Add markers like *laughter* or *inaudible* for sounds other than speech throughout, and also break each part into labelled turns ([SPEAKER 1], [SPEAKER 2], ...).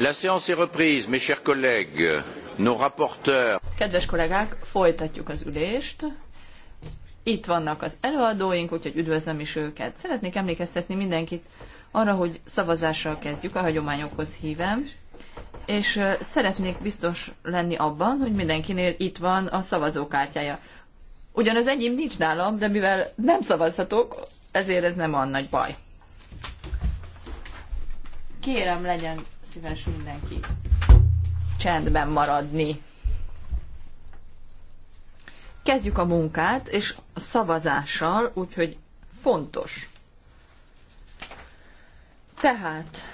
[SPEAKER 1] La séance est reprise, mes chers collègues. Nos rapporteurs.
[SPEAKER 2] Kedves kollégák, folytatjuk az ülést. Itt vannak az előadóink, úgyhogy üdvözlöm is őket. Szeretnék emlékeztetni mindenkit arra, hogy szavazással kezdjük, a hagyományokhoz hívem, és szeretnék biztos lenni abban, hogy mindenkinél itt van a szavazókártyája. Ugyan az enyém nincs nálam, de mivel nem szavazhatok, ezért ez nem olyan nagy baj. Kérem, legyen szíves mindenki csendben maradni. Kezdjük a munkát, és a szavazással, úgyhogy fontos. Tehát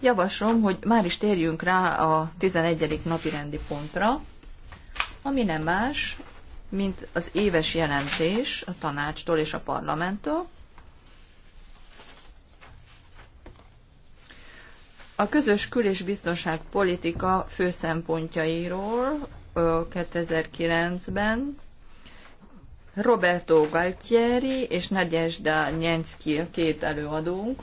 [SPEAKER 2] javaslom, hogy már is térjünk rá a 11. napi rendi pontra, ami nem más, mint az éves jelentés a tanácstól és a parlamenttől, a közös kül- és biztonságpolitika fő szempontjairól 2009-ben Roberto Galtieri és Nagyesda Nyenszki a két előadónk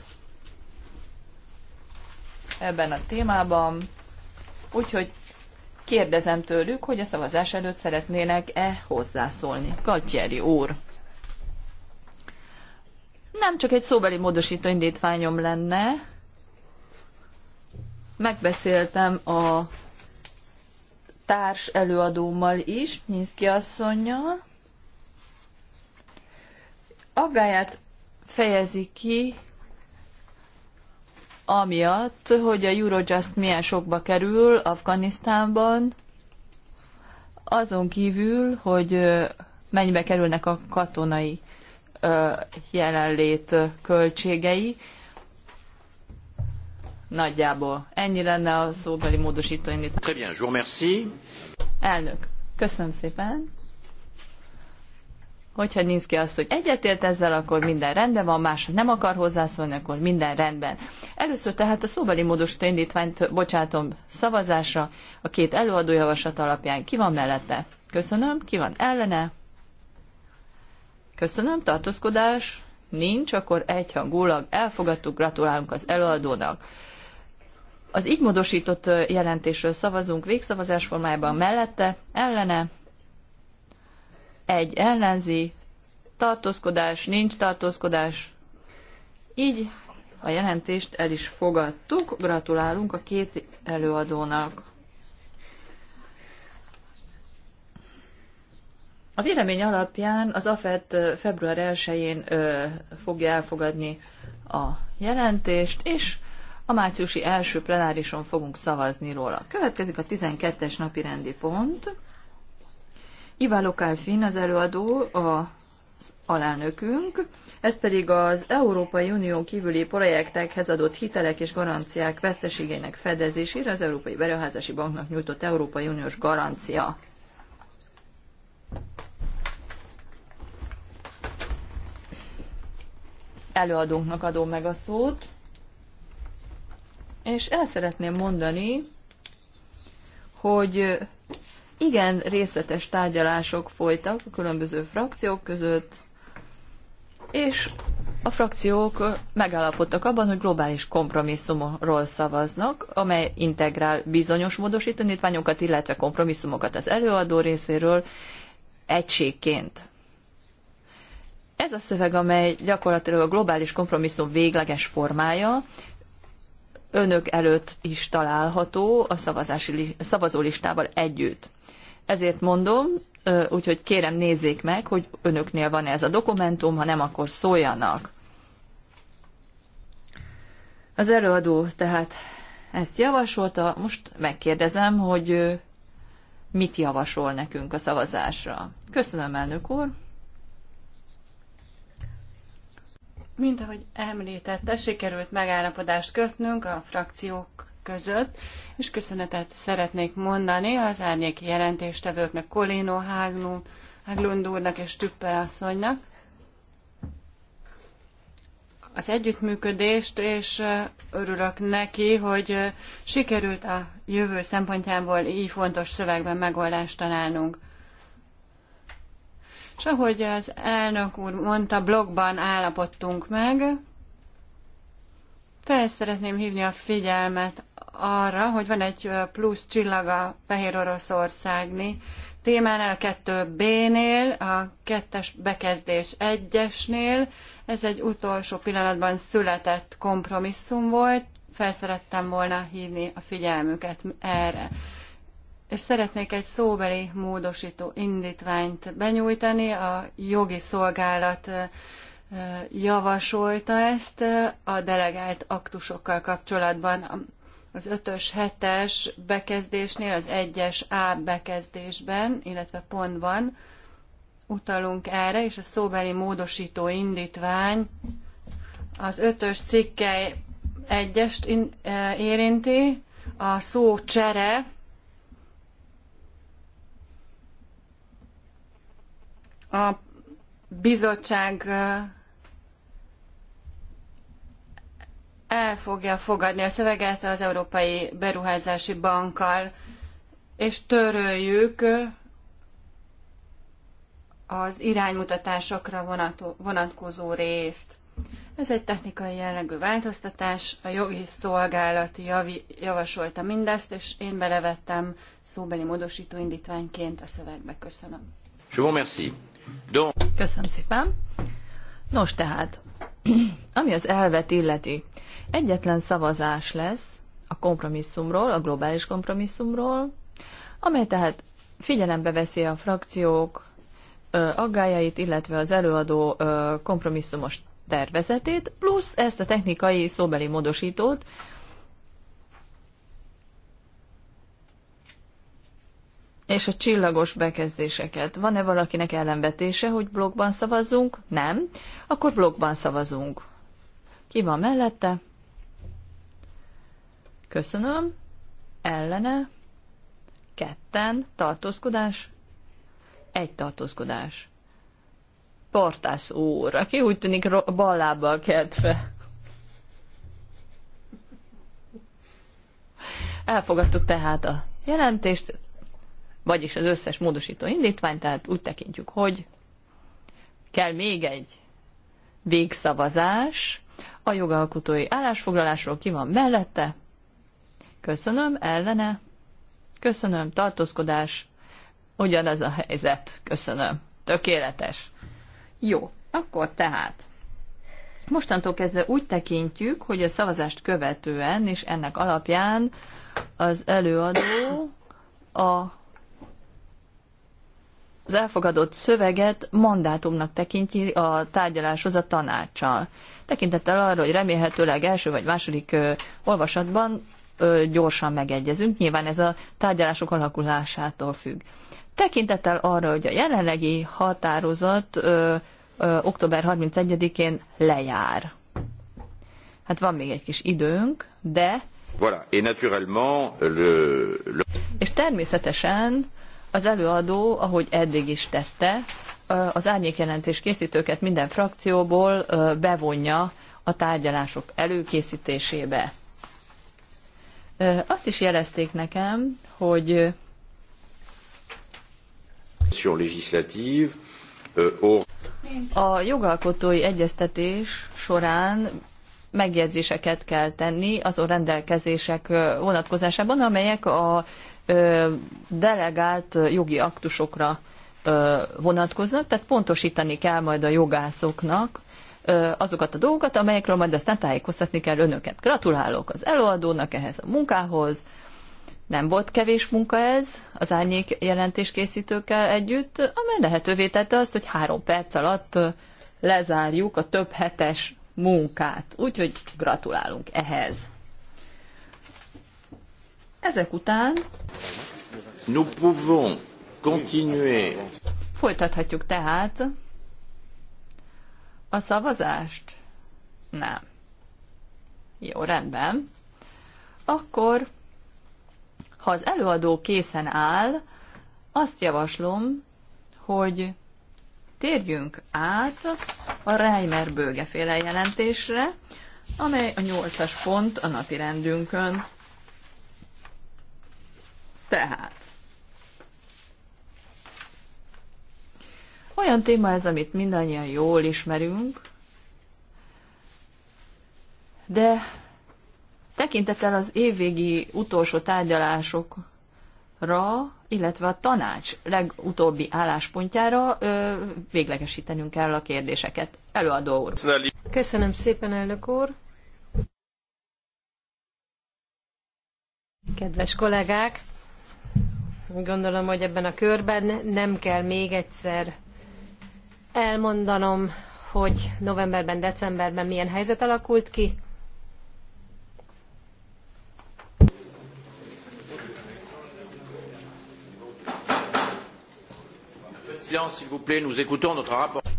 [SPEAKER 2] ebben a témában. Úgyhogy kérdezem tőlük, hogy a szavazás előtt szeretnének-e hozzászólni. Galtieri úr. Nem csak egy szóbeli módosító indítványom lenne, megbeszéltem a társ előadómmal is, Minszki asszonynal. Aggáját fejezi ki amiatt, hogy a Eurojust milyen sokba kerül Afganisztánban, azon kívül, hogy mennyibe kerülnek a katonai jelenlét költségei, Nagyjából ennyi lenne a szóbeli módosító indítás.
[SPEAKER 1] Très bien, je vous remercie.
[SPEAKER 2] Elnök, köszönöm szépen. Hogyha nincs ki azt, hogy egyetért ezzel, akkor minden rendben van, más nem akar hozzászólni, akkor minden rendben. Először tehát a szóbeli módosító indítványt bocsátom szavazásra, a két előadó javaslat alapján ki van mellette. Köszönöm, ki van ellene? Köszönöm, tartózkodás? Nincs, akkor egyhangulag elfogadtuk, gratulálunk az előadónak. Az így módosított jelentésről szavazunk végszavazás formájában mellette, ellene, egy ellenzi, tartózkodás, nincs tartózkodás. Így a jelentést el is fogadtuk. Gratulálunk a két előadónak. A vélemény alapján az AFET február 1-én fogja elfogadni a jelentést, és a márciusi első plenárison fogunk szavazni róla. Következik a 12-es napi rendi pont. Iváló Kálfin az előadó, a alelnökünk, ez pedig az Európai Unió kívüli projektekhez adott hitelek és garanciák veszteségének fedezésére az Európai Beruházási Banknak nyújtott Európai Uniós garancia. Előadónknak adom meg a szót és el szeretném mondani, hogy igen, részletes tárgyalások folytak a különböző frakciók között, és a frakciók megállapodtak abban, hogy globális kompromisszumról szavaznak, amely integrál bizonyos módosítanítványokat, illetve kompromisszumokat az előadó részéről egységként. Ez a szöveg, amely gyakorlatilag a globális kompromisszum végleges formája, önök előtt is található a szavazási, szavazólistával együtt. Ezért mondom, úgyhogy kérem nézzék meg, hogy önöknél van -e ez a dokumentum, ha nem, akkor szóljanak. Az előadó tehát ezt javasolta, most megkérdezem, hogy mit javasol nekünk a szavazásra. Köszönöm, elnök úr!
[SPEAKER 1] Mint ahogy említette, sikerült megállapodást kötnünk a frakciók között, és köszönetet szeretnék mondani az árnyéki jelentéstevőknek, Kolino Háglund, úrnak és Tüppel asszonynak. Az együttműködést, és örülök neki, hogy sikerült a jövő szempontjából így fontos szövegben megoldást találnunk. És ahogy az elnök úr mondta, blogban állapodtunk meg, fel szeretném hívni a figyelmet arra, hogy van egy plusz csillag a Fehér Oroszországni témánál, a 2B-nél, a kettes bekezdés 1-esnél. Ez egy utolsó pillanatban született kompromisszum volt, fel szerettem volna hívni a figyelmüket erre és szeretnék egy szóbeli módosító indítványt benyújtani. A jogi szolgálat javasolta ezt a delegált aktusokkal kapcsolatban. Az 5-ös, 7-es bekezdésnél, az 1-es A bekezdésben, illetve pontban utalunk erre, és a szóbeli módosító indítvány az 5-ös cikkely 1-est érinti, a szó csere A bizottság el fogja fogadni a szöveget az Európai Beruházási Bankkal, és töröljük az iránymutatásokra vonatkozó részt. Ez egy technikai jellegű változtatás, a jogi szolgálat javi, javasolta mindezt, és én belevettem szóbeli módosító indítványként a szövegbe. Köszönöm. Je vous remercie. Köszönöm szépen. Nos tehát,
[SPEAKER 2] *clears throat* ami az elvet illeti, egyetlen szavazás lesz a kompromisszumról, a globális kompromisszumról, amely tehát figyelembe veszi a frakciók ö, aggájait, illetve az előadó kompromisszumos tervezetét, plusz ezt a technikai szóbeli módosítót, és a csillagos bekezdéseket. Van-e valakinek ellenvetése, hogy blogban szavazzunk? Nem. Akkor blogban szavazunk. Ki van mellette? Köszönöm. Ellene. Ketten. Tartózkodás. Egy tartózkodás. Portász úr, aki úgy tűnik ballábbal keltve. Elfogadtuk tehát a jelentést, vagyis az összes módosító indítvány, tehát úgy tekintjük, hogy kell még egy végszavazás, a jogalkotói állásfoglalásról ki van mellette, köszönöm, ellene, köszönöm, tartózkodás, ugyanaz a helyzet, köszönöm, tökéletes. Jó, akkor tehát mostantól kezdve úgy tekintjük, hogy a szavazást követően és ennek alapján az előadó a az elfogadott szöveget mandátumnak tekinti a tárgyaláshoz a tanácsal. Tekintettel arra, hogy remélhetőleg első vagy második olvasatban gyorsan megegyezünk, nyilván ez a tárgyalások alakulásától függ. Tekintettel arra, hogy a jelenlegi határozat ö, ö, október 31-én lejár. Hát van még egy kis időnk, de... Voilà. Et, naturellement, le, le... és természetesen az előadó, ahogy eddig is tette, az árnyékjelentés készítőket minden frakcióból bevonja a tárgyalások előkészítésébe. Azt is jelezték nekem, hogy euh, a jogalkotói egyeztetés során megjegyzéseket kell tenni azon rendelkezések vonatkozásában, amelyek a delegált jogi aktusokra vonatkoznak, tehát pontosítani kell majd a jogászoknak azokat a dolgokat, amelyekről majd aztán tájékoztatni kell önöket. Gratulálok az előadónak ehhez a munkához. Nem volt kevés munka ez az árnyék jelentéskészítőkkel együtt, amely lehetővé tette azt, hogy három perc alatt lezárjuk a több hetes munkát. Úgyhogy gratulálunk ehhez. Ezek után Nous pouvons continuer. Folytathatjuk tehát a szavazást? Nem. Jó, rendben. Akkor, ha az előadó készen áll, azt javaslom, hogy térjünk át a Reimer bőgeféle jelentésre, amely a nyolcas pont a napi rendünkön. Tehát. Olyan téma ez, amit mindannyian jól ismerünk, de tekintettel az évvégi utolsó tárgyalásokra, illetve a tanács legutóbbi álláspontjára ö, véglegesítenünk kell a kérdéseket. Előadó úr. Köszönöm szépen, elnök úr.
[SPEAKER 3] Kedves kollégák, Gondolom, hogy ebben a körben nem kell még egyszer elmondanom, hogy novemberben, decemberben milyen helyzet alakult ki.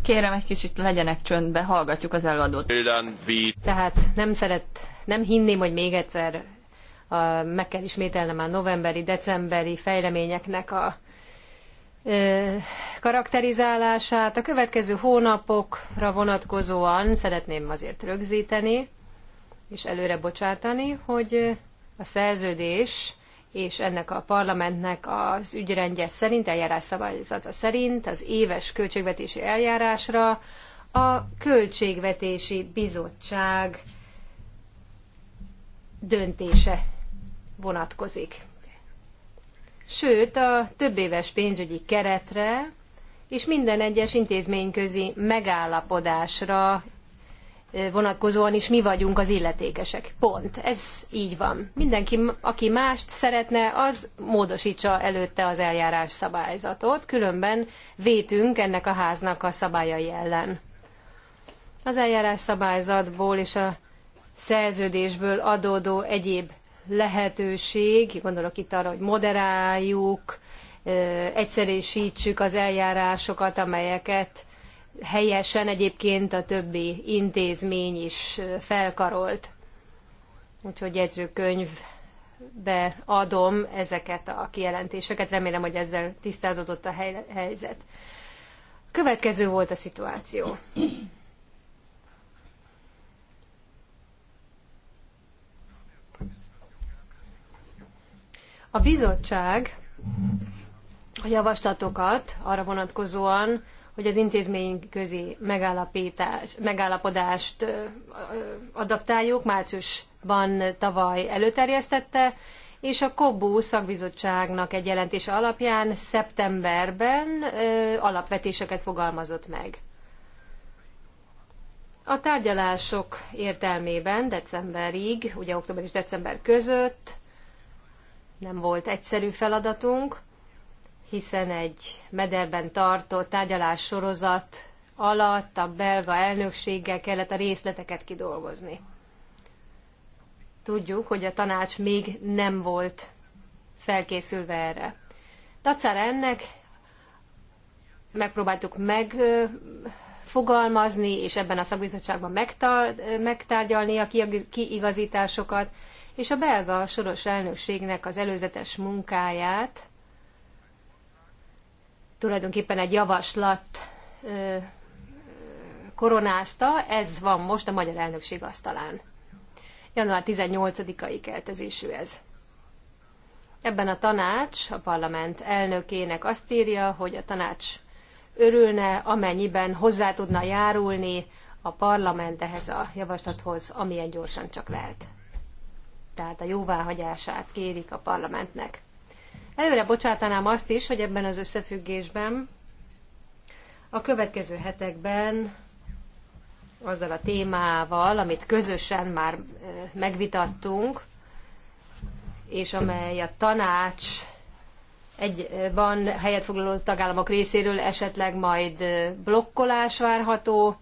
[SPEAKER 2] Kérem egy kicsit legyenek csöndbe, hallgatjuk az előadót.
[SPEAKER 3] Tehát nem szeret, nem hinném, hogy még egyszer a, meg kell ismételnem a novemberi, decemberi fejleményeknek a ö, karakterizálását. A következő hónapokra vonatkozóan szeretném azért rögzíteni és előre bocsátani, hogy a szerződés és ennek a parlamentnek az ügyrendje szerint, eljárás szabályzata szerint az éves költségvetési eljárásra a Költségvetési Bizottság döntése vonatkozik. Sőt, a több éves pénzügyi keretre és minden egyes intézményközi megállapodásra vonatkozóan is mi vagyunk az illetékesek. Pont. Ez így van. Mindenki, aki mást szeretne, az módosítsa előtte az eljárás szabályzatot, különben vétünk ennek a háznak a szabályai ellen. Az eljárás szabályzatból és a szerződésből adódó egyéb lehetőség, gondolok itt arra, hogy moderáljuk, egyszerűsítsük az eljárásokat, amelyeket helyesen egyébként a többi intézmény is felkarolt. Úgyhogy jegyzőkönyvbe adom ezeket a kijelentéseket. Remélem, hogy ezzel tisztázódott a helyzet. Következő volt a szituáció. A bizottság a javaslatokat arra vonatkozóan, hogy az intézmény megállapítás, megállapodást adaptáljuk, márciusban tavaly előterjesztette, és a Kobó szakbizottságnak egy jelentése alapján szeptemberben alapvetéseket fogalmazott meg. A tárgyalások értelmében decemberig, ugye október és december között nem volt egyszerű feladatunk, hiszen egy mederben tartott tárgyalás sorozat alatt a belga elnökséggel kellett a részleteket kidolgozni. Tudjuk, hogy a tanács még nem volt felkészülve erre. Tacára ennek megpróbáltuk megfogalmazni, és ebben a szakbizottságban megtárgyalni a kiigazításokat, és a belga soros elnökségnek az előzetes munkáját tulajdonképpen egy javaslat koronázta, ez van most a magyar elnökség asztalán. Január 18-ai keltezésű ez. Ebben a tanács a parlament elnökének azt írja, hogy a tanács örülne, amennyiben hozzá tudna járulni a parlament ehhez a javaslathoz, amilyen gyorsan csak lehet tehát a jóváhagyását kérik a parlamentnek. Előre bocsátanám azt is, hogy ebben az összefüggésben a következő hetekben azzal a témával, amit közösen már megvitattunk, és amely a tanács egy, van helyet foglaló tagállamok részéről esetleg majd blokkolás várható,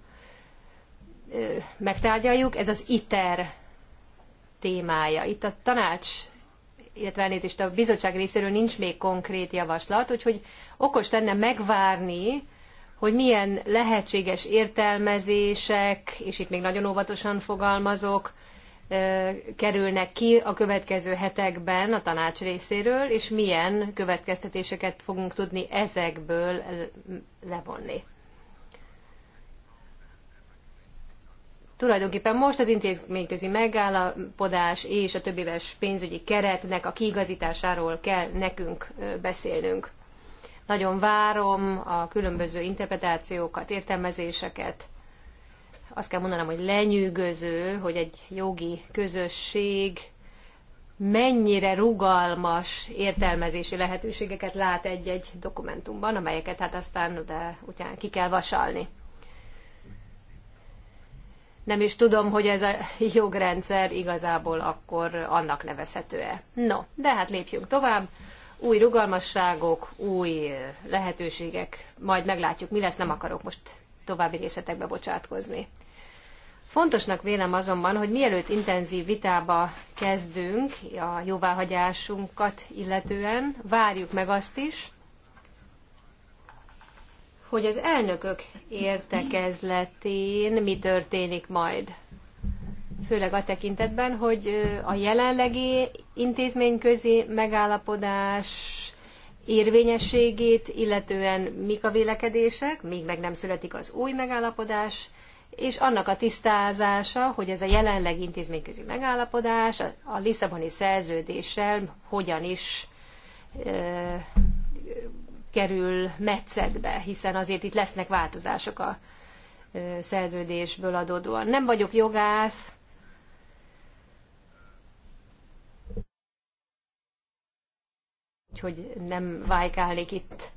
[SPEAKER 3] megtárgyaljuk. Ez az ITER témája. Itt a tanács illetve elnézést a bizottság részéről nincs még konkrét javaslat, úgyhogy okos lenne megvárni, hogy milyen lehetséges értelmezések, és itt még nagyon óvatosan fogalmazok, kerülnek ki a következő hetekben a tanács részéről, és milyen következtetéseket fogunk tudni ezekből levonni. Tulajdonképpen most az intézményközi megállapodás és a többéves pénzügyi keretnek a kiigazításáról kell nekünk beszélnünk. Nagyon várom a különböző interpretációkat, értelmezéseket. Azt kell mondanom, hogy lenyűgöző, hogy egy jogi közösség mennyire rugalmas értelmezési lehetőségeket lát egy-egy dokumentumban, amelyeket hát aztán de, utána ki kell vasalni nem is tudom, hogy ez a jogrendszer igazából akkor annak nevezhető-e. No, de hát lépjünk tovább. Új rugalmasságok, új lehetőségek, majd meglátjuk, mi lesz, nem akarok most további részletekbe bocsátkozni. Fontosnak vélem azonban, hogy mielőtt intenzív vitába kezdünk a jóváhagyásunkat illetően, várjuk meg azt is, hogy az elnökök értekezletén mi történik majd. Főleg a tekintetben, hogy a jelenlegi intézményközi megállapodás érvényességét, illetően mik a vélekedések, még meg nem születik az új megállapodás, és annak a tisztázása, hogy ez a jelenleg intézményközi megállapodás a Lisszaboni szerződéssel hogyan is kerül metszedbe, hiszen azért itt lesznek változások a szerződésből adódóan. Nem vagyok jogász, úgyhogy nem vájkálnék itt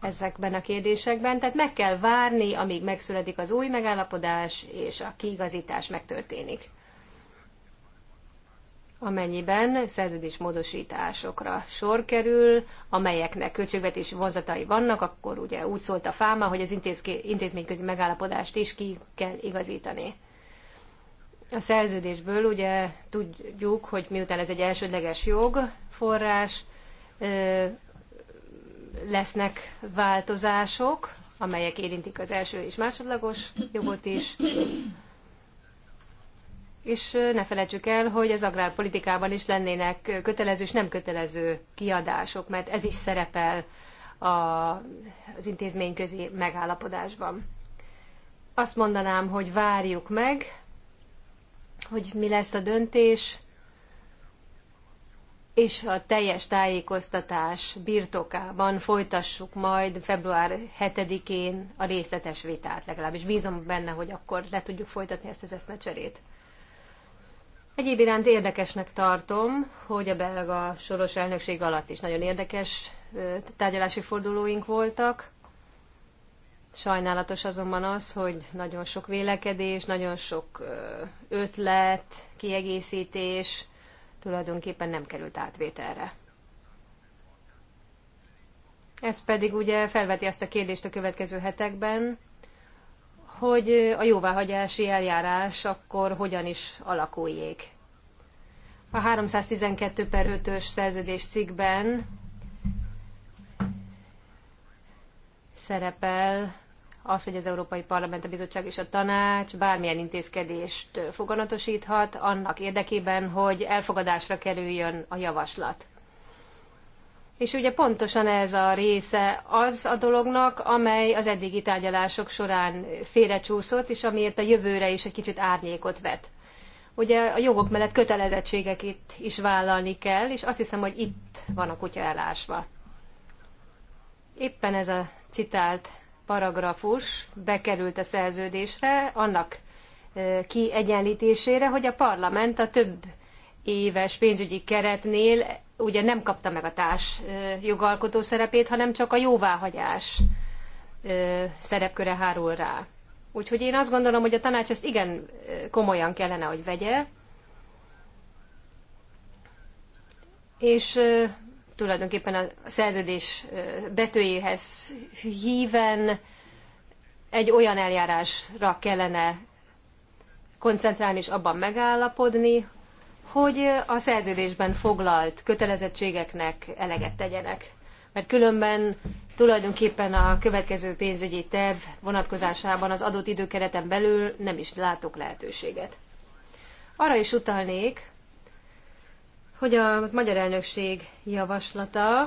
[SPEAKER 3] ezekben a kérdésekben. Tehát meg kell várni, amíg megszületik az új megállapodás, és a kiigazítás megtörténik amennyiben szerződésmódosításokra sor kerül, amelyeknek költségvetési vonzatai vannak, akkor ugye úgy szólt a fáma, hogy az intézményközi megállapodást is ki kell igazítani. A szerződésből ugye tudjuk, hogy miután ez egy elsődleges jogforrás, lesznek változások, amelyek érintik az első és másodlagos jogot is, és ne felejtsük el, hogy az agrárpolitikában is lennének kötelező és nem kötelező kiadások, mert ez is szerepel a, az intézményközi megállapodásban. Azt mondanám, hogy várjuk meg, hogy mi lesz a döntés, és a teljes tájékoztatás birtokában folytassuk majd február 7-én a részletes vitát legalábbis. Bízom benne, hogy akkor le tudjuk folytatni ezt az eszmecserét. Egyéb iránt érdekesnek tartom, hogy a belga soros elnökség alatt is nagyon érdekes tárgyalási fordulóink voltak. Sajnálatos azonban az, hogy nagyon sok vélekedés, nagyon sok ötlet, kiegészítés tulajdonképpen nem került átvételre. Ez pedig ugye felveti azt a kérdést a következő hetekben, hogy a jóváhagyási eljárás akkor hogyan is alakuljék. A 312 per 5-ös szerződés cikkben szerepel az, hogy az Európai Parlament, a Bizottság és a Tanács bármilyen intézkedést foganatosíthat annak érdekében, hogy elfogadásra kerüljön a javaslat. És ugye pontosan ez a része az a dolognak, amely az eddigi tárgyalások során félrecsúszott, és amiért a jövőre is egy kicsit árnyékot vet. Ugye a jogok mellett kötelezettségeket is vállalni kell, és azt hiszem, hogy itt van a kutya elásva. Éppen ez a citált paragrafus bekerült a szerződésre, annak e, kiegyenlítésére, hogy a parlament a több éves pénzügyi keretnél ugye nem kapta meg a társ jogalkotó szerepét, hanem csak a jóváhagyás szerepköre hárul rá. Úgyhogy én azt gondolom, hogy a tanács ezt igen komolyan kellene, hogy vegye, és tulajdonképpen a szerződés betőjéhez híven egy olyan eljárásra kellene koncentrálni és abban megállapodni, hogy a szerződésben foglalt kötelezettségeknek eleget tegyenek. Mert különben tulajdonképpen a következő pénzügyi terv vonatkozásában az adott időkereten belül nem is látok lehetőséget. Arra is utalnék, hogy a magyar elnökség javaslata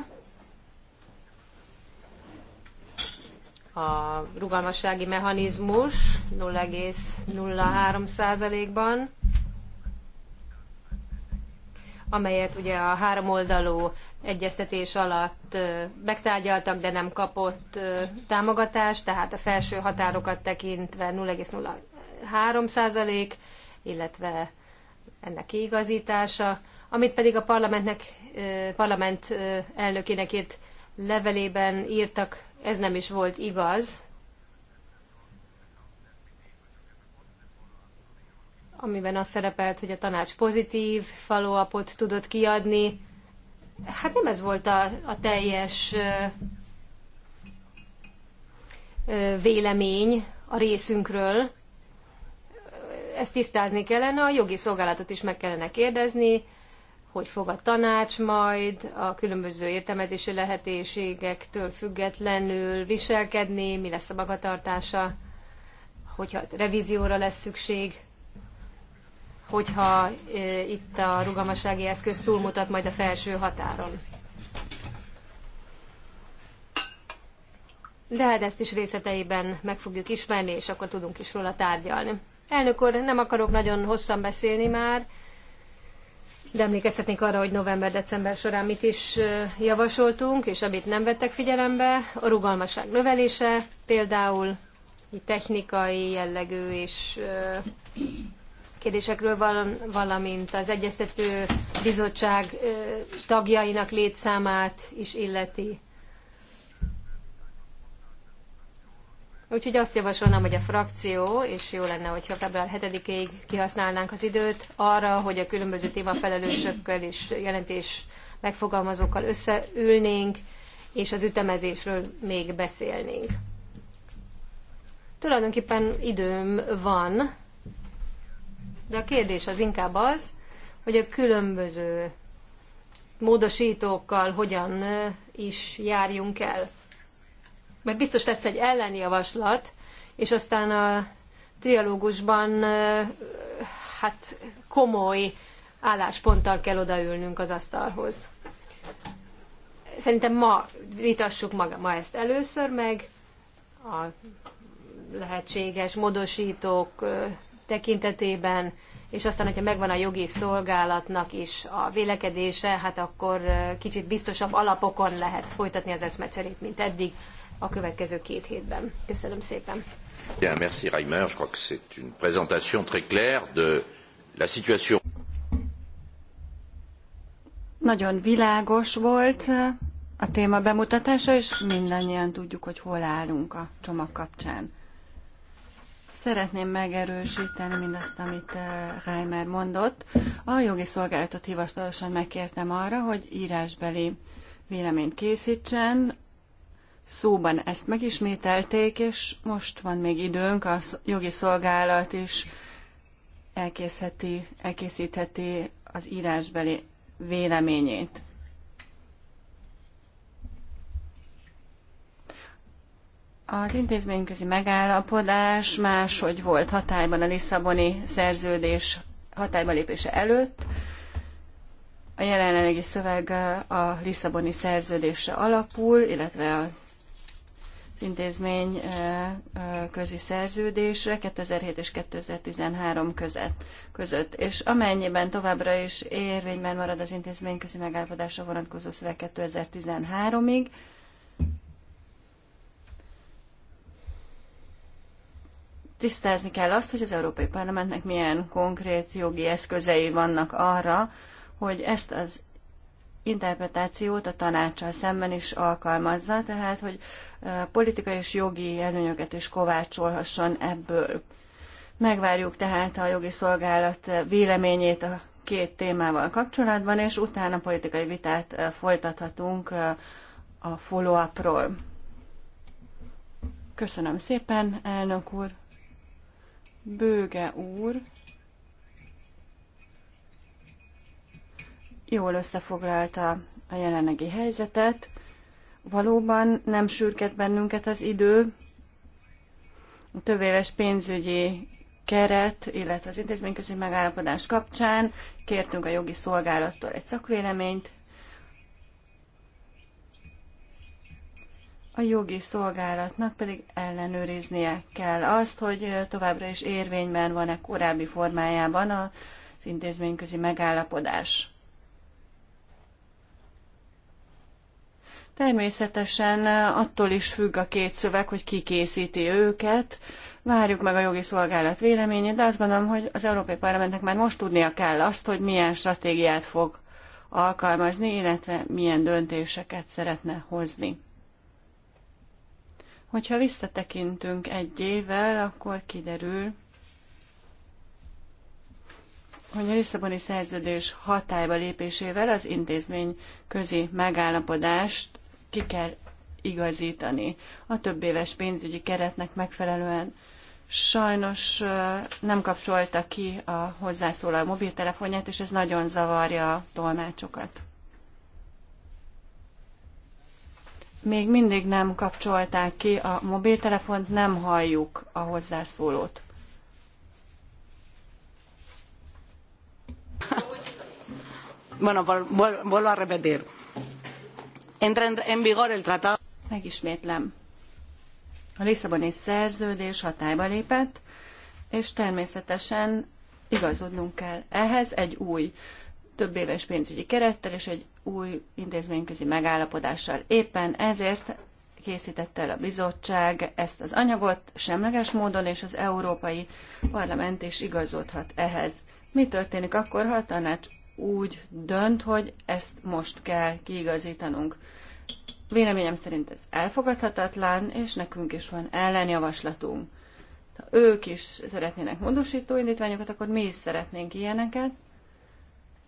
[SPEAKER 3] a rugalmassági mechanizmus 0,03%-ban amelyet ugye a háromoldalú egyeztetés alatt megtárgyaltak, de nem kapott támogatást, tehát a felső határokat tekintve 0,03 százalék, illetve ennek kiigazítása, amit pedig a parlamentnek, parlament elnökének írt levelében írtak, ez nem is volt igaz, amiben az szerepelt, hogy a tanács pozitív falóapot tudott kiadni. Hát nem ez volt a, a teljes vélemény a részünkről. Ezt tisztázni kellene, a jogi szolgálatot is meg kellene kérdezni, hogy fog a tanács majd a különböző értelmezési lehetőségektől függetlenül viselkedni, mi lesz a magatartása, hogyha revízióra lesz szükség hogyha itt a rugalmassági eszköz túlmutat majd a felső határon. De hát ezt is részleteiben meg fogjuk ismerni, és akkor tudunk is róla tárgyalni. Elnök úr, nem akarok nagyon hosszan beszélni már, de emlékeztetnék arra, hogy november-december során mit is javasoltunk, és amit nem vettek figyelembe. A rugalmasság növelése például, technikai jellegű és kérdésekről, valamint az Egyeztető Bizottság tagjainak létszámát is illeti. Úgyhogy azt javasolnám, hogy a frakció, és jó lenne, hogyha február 7-ig kihasználnánk az időt arra, hogy a különböző témafelelősökkel és jelentés megfogalmazókkal összeülnénk, és az ütemezésről még beszélnénk. Tulajdonképpen időm van, de a kérdés az inkább az, hogy a különböző módosítókkal hogyan is járjunk el. Mert biztos lesz egy ellenjavaslat, és aztán a trialógusban hát komoly állásponttal kell odaülnünk az asztalhoz. Szerintem ma vitassuk maga, ma ezt először meg, a lehetséges módosítók tekintetében, és aztán, hogyha megvan a jogi szolgálatnak is a vélekedése, hát akkor kicsit biztosabb alapokon lehet folytatni az eszmecserét, mint eddig a következő két hétben. Köszönöm szépen.
[SPEAKER 2] Bien, merci Reimer. Je crois que c'est une présentation très claire
[SPEAKER 1] de la situation. Nagyon világos volt a téma bemutatása, és mindannyian tudjuk, hogy hol állunk a csomag kapcsán. Szeretném megerősíteni mindazt, amit eh, Reimer mondott. A jogi szolgálatot hivatalosan megkértem arra, hogy írásbeli véleményt készítsen. Szóban ezt megismételték, és most van még időnk, a jogi szolgálat is elkészítheti, elkészítheti az írásbeli véleményét. Az intézményközi megállapodás máshogy volt hatályban a Lisszaboni szerződés hatályba lépése előtt. A jelenlegi szöveg a Lisszaboni szerződésre alapul, illetve a intézmény közi szerződésre 2007 és 2013 között, között. És amennyiben továbbra is érvényben marad az intézmény közi megállapodásra vonatkozó szöveg 2013-ig, tisztázni kell azt, hogy az Európai Parlamentnek milyen konkrét jogi eszközei vannak arra, hogy ezt az interpretációt a tanácssal szemben is alkalmazza, tehát hogy politikai és jogi előnyöket is kovácsolhasson ebből. Megvárjuk tehát a jogi szolgálat véleményét a két témával kapcsolatban, és utána politikai vitát folytathatunk a follow-upról. Köszönöm szépen, elnök úr! Bőge úr jól összefoglalta a jelenlegi helyzetet. Valóban nem sürket bennünket az idő. A tövéves pénzügyi keret, illetve az intézményközi megállapodás kapcsán kértünk a jogi szolgálattól egy szakvéleményt, a jogi szolgálatnak pedig ellenőriznie kell azt, hogy továbbra is érvényben van-e korábbi formájában az intézményközi megállapodás. Természetesen attól is függ a két szöveg, hogy ki készíti őket. Várjuk meg a jogi szolgálat véleményét, de azt gondolom, hogy az Európai Parlamentnek már most tudnia kell azt, hogy milyen stratégiát fog alkalmazni, illetve milyen döntéseket szeretne hozni. Hogyha visszatekintünk egy évvel, akkor kiderül, hogy a Lisszaboni szerződés hatályba lépésével az intézmény közi megállapodást ki kell igazítani a több éves pénzügyi keretnek megfelelően. Sajnos nem kapcsolta ki a hozzászóló mobiltelefonját, és ez nagyon zavarja a tolmácsokat. Még mindig nem kapcsolták ki a mobiltelefont, nem halljuk a hozzászólót. Bueno, vuelvo a repetir. Entra en vigor el tratado. Megismétlem. A Lisszaboni szerződés hatályba lépett, és természetesen igazodnunk kell ehhez egy új több éves pénzügyi kerettel és egy új intézményközi megállapodással. Éppen ezért készítette el a bizottság ezt az anyagot semleges módon, és az Európai Parlament is igazodhat ehhez. Mi történik akkor, ha a tanács úgy dönt, hogy ezt most kell kiigazítanunk? Véleményem szerint ez elfogadhatatlan, és nekünk is van ellenjavaslatunk. Ha ők is szeretnének módosító indítványokat, akkor mi is szeretnénk ilyeneket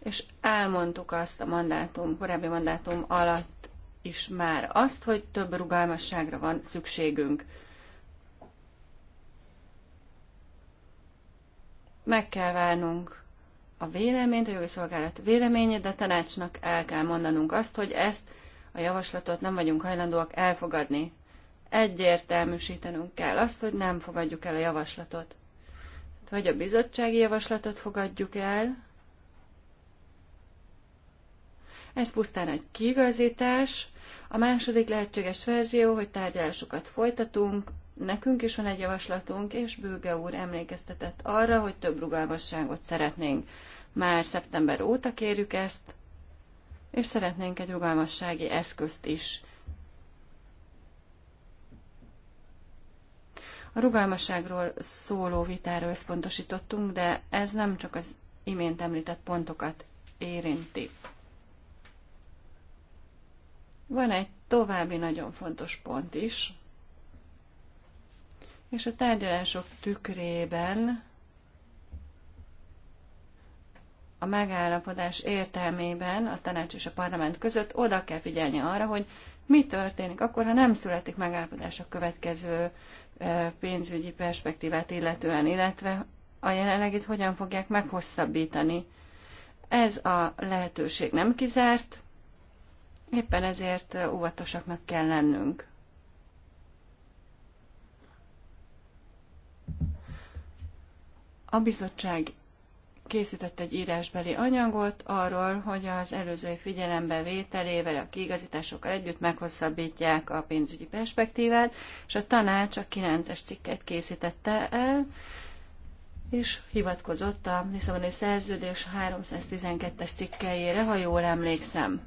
[SPEAKER 1] és elmondtuk azt a mandátum, korábbi mandátum alatt is már azt, hogy több rugalmasságra van szükségünk. Meg kell várnunk a véleményt, a jogi szolgálat véleményét, de a tanácsnak el kell mondanunk azt, hogy ezt a javaslatot nem vagyunk hajlandóak elfogadni. Egyértelműsítenünk kell azt, hogy nem fogadjuk el a javaslatot. Hát vagy a bizottsági javaslatot fogadjuk el, Ez pusztán egy kiigazítás. A második lehetséges verzió, hogy tárgyalásokat folytatunk, nekünk is van egy javaslatunk, és Bőge úr emlékeztetett arra, hogy több rugalmasságot szeretnénk. Már szeptember óta kérjük ezt, és szeretnénk egy rugalmassági eszközt is. A rugalmasságról szóló vitára összpontosítottunk, de ez nem csak az imént említett pontokat érinti. Van egy további nagyon fontos pont is, és a tárgyalások tükrében a megállapodás értelmében a tanács és a parlament között oda kell figyelni arra, hogy mi történik akkor, ha nem születik megállapodás a következő pénzügyi perspektívát illetően, illetve a jelenlegit hogyan fogják meghosszabbítani. Ez a lehetőség nem kizárt, Éppen ezért óvatosaknak kell lennünk. A bizottság készített egy írásbeli anyagot arról, hogy az előző figyelembe vételével, a kiigazításokkal együtt meghosszabbítják a pénzügyi perspektívát, és a tanács a 9-es cikket készítette el, és hivatkozott a Lisszaboni Szerződés 312-es cikkeljére, ha jól emlékszem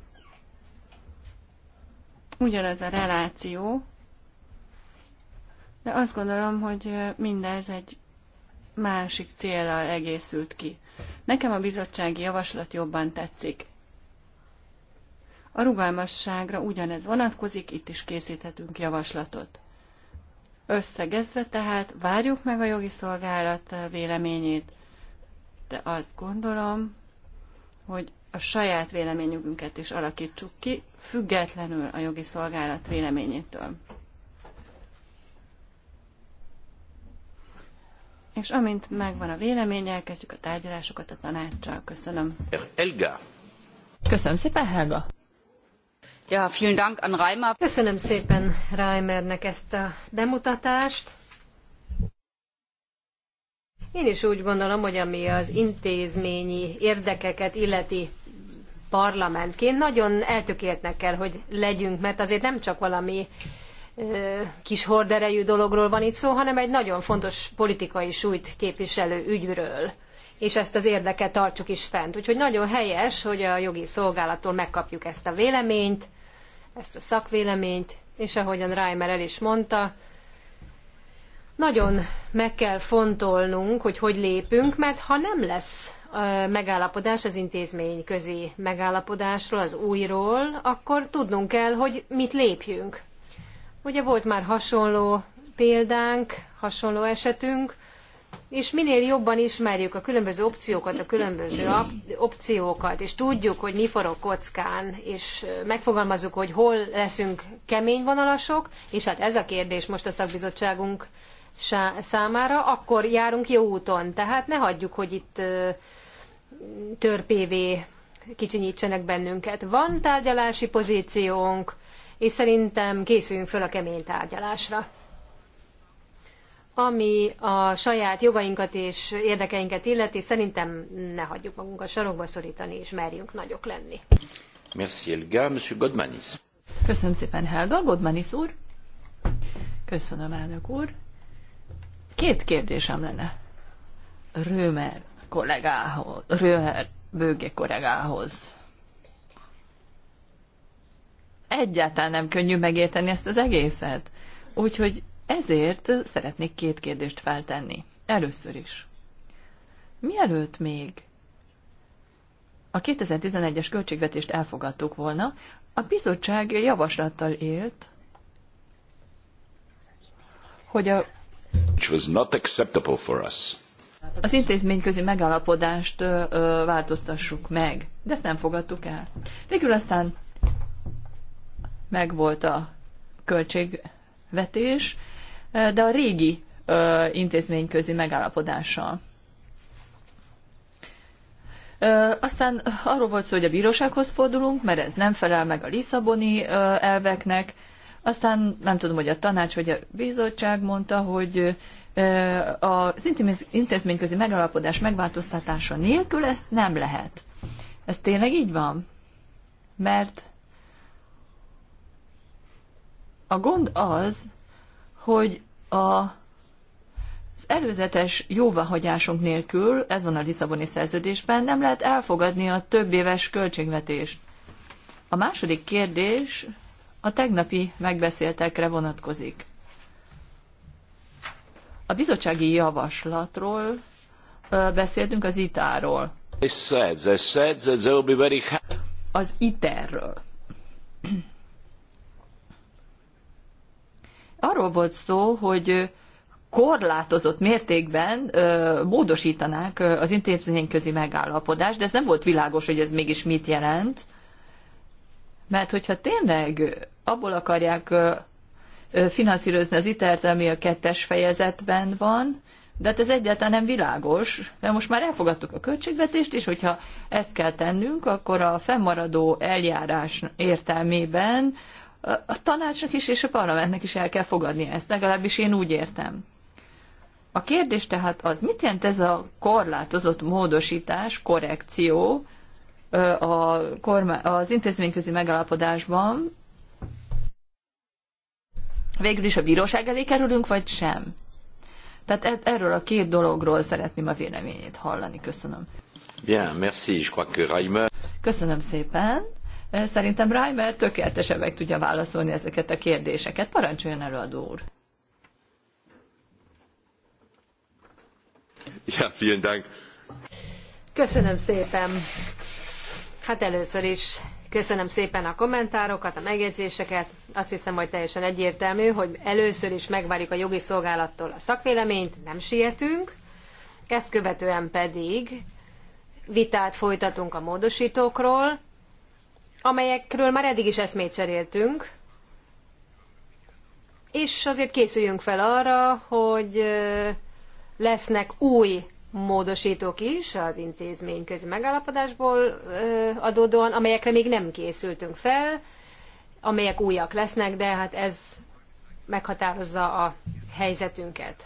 [SPEAKER 1] ugyanaz a reláció, de azt gondolom, hogy mindez egy másik célral egészült ki. Nekem a bizottsági javaslat jobban tetszik. A rugalmasságra ugyanez vonatkozik, itt is készíthetünk javaslatot. Összegezve tehát várjuk meg a jogi szolgálat véleményét, de azt gondolom, hogy a saját véleményünket is alakítsuk ki, függetlenül a jogi szolgálat véleményétől. És amint megvan a vélemény, elkezdjük a tárgyalásokat a tanácssal. Köszönöm. Elga. Köszönöm
[SPEAKER 2] szépen, Helga.
[SPEAKER 3] Ja, vielen Dank an Reimer. Köszönöm szépen Reimernek ezt a bemutatást. Én is úgy gondolom, hogy ami az intézményi érdekeket illeti, parlamentként nagyon eltökéltnek kell, hogy legyünk, mert azért nem csak valami kis horderejű dologról van itt szó, hanem egy nagyon fontos politikai súlyt képviselő ügyről. És ezt az érdeket tartsuk is fent. Úgyhogy nagyon helyes, hogy a jogi szolgálattól megkapjuk ezt a véleményt, ezt a szakvéleményt, és ahogyan Reimer el is mondta, nagyon meg kell fontolnunk, hogy hogy lépünk, mert ha nem lesz megállapodás, az intézmény közi megállapodásról, az újról, akkor tudnunk kell, hogy mit lépjünk. Ugye volt már hasonló példánk, hasonló esetünk, és minél jobban ismerjük a különböző opciókat, a különböző opciókat, és tudjuk, hogy mi forog kockán, és megfogalmazzuk, hogy hol leszünk kemény vonalasok, és hát ez a kérdés most a szakbizottságunk számára, akkor járunk jó úton. Tehát ne hagyjuk, hogy itt törpévé kicsinyítsenek bennünket. Van tárgyalási pozíciónk, és szerintem készüljünk föl a kemény tárgyalásra. Ami a saját jogainkat és érdekeinket illeti, szerintem ne hagyjuk magunkat sarokba szorítani, és merjünk nagyok lenni.
[SPEAKER 2] Merci, Elga. Monsieur Godmanis. Köszönöm szépen, Helga. Godmanis úr. Köszönöm, elnök úr. Két kérdésem lenne. Römer kollégához, Röher bőge kollégához. Egyáltalán nem könnyű megérteni ezt az egészet. Úgyhogy ezért szeretnék két kérdést feltenni. Először is. Mielőtt még a 2011-es költségvetést elfogadtuk volna, a bizottság javaslattal élt, hogy a
[SPEAKER 1] which was not acceptable for us
[SPEAKER 2] az intézményközi megállapodást változtassuk meg. De ezt nem fogadtuk el. Végül aztán megvolt a költségvetés, de a régi intézményközi megállapodással. Aztán arról volt szó, hogy a bírósághoz fordulunk, mert ez nem felel meg a Lisszaboni elveknek. Aztán nem tudom, hogy a tanács vagy a bizottság mondta, hogy az intézményközi megalapodás megváltoztatása nélkül ezt nem lehet. Ez tényleg így van? Mert a gond az, hogy a, az előzetes jóváhagyásunk nélkül, ez van a Lisszaboni szerződésben, nem lehet elfogadni a több éves költségvetést. A második kérdés a tegnapi megbeszéltekre vonatkozik. A bizottsági javaslatról beszéltünk az ITÁ-ról. Az ITER-ről. Arról volt szó, hogy korlátozott mértékben ö, módosítanák az intézményközi megállapodást, de ez nem volt világos, hogy ez mégis mit jelent. Mert hogyha tényleg abból akarják finanszírozni az itert, ami a kettes fejezetben van, de hát ez egyáltalán nem világos, mert most már elfogadtuk a költségvetést, és hogyha ezt kell tennünk, akkor a fennmaradó eljárás értelmében a tanácsnak is és a parlamentnek is el kell fogadni ezt, legalábbis én úgy értem. A kérdés tehát az, mit jelent ez a korlátozott módosítás, korrekció a az intézményközi megállapodásban, végül is a bíróság elé kerülünk, vagy sem? Tehát e- erről a két dologról szeretném a véleményét hallani. Köszönöm. Bien, merci. Je crois que Reimer... Köszönöm szépen. Szerintem Reimer tökéletesen meg tudja válaszolni ezeket a kérdéseket. Parancsoljon előadó úr. Ja, vielen Dank.
[SPEAKER 3] Köszönöm szépen. Hát először is Köszönöm szépen a kommentárokat, a megjegyzéseket. Azt hiszem, hogy teljesen egyértelmű, hogy először is megvárjuk a jogi szolgálattól a szakvéleményt, nem sietünk. Ezt követően pedig vitát folytatunk a módosítókról, amelyekről már eddig is eszmét cseréltünk, és azért készüljünk fel arra, hogy lesznek új módosítók is az intézmény közi megállapodásból adódóan, amelyekre még nem készültünk fel, amelyek újak lesznek, de hát ez meghatározza a helyzetünket.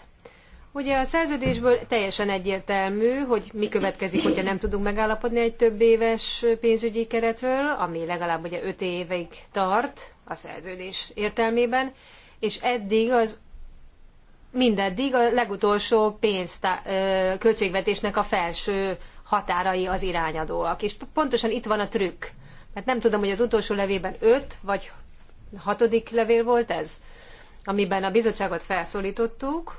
[SPEAKER 3] Ugye a szerződésből teljesen egyértelmű, hogy mi következik, hogyha nem tudunk megállapodni egy több éves pénzügyi keretről, ami legalább ugye 5 évig tart a szerződés értelmében, és eddig az mindeddig a legutolsó pénztá- költségvetésnek a felső határai az irányadóak. És pontosan itt van a trükk. Mert nem tudom, hogy az utolsó levélben öt vagy hatodik levél volt ez, amiben a bizottságot felszólítottuk,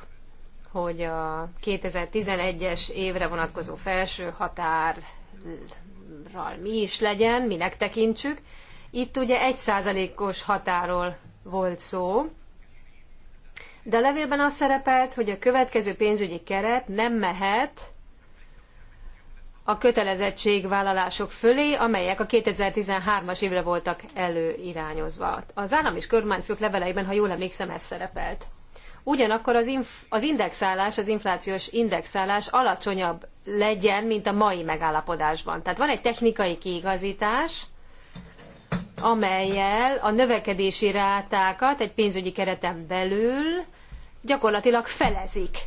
[SPEAKER 3] hogy a 2011-es évre vonatkozó felső határral mi is legyen, minek tekintsük. Itt ugye egy százalékos határól volt szó, de a levélben az szerepelt, hogy a következő pénzügyi keret nem mehet a kötelezettségvállalások fölé, amelyek a 2013-as évre voltak előirányozva. Az állam és kormányfők leveleiben, ha jól emlékszem, ez szerepelt. Ugyanakkor az, az indexálás, az inflációs indexálás alacsonyabb legyen, mint a mai megállapodásban. Tehát van egy technikai kiigazítás, amelyel a növekedési rátákat egy pénzügyi kereten belül gyakorlatilag felezik,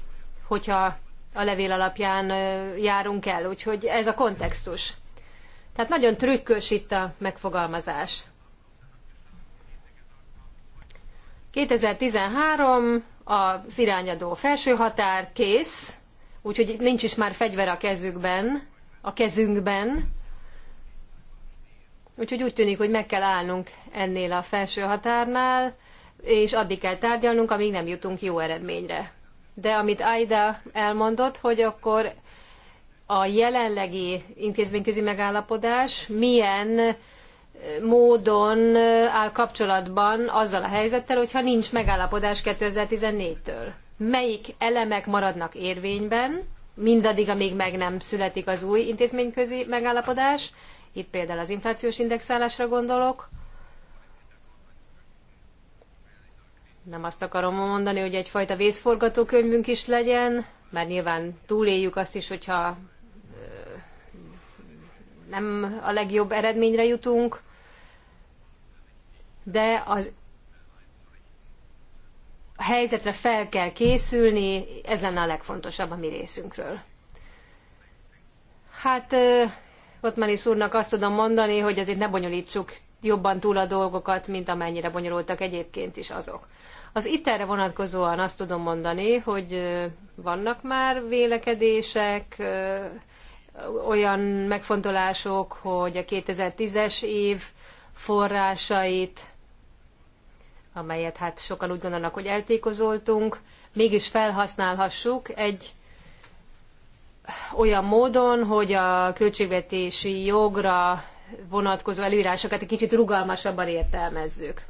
[SPEAKER 3] hogyha a levél alapján járunk el. Úgyhogy ez a kontextus. Tehát nagyon trükkös itt a megfogalmazás. 2013 az irányadó felső határ kész, úgyhogy nincs is már fegyver a kezükben, a kezünkben, Úgyhogy úgy tűnik, hogy meg kell állnunk ennél a felső határnál, és addig kell tárgyalnunk, amíg nem jutunk jó eredményre. De amit Aida elmondott, hogy akkor a jelenlegi intézményközi megállapodás milyen eh, módon eh, áll kapcsolatban azzal a helyzettel, hogyha nincs megállapodás 2014-től. Melyik elemek maradnak érvényben, mindaddig, amíg meg nem születik az új intézményközi megállapodás, itt például az inflációs indexálásra gondolok. Nem azt akarom mondani, hogy egyfajta vészforgatókönyvünk is legyen, mert nyilván túléljük azt is, hogyha nem a legjobb eredményre jutunk, de az helyzetre fel kell készülni, ez lenne a legfontosabb a mi részünkről. Hát Otmanis úrnak azt tudom mondani, hogy azért ne bonyolítsuk jobban túl a dolgokat, mint amennyire bonyolultak egyébként is azok. Az ITER-re vonatkozóan azt tudom mondani, hogy vannak már vélekedések, olyan megfontolások, hogy a 2010-es év forrásait, amelyet hát sokan úgy gondolnak, hogy eltékozoltunk, mégis felhasználhassuk egy olyan módon, hogy a költségvetési jogra vonatkozó előírásokat egy kicsit rugalmasabban értelmezzük.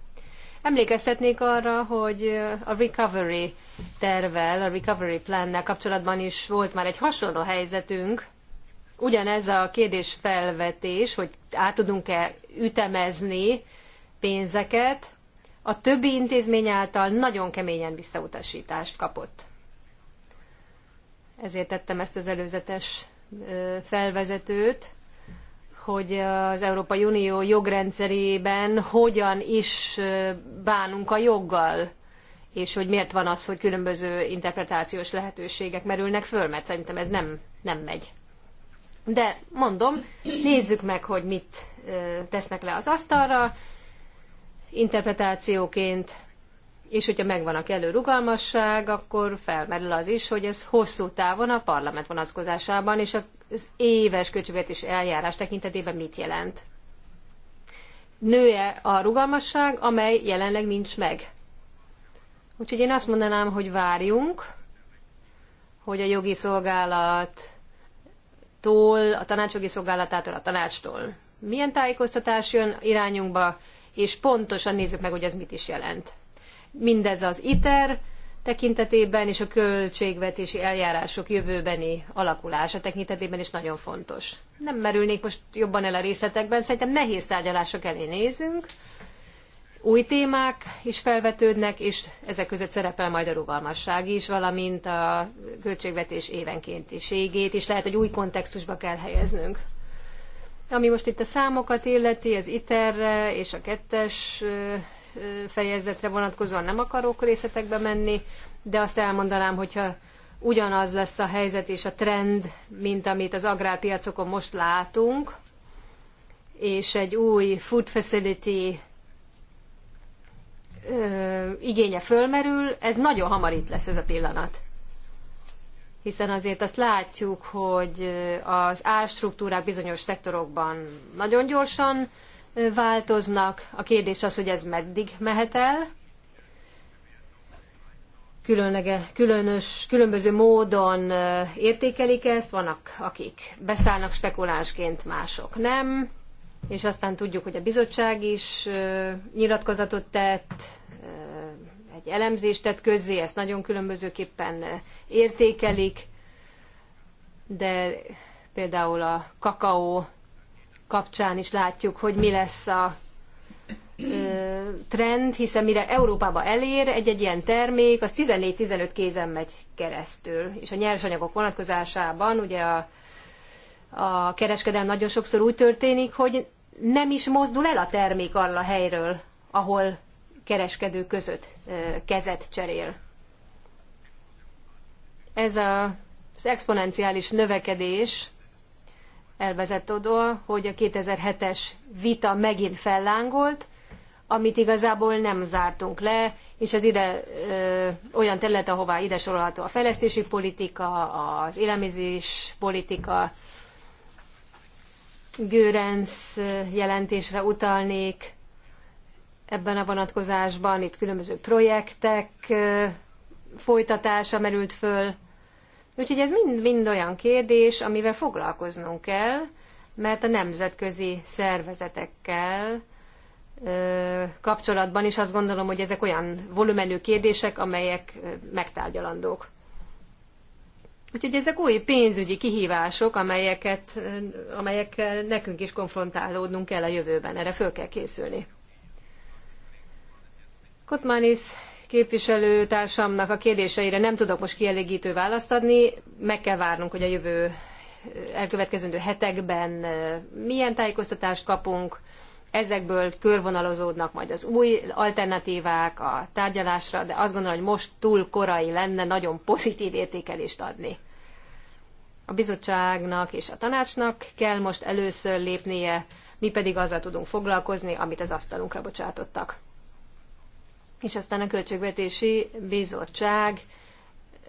[SPEAKER 3] Emlékeztetnék arra, hogy a recovery tervel, a recovery plannel kapcsolatban is volt már egy hasonló helyzetünk. Ugyanez a kérdés felvetés, hogy át tudunk-e ütemezni pénzeket, a többi intézmény által nagyon keményen visszautasítást kapott ezért tettem ezt az előzetes felvezetőt, hogy az Európai Unió jogrendszerében hogyan is bánunk a joggal, és hogy miért van az, hogy különböző interpretációs lehetőségek merülnek föl, mert szerintem ez nem, nem megy. De mondom, nézzük meg, hogy mit tesznek le az asztalra, interpretációként és hogyha megvan a kellő rugalmasság, akkor felmerül az is, hogy ez hosszú távon a parlament vonatkozásában és az éves költségvetés eljárás tekintetében mit jelent. Nője a rugalmasság, amely jelenleg nincs meg. Úgyhogy én azt mondanám, hogy várjunk, hogy a jogi szolgálattól a a tanácsjogi szolgálatától, a tanácstól milyen tájékoztatás jön irányunkba, és pontosan nézzük meg, hogy ez mit is jelent mindez az ITER tekintetében és a költségvetési eljárások jövőbeni alakulása tekintetében is nagyon fontos. Nem merülnék most jobban el a részletekben, szerintem nehéz tárgyalások elé nézünk, új témák is felvetődnek, és ezek között szerepel majd a rugalmasság is, valamint a költségvetés évenkéntiségét is lehet, hogy új kontextusba kell helyeznünk. Ami most itt a számokat illeti, az iter és a kettes fejezetre vonatkozóan nem akarok részletekbe menni, de azt elmondanám, hogyha ugyanaz lesz a helyzet és a trend, mint amit az agrárpiacokon most látunk, és egy új food facility ö, igénye fölmerül, ez nagyon hamar itt lesz ez a pillanat. Hiszen azért azt látjuk, hogy az árstruktúrák bizonyos szektorokban nagyon gyorsan változnak. A kérdés az, hogy ez meddig mehet el. Különlege, különös, különböző módon értékelik ezt, vannak akik beszállnak spekulásként, mások nem, és aztán tudjuk, hogy a bizottság is nyilatkozatot tett, egy elemzést tett közzé, ezt nagyon különbözőképpen értékelik, de például a kakaó kapcsán is látjuk, hogy mi lesz a trend, hiszen mire Európába elér egy-egy ilyen termék, az 14-15 kézen megy keresztül. És a nyersanyagok vonatkozásában ugye a, a kereskedelem nagyon sokszor úgy történik, hogy nem is mozdul el a termék arra a helyről, ahol kereskedő között kezet cserél. Ez a, az exponenciális növekedés elvezett oda, hogy a 2007-es vita megint fellángolt, amit igazából nem zártunk le, és ez ide ö, olyan terület, ahová ide sorolható a fejlesztési politika, az élelmezés politika, Görenc jelentésre utalnék ebben a vonatkozásban, itt különböző projektek folytatása merült föl, Úgyhogy ez mind-mind olyan kérdés, amivel foglalkoznunk kell, mert a nemzetközi szervezetekkel ö, kapcsolatban is azt gondolom, hogy ezek olyan volumenű kérdések, amelyek megtárgyalandók. Úgyhogy ezek új pénzügyi kihívások, amelyeket, amelyekkel nekünk is konfrontálódnunk kell a jövőben. Erre föl kell készülni. Kotmanis képviselőtársamnak a kérdéseire nem tudok most kielégítő választ adni. Meg kell várnunk, hogy a jövő elkövetkezendő hetekben eh, milyen tájékoztatást kapunk, ezekből körvonalozódnak majd az új alternatívák a tárgyalásra, de azt gondolom, hogy most túl korai lenne nagyon pozitív értékelést adni. A bizottságnak és a tanácsnak kell most először lépnie, mi pedig azzal tudunk foglalkozni, amit az asztalunkra bocsátottak és aztán a Költségvetési Bizottság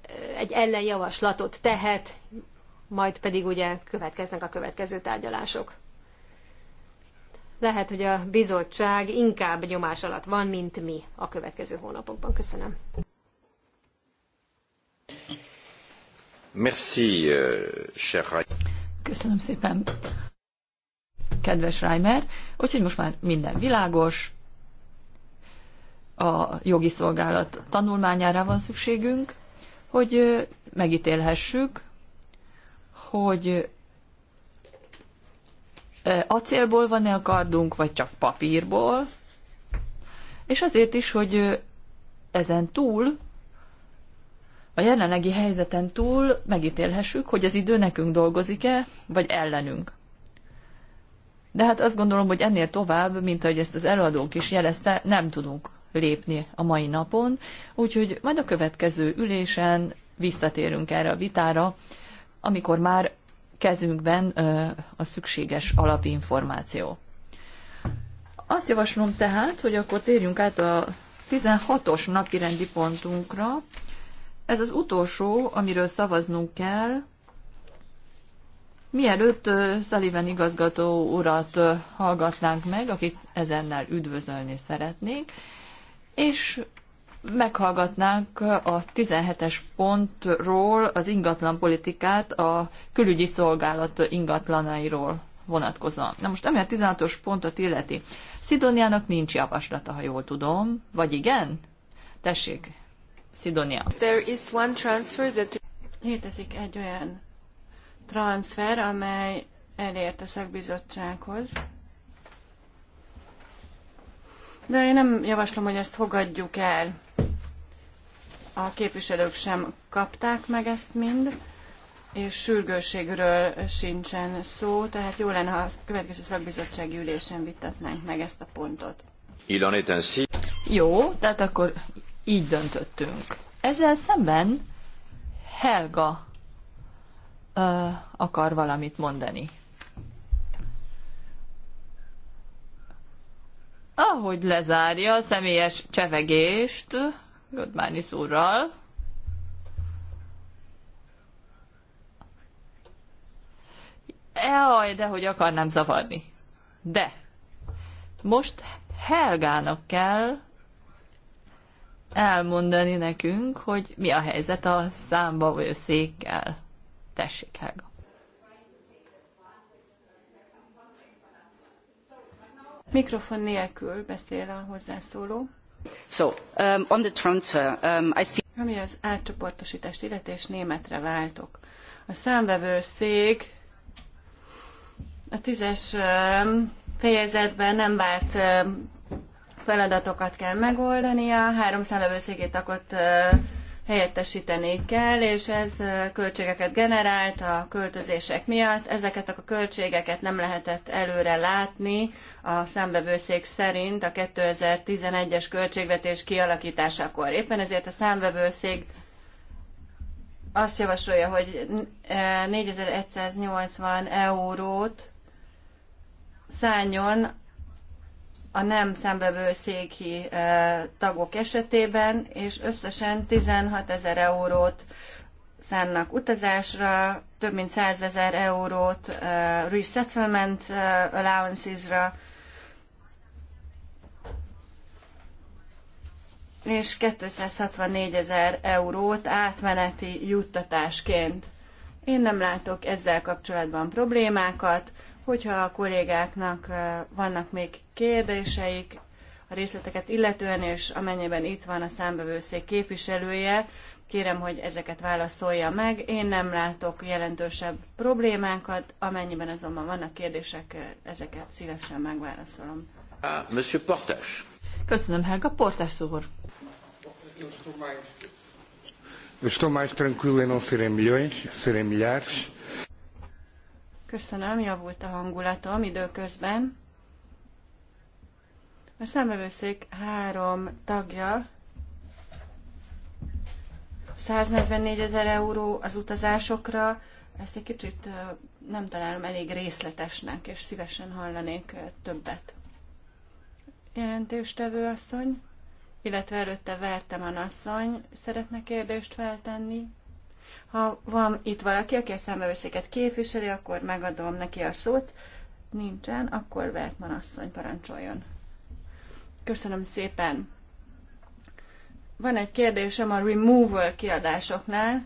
[SPEAKER 3] eh, egy ellenjavaslatot tehet, majd pedig ugye következnek a következő tárgyalások. Lehet, hogy a bizottság inkább nyomás alatt van, mint mi a következő hónapokban. Köszönöm.
[SPEAKER 1] Merci, euh, cher Köszönöm
[SPEAKER 2] szépen, kedves Reimer. Úgyhogy most már minden világos, a jogi szolgálat tanulmányára van szükségünk, hogy megítélhessük, hogy acélból van-e a kardunk, vagy csak papírból, és azért is, hogy ezen túl, a jelenlegi helyzeten túl megítélhessük, hogy az idő nekünk dolgozik-e, vagy ellenünk. De hát azt gondolom, hogy ennél tovább, mint ahogy ezt az előadók is jelezte, nem tudunk lépni a mai napon, úgyhogy majd a következő ülésen visszatérünk erre a vitára, amikor már kezünkben a szükséges alapinformáció. Azt javaslom tehát, hogy akkor térjünk át a 16-os napirendi pontunkra. Ez az utolsó, amiről szavaznunk kell, Mielőtt Sullivan igazgató urat hallgatnánk meg, akit ezennel üdvözölni szeretnénk, és meghallgatnánk a 17-es pontról az ingatlan politikát, a külügyi szolgálat ingatlanairól vonatkozóan. Na most, ami a 16-os pontot illeti, Szidoniának nincs javaslata, ha jól tudom, vagy igen? Tessék, Szidonia.
[SPEAKER 1] There is one transfer that... Létezik egy olyan transfer, amely elért a szakbizottsághoz. De én nem javaslom, hogy ezt fogadjuk el. A képviselők sem kapták meg ezt mind, és sürgőségről sincsen szó, tehát jó lenne, ha a következő szakbizottsági ülésen vitatnánk meg ezt a pontot. Jó, tehát akkor így döntöttünk. Ezzel szemben
[SPEAKER 2] Helga uh, akar valamit mondani. ahogy lezárja a személyes csevegést Gödmányi szúrral, Jaj, e, de hogy akarnám zavarni. De most Helgának kell elmondani nekünk, hogy mi a helyzet a számba vagy a székkel. Tessék, Helga.
[SPEAKER 1] Mikrofon nélkül beszél a hozzászóló. So, um, on the transfer, um, I speak... Ami az átcsoportosítást illeti, és németre váltok. A számvevőszék a tízes um, fejezetben nem várt um, feladatokat kell megoldania, három számvevőszékét akott uh, helyettesíteni kell, és ez költségeket generált a költözések miatt. Ezeket a költségeket nem lehetett előre látni a számvevőszék szerint a 2011-es költségvetés kialakításakor. Éppen ezért a számvevőszék azt javasolja, hogy 4180 eurót szálljon a nem széki e, tagok esetében, és összesen 16 ezer eurót szánnak utazásra, több mint 100 ezer eurót e, resettlement e, allowances-ra, és 264 ezer eurót átmeneti juttatásként. Én nem látok ezzel kapcsolatban problémákat, Hogyha a kollégáknak vannak még kérdéseik a részleteket illetően, és amennyiben itt van a számbevőszék képviselője, kérem, hogy ezeket válaszolja meg. Én nem látok jelentősebb problémákat, amennyiben azonban vannak kérdések, ezeket szívesen megválaszolom.
[SPEAKER 2] Uh, Monsieur Portes. Köszönöm, Helga. Portes úr.
[SPEAKER 1] Estou mais tranquilo em não serem milhões, serem milhares. Köszönöm, javult a hangulatom időközben. A számvevőszék három tagja 144 ezer euró az utazásokra, ezt egy kicsit nem találom elég részletesnek, és szívesen hallanék többet. Jelentéstevő asszony, illetve előtte Verteman asszony szeretne kérdést feltenni. Ha van itt valaki, aki a számbevőszéket képviseli, akkor megadom neki a szót. Nincsen, akkor Vertman asszony parancsoljon. Köszönöm szépen. Van egy kérdésem a removal kiadásoknál.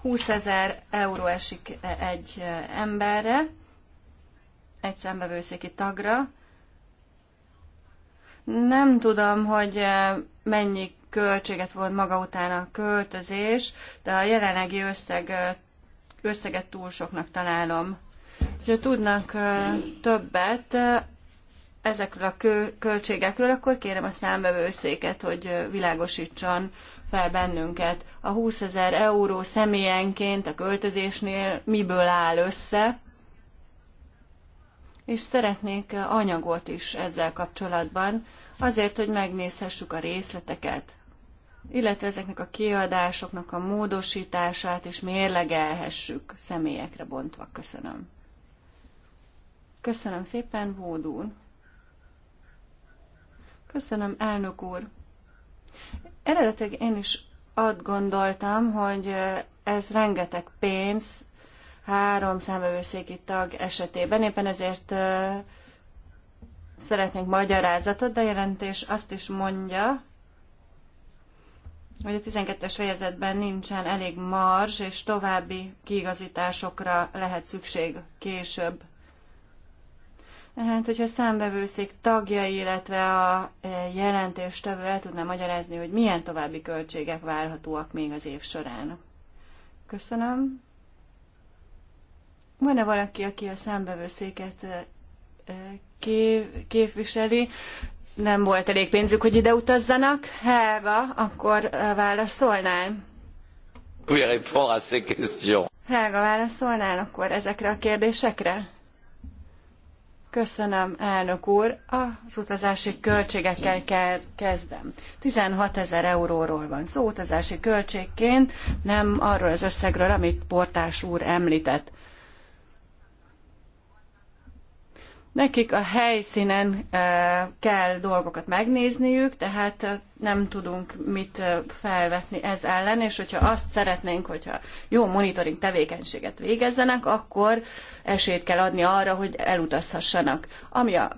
[SPEAKER 1] 20 ezer euró esik egy emberre, egy számbevőszéki tagra. Nem tudom, hogy mennyi költséget von maga után a költözés, de a jelenlegi összeg, összeget túl soknak találom. Ha tudnak többet ezekről a költségekről, akkor kérem a számbevőszéket, hogy világosítson fel bennünket. A 20 ezer euró személyenként a költözésnél miből áll össze, és szeretnék anyagot is ezzel kapcsolatban, azért, hogy megnézhessük a részleteket illetve ezeknek a kiadásoknak a módosítását és mérlegelhessük személyekre bontva. Köszönöm. Köszönöm szépen, vódul. Köszönöm, elnök úr. Eredetileg én is azt gondoltam, hogy ez rengeteg pénz három számvevőszéki tag esetében, éppen ezért szeretnénk magyarázatot, de a jelentés azt is mondja, hogy a 12-es fejezetben nincsen elég marzs, és további kiigazításokra lehet szükség később. Hát, hogyha a számbevőszék tagjai, illetve a e, jelentéstevő el tudná magyarázni, hogy milyen további költségek várhatóak még az év során. Köszönöm. Van-e valaki, aki a számbevőszéket e, e, képviseli? nem volt elég pénzük, hogy ide utazzanak. Helga, akkor válaszolnál? Helga, válaszolnál akkor ezekre a kérdésekre? Köszönöm, elnök úr. Az utazási költségekkel kell kezdem. 16 ezer euróról van szó utazási költségként, nem arról az összegről, amit Portás úr említett. Nekik a helyszínen kell dolgokat megnézniük, tehát nem tudunk mit felvetni ez ellen, és hogyha azt szeretnénk, hogyha jó monitoring tevékenységet végezzenek, akkor esélyt kell adni arra, hogy elutazhassanak. Ami a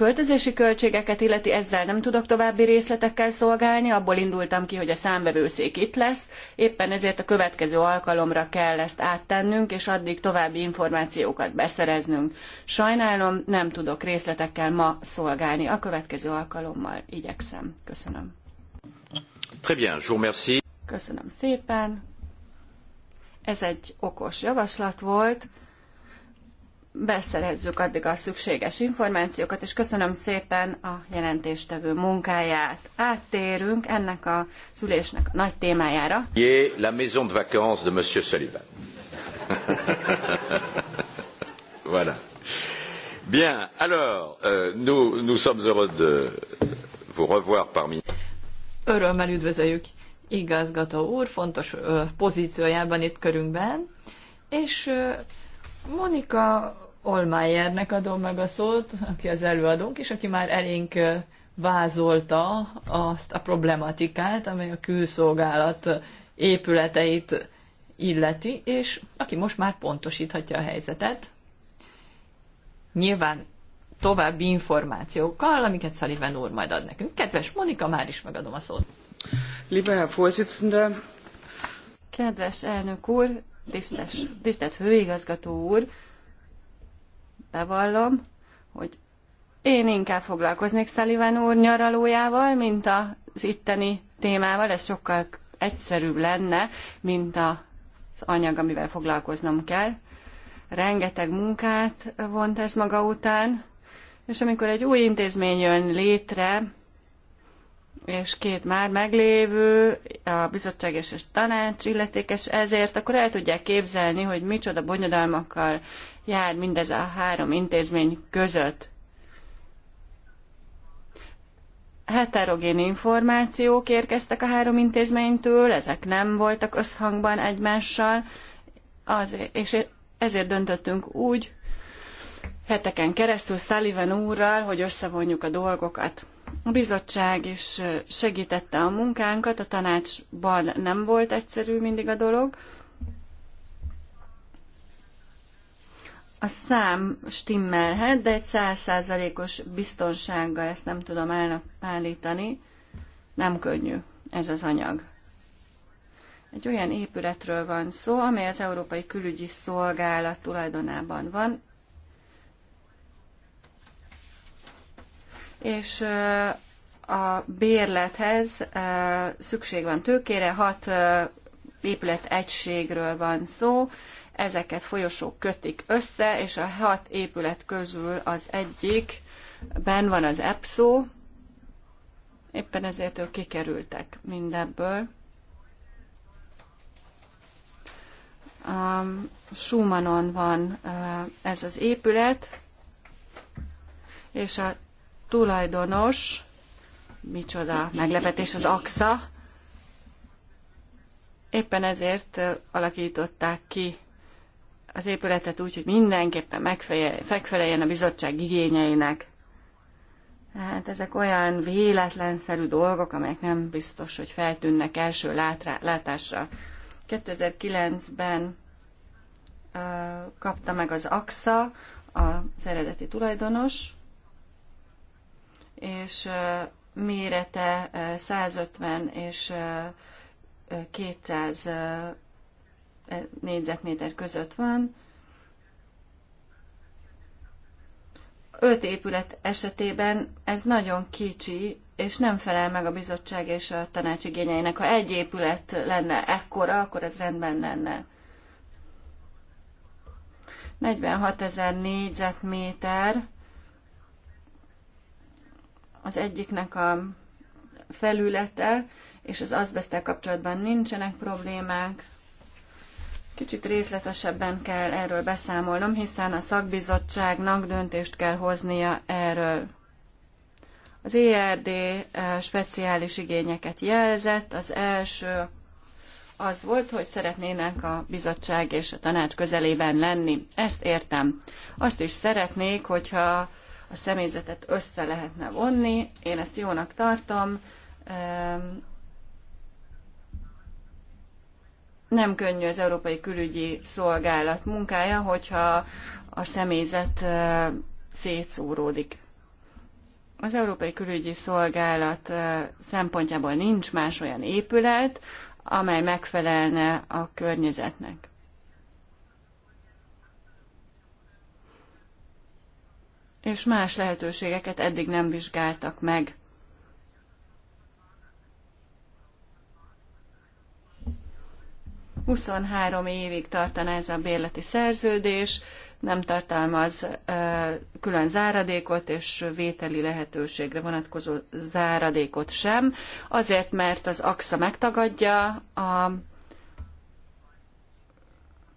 [SPEAKER 1] költözési költségeket illeti, ezzel nem tudok további részletekkel szolgálni, abból indultam ki, hogy a számvevőszék itt lesz, éppen ezért a következő alkalomra kell ezt áttennünk, és addig további információkat beszereznünk. Sajnálom, nem tudok részletekkel ma szolgálni, a következő alkalommal igyekszem. Köszönöm. Très bien, je vous remercie. Köszönöm szépen. Ez egy okos javaslat volt beszerezzük addig a szükséges információkat, és köszönöm szépen a jelentéstevő munkáját. Áttérünk ennek a szülésnek a nagy témájára.
[SPEAKER 2] Jé, la maison de vacances de Monsieur Sullivan. *laughs* voilà. Bien, alors, euh, nous, nous sommes heureux de vous revoir parmi... Örömmel üdvözöljük igazgató úr, fontos ö, pozíciójában itt körünkben, és ö, Monika Olmájernek adom meg a szót, aki az előadónk, és aki már elénk vázolta azt a problematikát, amely a külszolgálat épületeit illeti, és aki most már pontosíthatja a helyzetet. Nyilván további információkkal, amiket Szaliven úr majd ad nekünk. Kedves Monika, már is megadom a szót.
[SPEAKER 1] Lieber Herr Kedves elnök úr, Tisztes, tisztelt főigazgató úr, bevallom, hogy én inkább foglalkoznék Sullivan úr nyaralójával, mint az itteni témával. Ez sokkal egyszerűbb lenne, mint az anyag, amivel foglalkoznom kell. Rengeteg munkát vont ez maga után, és amikor egy új intézmény jön létre, és két már meglévő, a bizottság és a tanács illetékes ezért, akkor el tudják képzelni, hogy micsoda bonyodalmakkal jár mindez a három intézmény között. Heterogén információk érkeztek a három intézménytől, ezek nem voltak összhangban egymással, azért, és ezért döntöttünk úgy, heteken keresztül Sullivan úrral, hogy összevonjuk a dolgokat. A bizottság is segítette a munkánkat, a tanácsban nem volt egyszerű mindig a dolog. A szám stimmelhet, de egy százszázalékos biztonsággal ezt nem tudom állítani. Nem könnyű ez az anyag. Egy olyan épületről van szó, amely az Európai Külügyi Szolgálat tulajdonában van, és a bérlethez szükség van tőkére, hat épület egységről van szó, ezeket folyosók kötik össze, és a hat épület közül az egyik ben van az EPSO, éppen ezért ők kikerültek mindebből. Schumannon van ez az épület, és a tulajdonos, micsoda meglepetés az AXA, éppen ezért alakították ki az épületet úgy, hogy mindenképpen megfeleljen a bizottság igényeinek. Hát ezek olyan véletlenszerű dolgok, amelyek nem biztos, hogy feltűnnek első látra, látásra. 2009-ben kapta meg az AXA, az eredeti tulajdonos, és mérete 150 és 200 e, négyzetméter között van. Öt épület esetében ez nagyon kicsi, és nem felel meg a bizottság és a tanács igényeinek. Ha egy épület lenne ekkora, akkor ez rendben lenne. 46 ezer négyzetméter, az egyiknek a felülete, és az azbesztel kapcsolatban nincsenek problémák. Kicsit részletesebben kell erről beszámolnom, hiszen a szakbizottságnak döntést kell hoznia erről. Az ERD eh, speciális igényeket jelzett. Az első az volt, hogy szeretnének a bizottság és a tanács közelében lenni. Ezt értem. Azt is szeretnék, hogyha a személyzetet össze lehetne vonni. Én ezt jónak tartom. Nem könnyű az Európai Külügyi Szolgálat munkája, hogyha a személyzet eh, szétszóródik. Az Európai Külügyi Szolgálat eh, szempontjából nincs más olyan épület, amely megfelelne a környezetnek. és más lehetőségeket eddig nem vizsgáltak meg. Huszonhárom évig tartana ez a bérleti szerződés, nem tartalmaz külön záradékot és vételi lehetőségre vonatkozó záradékot sem, azért mert az AXA megtagadja a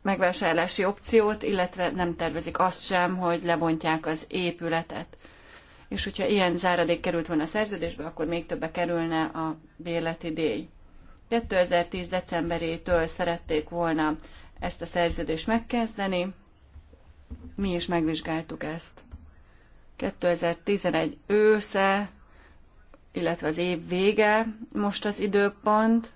[SPEAKER 1] megvásárlási opciót, illetve nem tervezik azt sem, hogy lebontják az épületet. És hogyha ilyen záradék került volna a szerződésbe, akkor még többe kerülne a bérleti díj. 2010. decemberétől szerették volna ezt a szerződést megkezdeni, mi is megvizsgáltuk ezt. 2011 ősze, illetve az év vége most az időpont,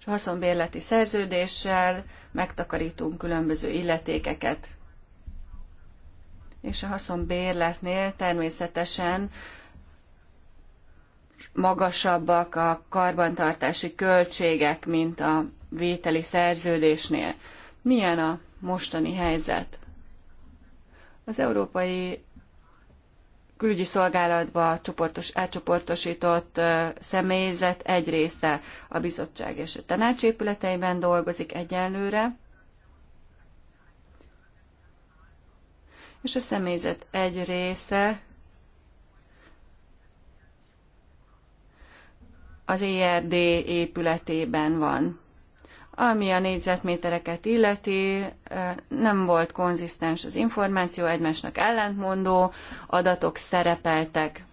[SPEAKER 1] és a haszonbérleti szerződéssel megtakarítunk különböző illetékeket. És a haszonbérletnél természetesen magasabbak a karbantartási költségek, mint a vételi szerződésnél. Milyen a mostani helyzet? Az Európai külügyi szolgálatba csoportos, átcsoportosított személyzet egy része a bizottság és a tanács épületeiben dolgozik egyenlőre, és a személyzet egy része az ERD épületében van. Ami a négyzetmétereket illeti, nem volt konzisztens az információ, egymásnak ellentmondó adatok szerepeltek.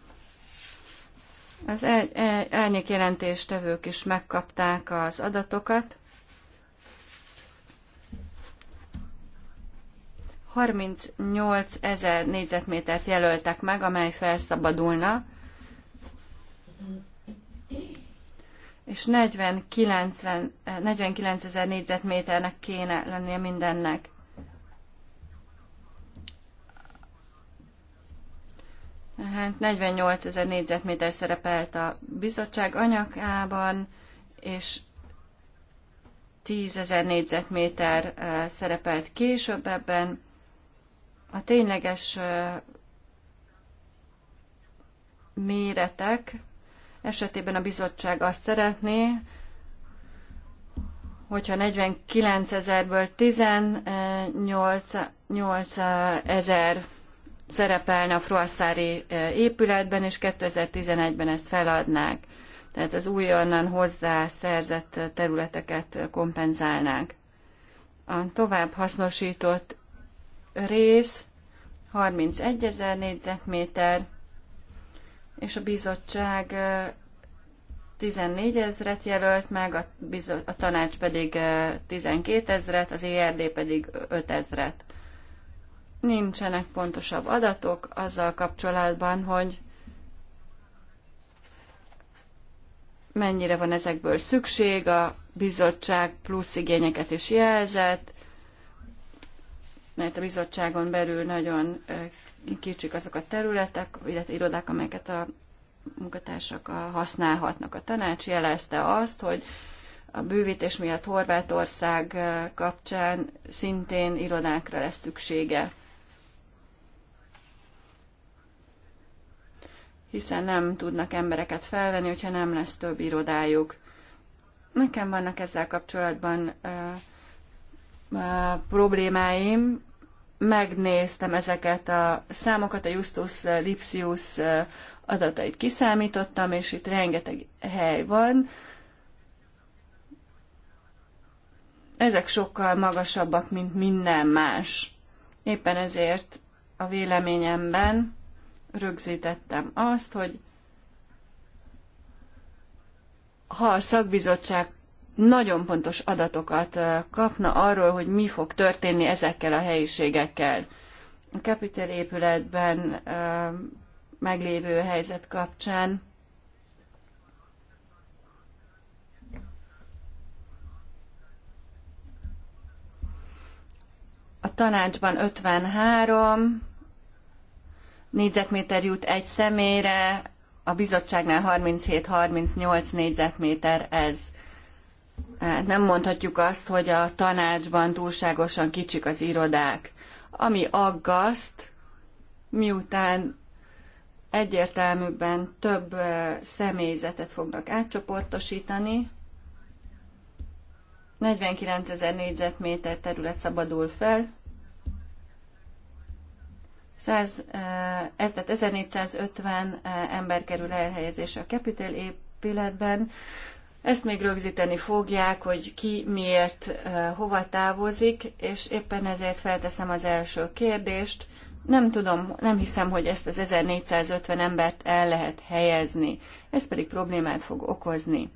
[SPEAKER 1] Az árnyék jelentéstevők is megkapták az adatokat. 38 ezer négyzetmétert jelöltek meg, amely felszabadulna és 49 eh, ezer négyzetméternek kéne lennie mindennek. Hát 48 ezer négyzetméter szerepelt a bizottság anyagában, és 10 ezer négyzetméter eh, szerepelt később ebben. A tényleges eh, méretek esetében a bizottság azt szeretné, hogyha 49 ezerből 18 ezer szerepelne a Froasszári eh, épületben, és 2011-ben ezt feladnák. Tehát az újonnan hozzá szerzett területeket kompenzálnák. A tovább hasznosított rész 31 ezer négyzetméter, és a bizottság 14 ezret jelölt meg, a, bizot, a tanács pedig 12 ezret, az ERD pedig 5 ezret. Nincsenek pontosabb adatok azzal kapcsolatban, hogy mennyire van ezekből szükség, a bizottság plusz igényeket is jelzett, mert a bizottságon belül nagyon kicsik azok a területek, illetve irodák, amelyeket a munkatársak használhatnak. A tanács jelezte azt, hogy a bővítés miatt Horvátország kapcsán szintén irodákra lesz szüksége. hiszen nem tudnak embereket felvenni, hogyha nem lesz több irodájuk. Nekem vannak ezzel kapcsolatban uh, uh, problémáim, megnéztem ezeket a számokat, a Justus Lipsius adatait kiszámítottam, és itt rengeteg hely van. Ezek sokkal magasabbak, mint minden más. Éppen ezért a véleményemben rögzítettem azt, hogy ha a szakbizottság nagyon pontos adatokat kapna arról, hogy mi fog történni ezekkel a helyiségekkel. A Capital épületben meglévő helyzet kapcsán a tanácsban 53 négyzetméter jut egy személyre, a bizottságnál 37-38 négyzetméter ez. Hát nem mondhatjuk azt, hogy a tanácsban túlságosan kicsik az irodák. Ami aggaszt, miután egyértelműbben több személyzetet fognak átcsoportosítani, 49 ezer négyzetméter terület szabadul fel, 100, ez, tehát 1450 ember kerül elhelyezésre a Capital épületben, ezt még rögzíteni fogják, hogy ki miért eh, hova távozik, és éppen ezért felteszem az első kérdést. Nem tudom, nem hiszem, hogy ezt az 1450 embert el lehet helyezni. Ez pedig problémát fog okozni.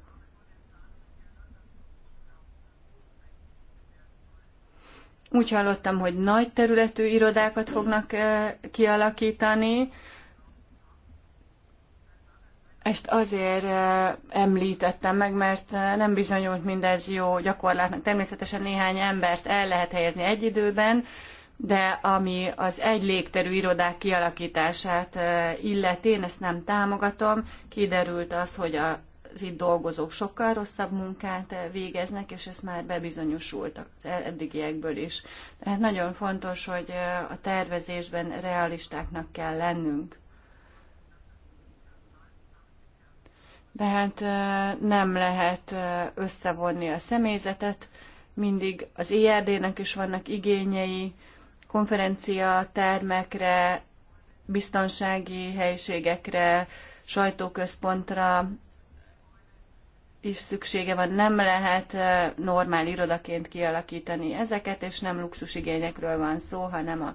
[SPEAKER 1] Úgy hallottam, hogy nagy területű irodákat fognak eh, kialakítani, ezt azért eh, említettem meg, mert eh, nem bizonyult mindez jó gyakorlatnak. Természetesen néhány embert el lehet helyezni egy időben, de ami az egy légterű irodák kialakítását eh, illeti, én ezt nem támogatom. Kiderült az, hogy az itt dolgozók sokkal rosszabb munkát végeznek, és ezt már bebizonyosult az eddigiekből is. Tehát nagyon fontos, hogy a tervezésben realistáknak kell lennünk. Tehát nem lehet összevonni a személyzetet, mindig az IRD-nek e is vannak igényei, konferencia termekre, biztonsági helyiségekre, sajtóközpontra is szüksége van. Nem lehet normál irodaként kialakítani ezeket, és nem luxusigényekről van szó, hanem a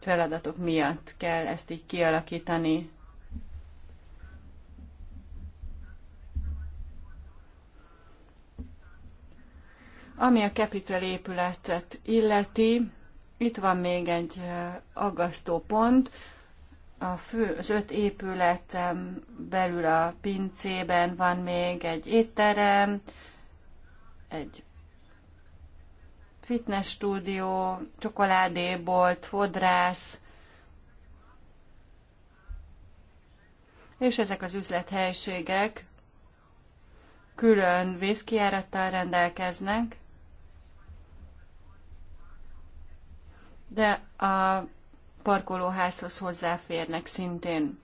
[SPEAKER 1] feladatok miatt kell ezt így kialakítani. Ami a Capitol épületet illeti, itt van még egy eh, aggasztó pont. A fő, az öt épületem belül a pincében van még egy étterem, egy fitness stúdió, csokoládébolt, fodrász, és ezek az üzlethelységek külön vészkiárattal rendelkeznek, de a parkolóházhoz hozzáférnek szintén.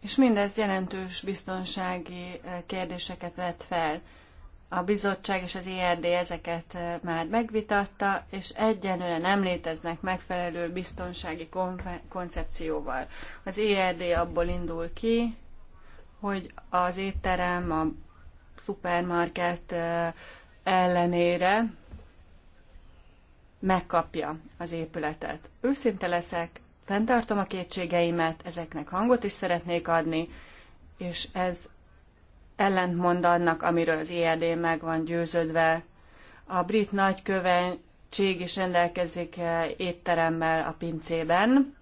[SPEAKER 1] És mindez jelentős biztonsági eh, kérdéseket vet fel. A bizottság és az IRD e ezeket eh, már megvitatta, és egyenlőre nem léteznek megfelelő biztonsági koncepcióval. Az IRD e abból indul ki, hogy az étterem, a szupermarket ellenére megkapja az épületet. Őszinte leszek, fenntartom a kétségeimet, ezeknek hangot is szeretnék adni, és ez ellentmond annak, amiről az IRD meg van győződve. A brit nagykövetség is rendelkezik étteremmel a pincében,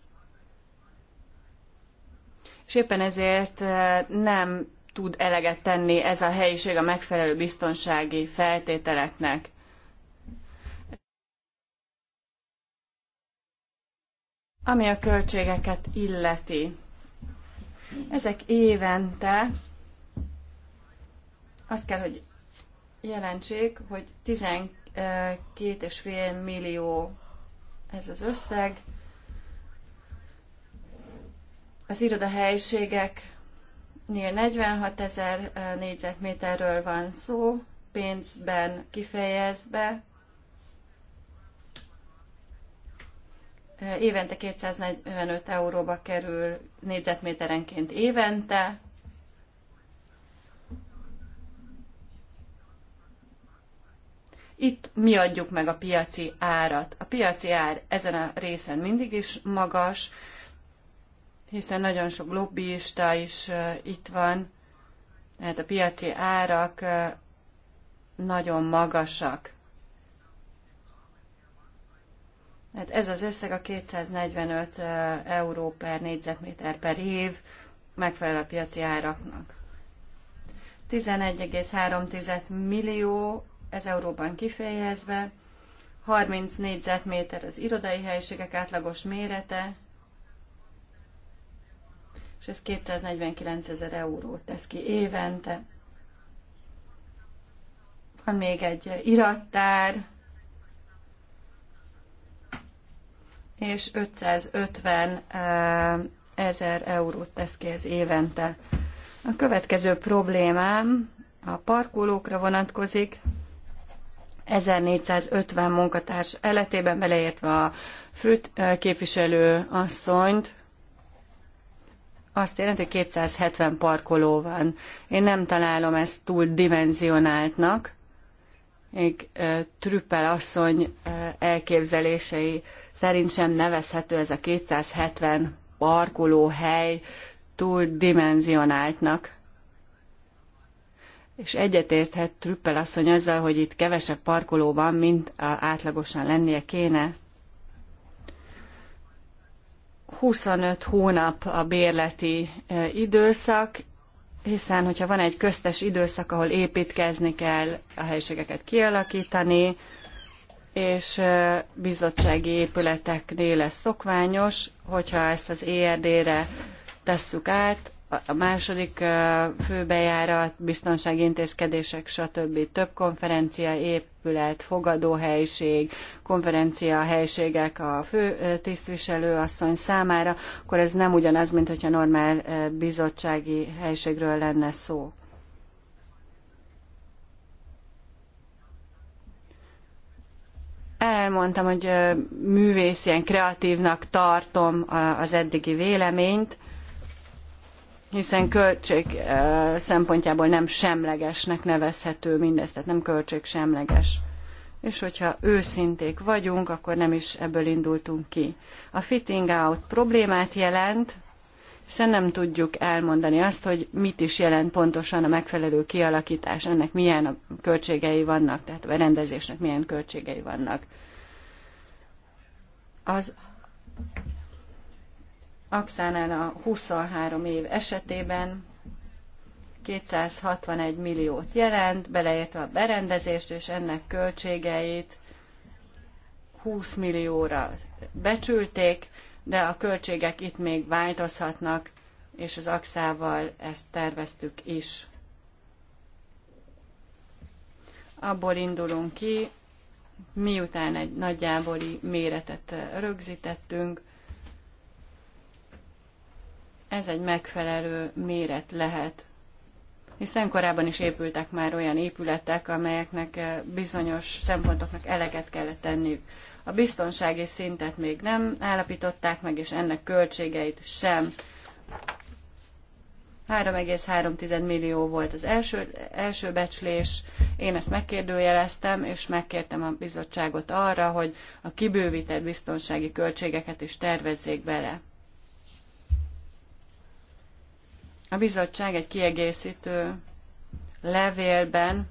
[SPEAKER 1] és éppen ezért eh, nem tud eleget tenni ez a helyiség a megfelelő biztonsági feltételeknek. Ami a költségeket illeti, ezek évente azt kell, hogy jelentsék, hogy 12,5 millió ez az összeg, az irodahelyiségeknél 46 ezer négyzetméterről van szó, pénzben kifejezve, évente 245 euróba kerül négyzetméterenként évente. Itt mi adjuk meg a piaci árat. A piaci ár ezen a részen mindig is magas, hiszen nagyon sok lobbyista is itt van, mert hát a piaci árak nagyon magasak. Hát ez az összeg a 245 euró per négyzetméter per év megfelel a piaci áraknak. 11,3 millió, ez euróban kifejezve, 30 négyzetméter az irodai helyiségek átlagos mérete, és ez 249 ezer eurót tesz ki évente. Van még egy irattár, és 550 ezer eurót tesz ki ez évente. A következő problémám a parkolókra vonatkozik. 1450 munkatárs eletében, beleértve a főt képviselő asszonyt, azt jelenti, hogy 270 parkoló van. Én nem találom ezt túl dimenzionáltnak. Még e, Trüppel asszony e, elképzelései szerint sem nevezhető ez a 270 parkolóhely túl dimenzionáltnak. És egyetérthet Trüppel asszony azzal, hogy itt kevesebb parkoló van, mint átlagosan lennie kéne. 25 hónap a bérleti e, időszak, hiszen hogyha van egy köztes időszak, ahol építkezni kell, a helységeket kialakítani, és e, bizottsági épületeknél lesz szokványos, hogyha ezt az ERD-re tesszük át, a második főbejárat, biztonsági intézkedések, stb. Több konferencia épület, fogadóhelyiség, konferencia helységek a fő tisztviselő asszony számára, akkor ez nem ugyanaz, mint hogyha normál bizottsági helységről lenne szó. Elmondtam, hogy művész, ilyen kreatívnak tartom az eddigi véleményt, hiszen költség szempontjából nem semlegesnek nevezhető mindez, tehát nem költségsemleges. És hogyha őszinték vagyunk, akkor nem is ebből indultunk ki. A fitting out problémát jelent, hiszen nem tudjuk elmondani azt, hogy mit is jelent pontosan a megfelelő kialakítás, ennek milyen a költségei vannak, tehát a rendezésnek milyen költségei vannak. Az Axánál a 23 év esetében 261 milliót jelent, beleértve a berendezést és ennek költségeit 20 millióra becsülték, de a költségek itt még változhatnak, és az axával ezt terveztük is. Abból indulunk ki, miután egy nagyjáboli méretet rögzítettünk, ez egy megfelelő méret lehet. Hiszen korábban is épültek már olyan épületek, amelyeknek eh, bizonyos szempontoknak eleget kellett tenniük. A biztonsági szintet még nem állapították meg, és ennek költségeit sem. 3,3 millió volt az első, első becslés, én ezt megkérdőjeleztem, és megkértem a bizottságot arra, hogy a kibővített biztonsági költségeket is tervezzék bele. A bizottság egy kiegészítő levélben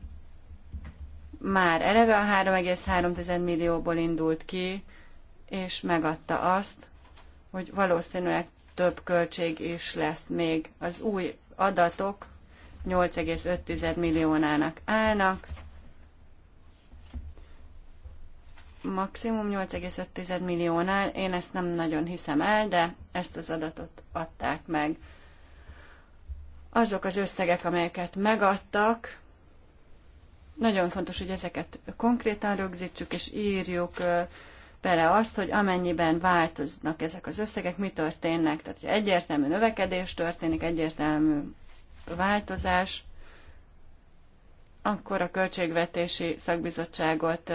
[SPEAKER 1] már eleve a 3,3 millióból indult ki, és megadta azt, hogy valószínűleg több költség is lesz még. Az új adatok 8,5 milliónának állnak, maximum 8,5 milliónál, én ezt nem nagyon hiszem el, de ezt az adatot adták meg azok az összegek, amelyeket megadtak, nagyon fontos, hogy ezeket konkrétan rögzítsük és írjuk bele azt, hogy amennyiben változnak ezek az összegek, mi történnek. Tehát, hogy egyértelmű növekedés történik, egyértelmű változás, akkor a költségvetési szakbizottságot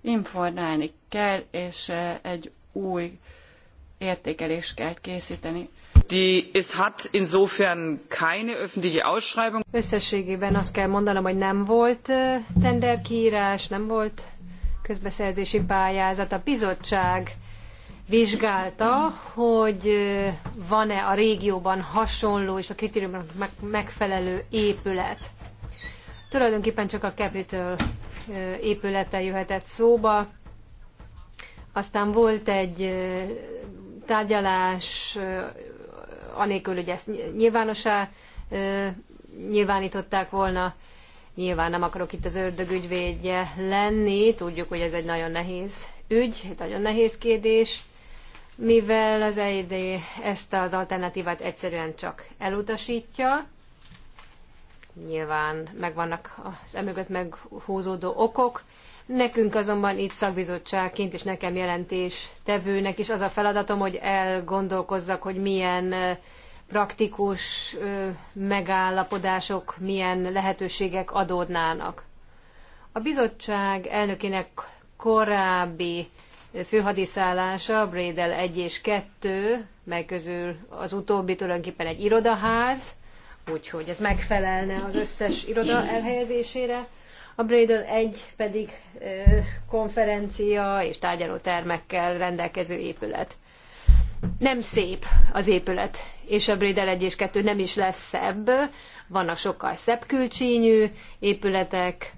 [SPEAKER 1] informálni kell, és egy új értékelést kell készíteni.
[SPEAKER 2] Die, es
[SPEAKER 1] Összességében azt kell mondanom,
[SPEAKER 3] hogy nem volt tenderkiírás, nem volt közbeszerzési pályázat. A bizottság vizsgálta, hogy van-e a régióban hasonló és a kritériumnak megfelelő épület. Tulajdonképpen csak a Capitol épülete jöhetett szóba. Aztán volt egy tárgyalás anélkül, hogy ezt nyilvánosá nyilvánították volna. Nyilván nem akarok itt az ügyvédje lenni, tudjuk, hogy ez egy nagyon nehéz ügy, egy nagyon nehéz kérdés, mivel az EID ezt az alternatívát egyszerűen csak elutasítja, nyilván megvannak az emögött meghúzódó okok, Nekünk azonban itt szakbizottságként és nekem jelentés tevőnek is az a feladatom, hogy elgondolkozzak, hogy milyen praktikus megállapodások, milyen lehetőségek adódnának. A bizottság elnökének korábbi főhadiszállása, Brédel 1 és 2, mely közül az utóbbi tulajdonképpen egy irodaház, úgyhogy ez megfelelne az összes iroda elhelyezésére. A Bradle 1 pedig ö, konferencia és tárgyaló termekkel rendelkező épület. Nem szép az épület, és a Bradle 1 és 2 nem is lesz szebb. Vannak sokkal szebb külcsínyű épületek,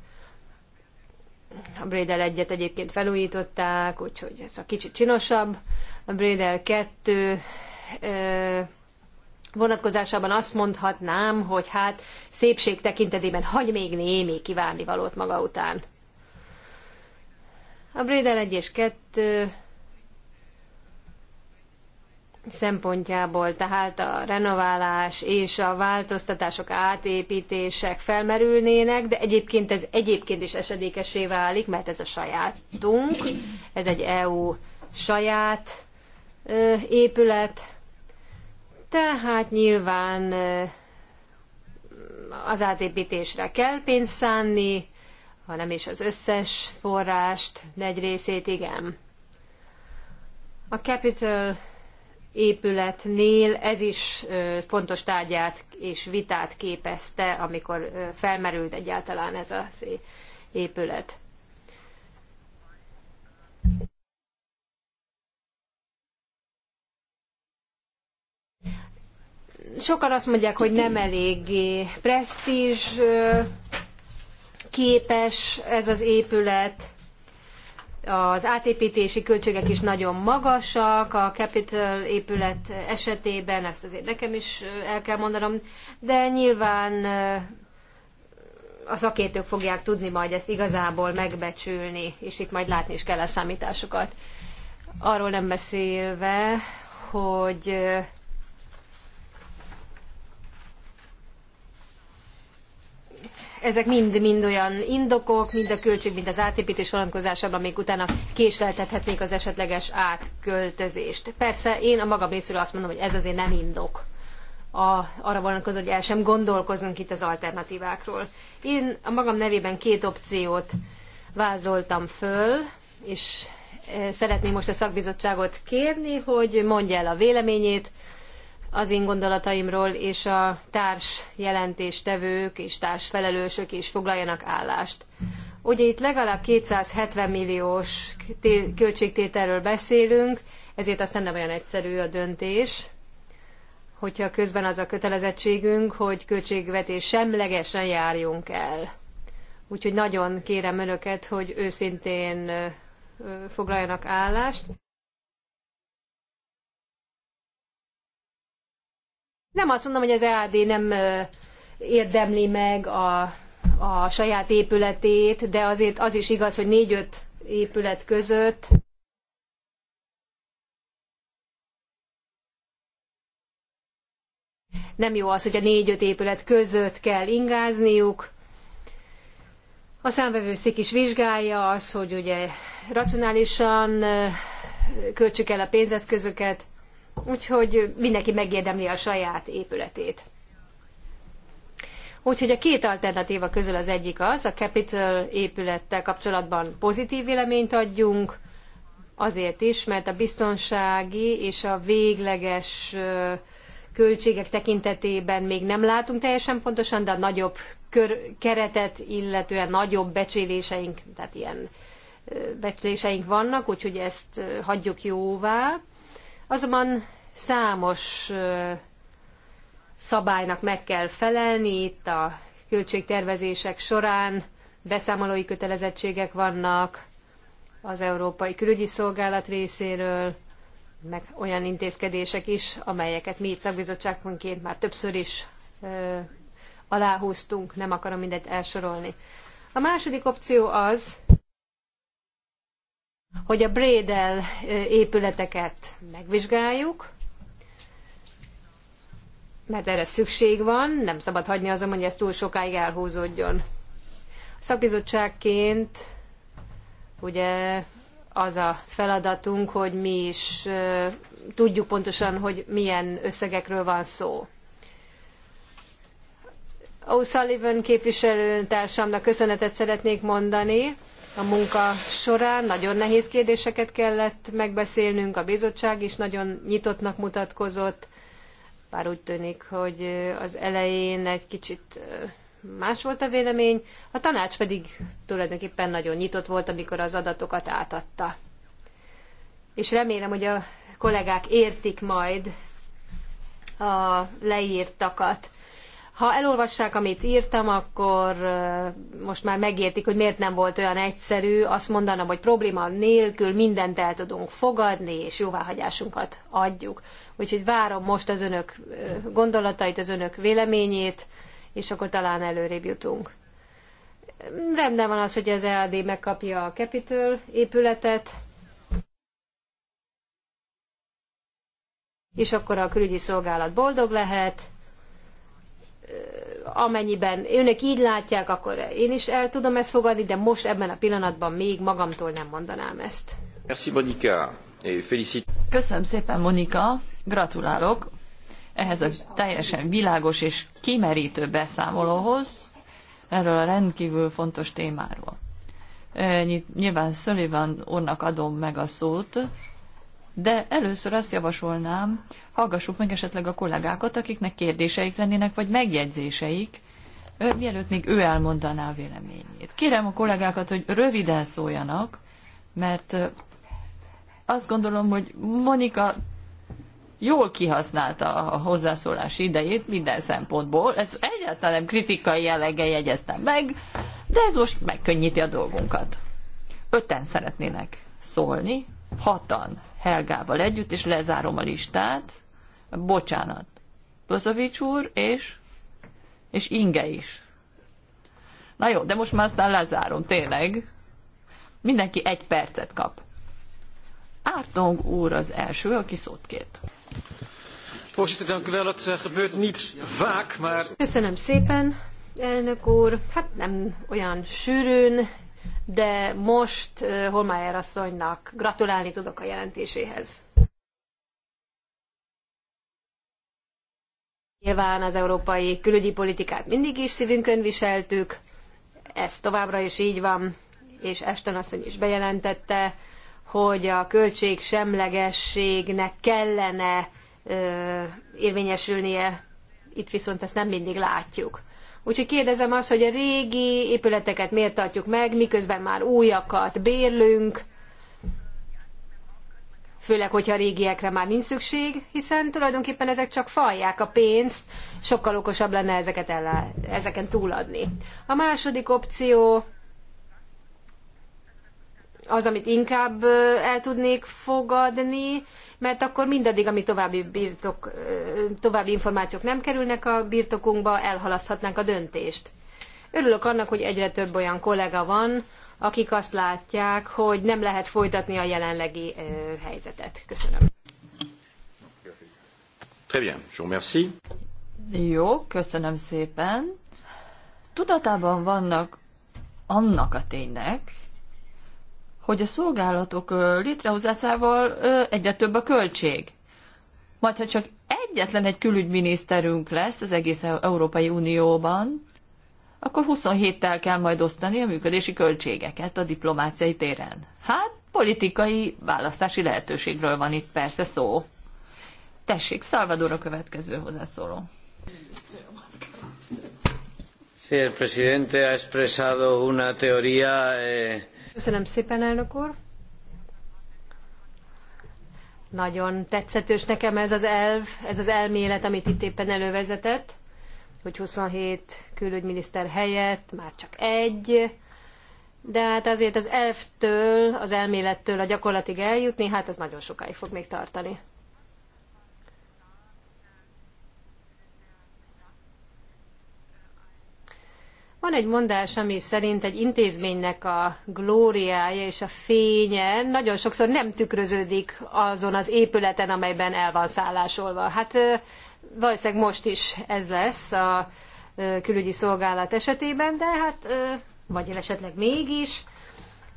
[SPEAKER 3] a Brédel 1 egyébként felújították, úgyhogy ez a kicsit csinosabb. A Brédel 2 vonatkozásában azt mondhatnám, hogy hát szépség tekintetében hagy még némi kívánivalót maga után. A Brédel 1 és 2 szempontjából, tehát a renoválás és a változtatások, átépítések felmerülnének, de egyébként ez egyébként is esedékesé válik, mert ez a sajátunk, ez egy EU saját ö, épület, tehát nyilván az átépítésre kell pénzt szánni, ha nem is az összes forrást, negy részét igen. A Capital épületnél ez is fontos tárgyát és vitát képezte, amikor felmerült egyáltalán ez az épület. sokan azt mondják, hogy nem eléggé presztízs képes ez az épület, az átépítési költségek is nagyon magasak, a Capital épület esetében, ezt azért nekem is el kell mondanom, de nyilván a szakértők fogják tudni majd ezt igazából megbecsülni, és itt majd látni is kell a számításokat. Arról nem beszélve, hogy ezek mind-mind olyan indokok, mind a költség, mind az átépítés vonatkozásában, még utána késleltethetnék az esetleges átköltözést. Persze én a magam részéről azt mondom, hogy ez azért nem indok a, arra vonatkozó, hogy el sem gondolkozunk itt az alternatívákról. Én a magam nevében két opciót vázoltam föl, és eh, szeretném most a szakbizottságot kérni, hogy mondja el a véleményét az én gondolataimról, és a társ jelentéstevők és társfelelősök is foglaljanak állást. Ugye itt legalább 270 milliós költségtételről beszélünk, ezért aztán nem olyan egyszerű a döntés, hogyha közben az a kötelezettségünk, hogy költségvetés semlegesen járjunk el. Úgyhogy nagyon kérem önöket, hogy őszintén foglaljanak állást. Nem azt mondom, hogy az EAD nem érdemli meg a, a saját épületét, de azért az is igaz, hogy négy-öt épület között nem jó az, hogy a négy-öt épület között kell ingázniuk. A számvevőszék is vizsgálja az, hogy ugye racionálisan költsük el a pénzeszközöket, Úgyhogy mindenki megérdemli a saját épületét. Úgyhogy a két alternatíva közül az egyik az, a Capital épülettel kapcsolatban pozitív véleményt adjunk, azért is, mert a biztonsági és a végleges költségek tekintetében még nem látunk teljesen pontosan, de a nagyobb kör, keretet, illetően nagyobb becsléseink, tehát ilyen becsléseink vannak, úgyhogy ezt hagyjuk jóvá. Azonban számos szabálynak meg kell felelni itt a költségtervezések során, beszámolói kötelezettségek vannak az Európai Külügyi Szolgálat részéről, meg olyan intézkedések is, amelyeket mi itt szakbizottságunként már többször is ö, aláhúztunk, nem akarom mindet elsorolni. A második opció az, hogy a Brédel épületeket megvizsgáljuk, mert erre szükség van, nem szabad hagyni azon, hogy ez túl sokáig elhúzódjon. A szakbizottságként ugye az a feladatunk, hogy mi is tudjuk pontosan, hogy milyen összegekről van szó. O'Sullivan képviselőtársamnak köszönetet szeretnék mondani, a munka során. Nagyon nehéz kérdéseket kellett megbeszélnünk, a bizottság is nagyon nyitottnak mutatkozott, bár úgy tűnik, hogy az elején egy kicsit más volt a vélemény, a tanács pedig tulajdonképpen nagyon nyitott volt, amikor az adatokat átadta. És remélem, hogy a kollégák értik majd a leírtakat. Ha elolvassák, amit írtam, akkor most már megértik, hogy miért nem volt olyan egyszerű. Azt mondanom, hogy probléma nélkül mindent el tudunk fogadni, és jóváhagyásunkat adjuk. Úgyhogy várom most az önök gondolatait, az önök véleményét, és akkor talán előrébb jutunk. Rendben van az, hogy az EAD megkapja a Capitol épületet, és akkor a külügyi szolgálat boldog lehet, amennyiben önök így látják, akkor én is el tudom ezt fogadni, de most ebben a pillanatban még magamtól nem mondanám ezt.
[SPEAKER 1] Merci
[SPEAKER 2] Köszönöm szépen Monika, gratulálok ehhez a teljesen világos és kimerítő beszámolóhoz erről a rendkívül fontos témáról. Nyilván Sullivan úrnak adom meg a szót, de először azt javasolnám, hallgassuk meg esetleg a kollégákat, akiknek kérdéseik lennének, vagy megjegyzéseik, mielőtt még ő elmondaná a véleményét. Kérem a kollégákat, hogy röviden szóljanak, mert azt gondolom, hogy Monika jól kihasználta a hozzászólás idejét minden szempontból. Ez egyáltalán nem kritikai jellege jegyeztem meg, de ez most megkönnyíti a dolgunkat. Öten szeretnének szólni, hatan Helgával együtt, és lezárom a listát. Bocsánat. Bozovics úr, és, és Inge is. Na jó, de most már aztán lezárom, tényleg. Mindenki egy percet kap. Ártong úr az első, aki szót kért.
[SPEAKER 3] Voorzitter, dank u wel.
[SPEAKER 1] Het eh, gebeurt niet vaak, maar... Köszönöm
[SPEAKER 3] szépen, elnök úr. Hát nem olyan sűrűn de most Holmájer asszonynak gratulálni tudok a jelentéséhez. Nyilván az európai külügyi politikát mindig is szívünkön viseltük, ez továbbra is így van, és Eston asszony is bejelentette, hogy a költségsemlegességnek kellene ö, érvényesülnie, itt viszont ezt nem mindig látjuk. Úgyhogy kérdezem azt, hogy a régi épületeket miért tartjuk meg, miközben már újakat bérlünk, főleg, hogyha a régiekre már nincs szükség, hiszen tulajdonképpen ezek csak falják a pénzt, sokkal okosabb lenne ezeket ezeken túladni. A második opció az, amit inkább el tudnék fogadni, mert akkor mindaddig, ami további, birtok, további információk nem kerülnek a birtokunkba, elhalaszthatnánk a döntést. Örülök annak, hogy egyre több olyan kollega van, akik azt látják, hogy nem lehet folytatni a jelenlegi
[SPEAKER 2] helyzetet. Köszönöm.
[SPEAKER 1] Très bien, je vous remercie.
[SPEAKER 2] Jó, köszönöm szépen. Tudatában vannak annak a ténynek, hogy a szolgálatok létrehozásával egyre több a költség. Majd, ha csak egyetlen egy külügyminiszterünk lesz az egész e- Európai Unióban, akkor 27-tel kell majd osztani a működési költségeket a diplomáciai téren. Hát, politikai választási lehetőségről van itt persze szó. Tessék, Salvador a következő
[SPEAKER 1] hozzászóló. Sí, el presidente ha expresado una teoría eh,
[SPEAKER 3] Köszönöm szépen, elnök úr. Nagyon tetszetős nekem ez az elv, ez az elmélet, amit itt éppen elővezetett, hogy 27 külügyminiszter helyett már csak egy, de hát azért az elvtől, az elmélettől a gyakorlatig eljutni, hát ez nagyon sokáig fog még tartani. Van egy mondás, ami szerint egy intézménynek a glóriája és a fénye nagyon sokszor nem tükröződik azon az épületen, amelyben el van szállásolva. Hát valószínűleg most is ez lesz a külügyi szolgálat esetében, de hát vagy esetleg mégis,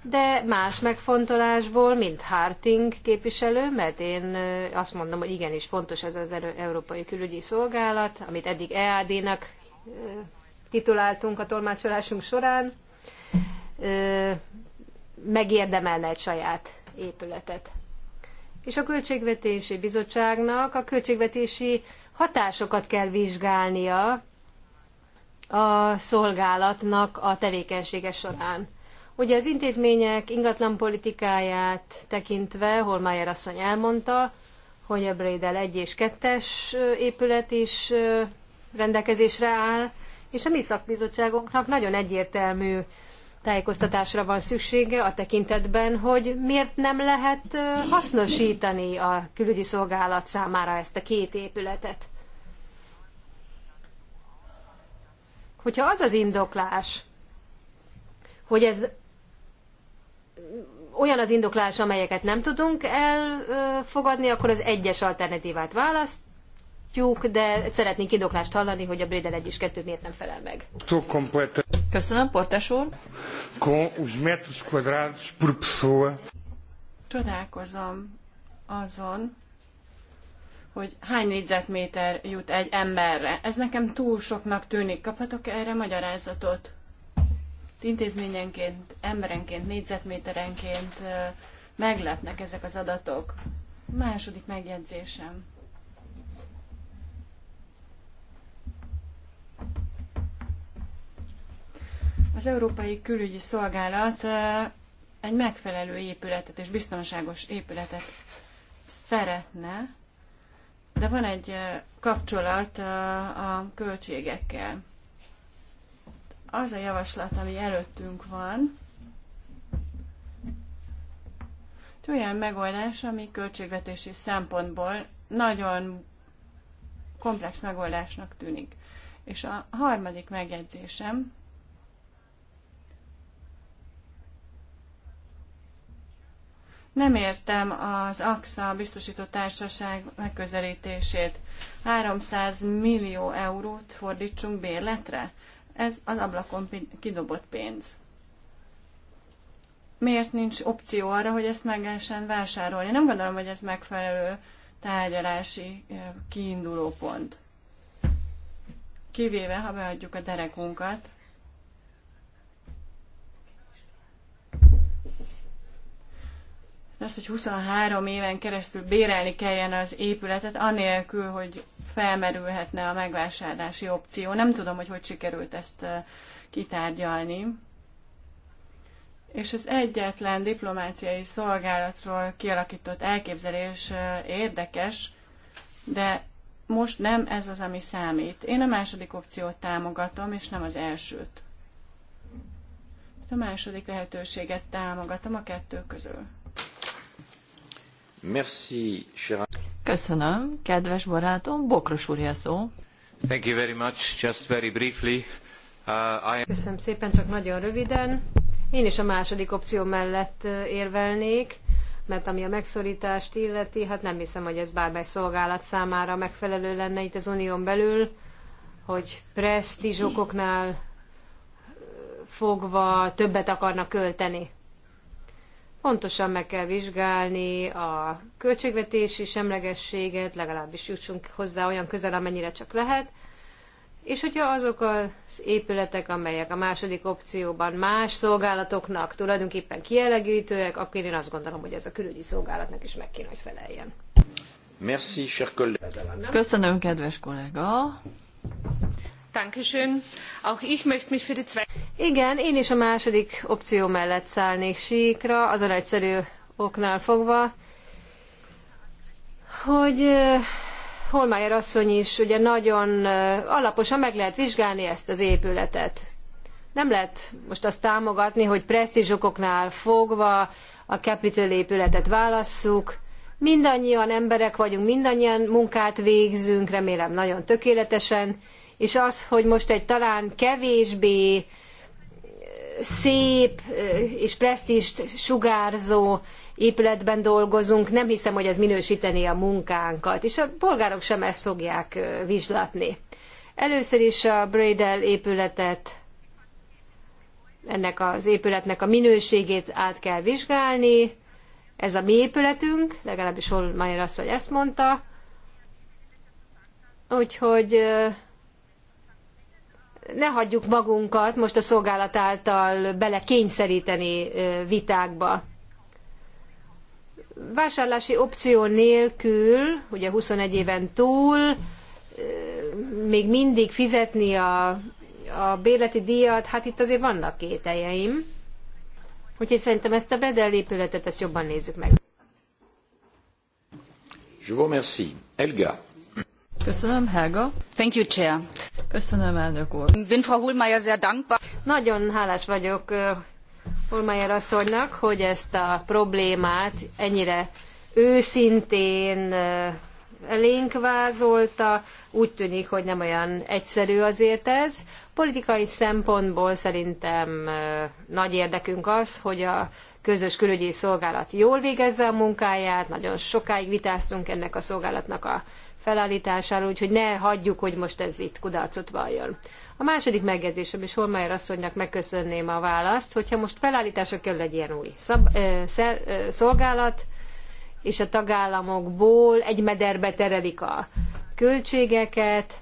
[SPEAKER 3] de más megfontolásból, mint Harting képviselő, mert én azt mondom, hogy igenis fontos ez az Európai Külügyi Szolgálat, amit eddig EAD-nak tituláltunk a tolmácsolásunk során, megérdemelne egy saját épületet. És a Költségvetési Bizottságnak a költségvetési hatásokat kell vizsgálnia a szolgálatnak a tevékenysége során. Ugye az intézmények ingatlan politikáját tekintve Holmájer asszony elmondta, hogy a Bredel 1 és 2-es épület is rendelkezésre áll, és a mi szakbizottságunknak nagyon egyértelmű tájékoztatásra van szüksége a tekintetben, hogy miért nem lehet hasznosítani a külügyi szolgálat számára ezt a két épületet. Hogyha az az indoklás, hogy ez olyan az indoklás, amelyeket nem tudunk elfogadni, akkor az egyes alternatívát választ, látjuk, de szeretnénk indoklást hallani, hogy a Bredel 1 és 2 miért nem felel meg.
[SPEAKER 2] Köszönöm, Portes
[SPEAKER 1] úr. Com os metros quadrados por pessoa. Csodálkozom azon, hogy hány négyzetméter jut egy emberre. Ez nekem túl soknak tűnik. Kaphatok -e erre magyarázatot? Intézményenként, emberenként, négyzetméterenként meglepnek ezek az adatok. Második megjegyzésem. Az Európai Külügyi Szolgálat egy megfelelő épületet és biztonságos épületet szeretne, de van egy kapcsolat a költségekkel. Az a javaslat, ami előttünk van, egy olyan megoldás, ami költségvetési szempontból nagyon komplex megoldásnak tűnik. És a harmadik megjegyzésem Nem értem az AXA biztosító társaság megközelítését. 300 millió eurót fordítsunk bérletre? Ez az ablakon kidobott pénz. Miért nincs opció arra, hogy ezt meg lehessen vásárolni? Nem gondolom, hogy ez megfelelő tárgyalási kiinduló pont. Kivéve, ha beadjuk a derekunkat, az, hogy 23 éven keresztül bérelni kelljen az épületet, anélkül, hogy felmerülhetne a megvásárlási opció. Nem tudom, hogy hogy sikerült ezt kitárgyalni. És az egyetlen diplomáciai szolgálatról kialakított elképzelés érdekes, de most nem ez az, ami számít. Én a második opciót támogatom, és nem az elsőt. A második lehetőséget támogatom a kettő közül.
[SPEAKER 2] Merci, cher... Köszönöm, kedves barátom, Bokros úr szó. Thank you very much, just very briefly. Uh, I... Köszönöm szépen, csak nagyon
[SPEAKER 3] röviden. Én is a második opció mellett uh, érvelnék, mert ami a megszorítást illeti, hát nem hiszem, hogy ez bármely szolgálat számára megfelelő lenne itt az unión belül, hogy presztízsokoknál uh, fogva többet akarnak költeni. Pontosan meg kell vizsgálni a költségvetési semlegességet, legalábbis jussunk hozzá olyan közel, amennyire csak lehet, és hogyha azok az épületek, amelyek a második opcióban más szolgálatoknak tulajdonképpen kielegítőek, akkor én azt gondolom, hogy ez a külügyi szolgálatnak is meg kéne, hogy feleljen.
[SPEAKER 1] Merci, cher
[SPEAKER 2] Köszönöm, kedves kollega.
[SPEAKER 3] Igen, én is a második opció mellett szállnék síkra, azon egyszerű oknál fogva, hogy Holmájer asszony is ugye nagyon alaposan meg lehet vizsgálni ezt az épületet. Nem lehet most azt támogatni, hogy presztízsokoknál fogva a Capitol épületet válasszuk, mindannyian emberek vagyunk, mindannyian munkát végzünk, remélem nagyon tökéletesen, és az, hogy most egy talán kevésbé eh, szép eh, és presztist sugárzó épületben dolgozunk, nem hiszem, hogy ez minősítené a munkánkat, és a polgárok sem ezt fogják eh, vizslatni. Először is a Bradel épületet, ennek az épületnek a minőségét át kell vizsgálni, ez a mi épületünk, legalábbis Holmeyer asszony ezt mondta, úgyhogy ne hagyjuk magunkat most a szolgálat által bele kényszeríteni vitákba. Vásárlási opció nélkül, ugye 21 éven túl, még mindig fizetni a, a bérleti díjat, hát itt azért vannak kételjeim. Úgyhogy szerintem ezt a bedel épületet, ezt jobban nézzük meg.
[SPEAKER 1] Je vous remercie. Elga.
[SPEAKER 2] Köszönöm, Helga.
[SPEAKER 1] Thank you, Chair. Köszönöm, elnök úr.
[SPEAKER 2] Bin Frau Hohlmeier sehr dankbar. Nagyon hálás
[SPEAKER 3] vagyok Holmeier asszonynak, hogy ezt a problémát ennyire őszintén elénk vázolta. Úgy tűnik, hogy nem olyan egyszerű azért ez. Politikai szempontból szerintem nagy érdekünk az, hogy a közös külügyi szolgálat jól végezze a munkáját, nagyon sokáig vitáztunk ennek a szolgálatnak a felállításáról, úgyhogy ne hagyjuk, hogy most ez itt kudarcot valljon. A második megjegyzésem is Holmeier asszonynak megköszönném a választ, hogyha most felállításra kell egy ilyen új szab, ö, szer, ö, szolgálat, és a tagállamokból egy mederbe terelik a költségeket,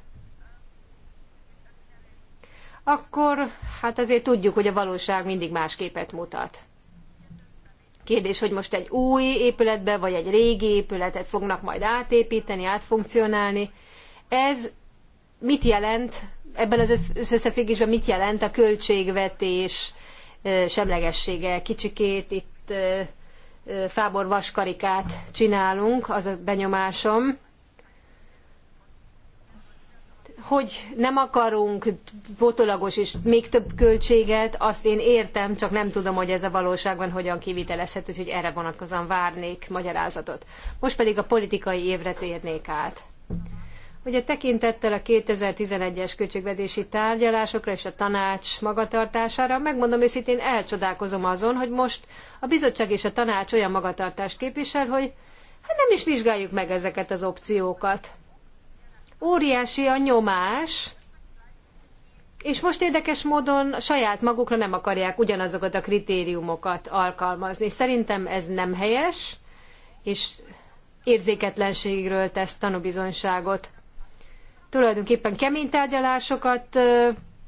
[SPEAKER 3] akkor hát azért tudjuk, hogy a valóság mindig más képet mutat. Kérdés, hogy most egy új épületbe, vagy egy régi épületet fognak majd átépíteni, átfunkcionálni. Ez mit jelent, ebben az összefüggésben mit jelent a költségvetés semlegessége? Kicsikét itt fábor vaskarikát csinálunk, az a benyomásom hogy nem akarunk potolagos és még több költséget, azt én értem, csak nem tudom, hogy ez a valóságban hogyan kivitelezhető, úgyhogy erre vonatkozóan várnék magyarázatot. Most pedig a politikai évre térnék át. Ugye tekintettel a 2011-es költségvetési tárgyalásokra és a tanács magatartására, megmondom őszintén elcsodálkozom azon, hogy most a bizottság és a tanács olyan magatartást képvisel, hogy hát nem is vizsgáljuk meg ezeket az opciókat óriási a nyomás, és most érdekes módon saját magukra nem akarják ugyanazokat a kritériumokat alkalmazni. Szerintem ez nem helyes, és érzéketlenségről tesz tanúbizonyságot. Tulajdonképpen kemény tárgyalásokat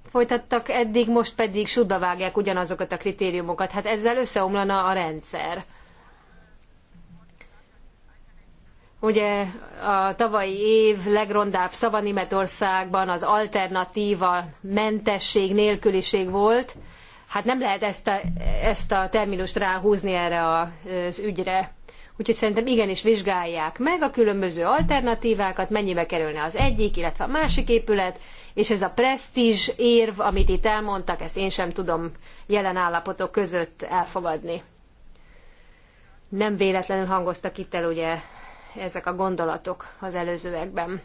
[SPEAKER 3] folytattak eddig, most pedig vágják ugyanazokat a kritériumokat. Hát ezzel összeomlana a rendszer. Ugye a tavalyi év legrondább szava Németországban az alternatíva mentesség, nélküliség volt. Hát nem lehet ezt a, ezt a terminust ráhúzni erre az ügyre. Úgyhogy szerintem igenis vizsgálják meg a különböző alternatívákat, mennyibe kerülne az egyik, illetve a másik épület, és ez a presztízs érv, amit itt elmondtak, ezt én sem tudom jelen állapotok között elfogadni. Nem véletlenül hangoztak itt el ugye ezek a gondolatok az előzőekben.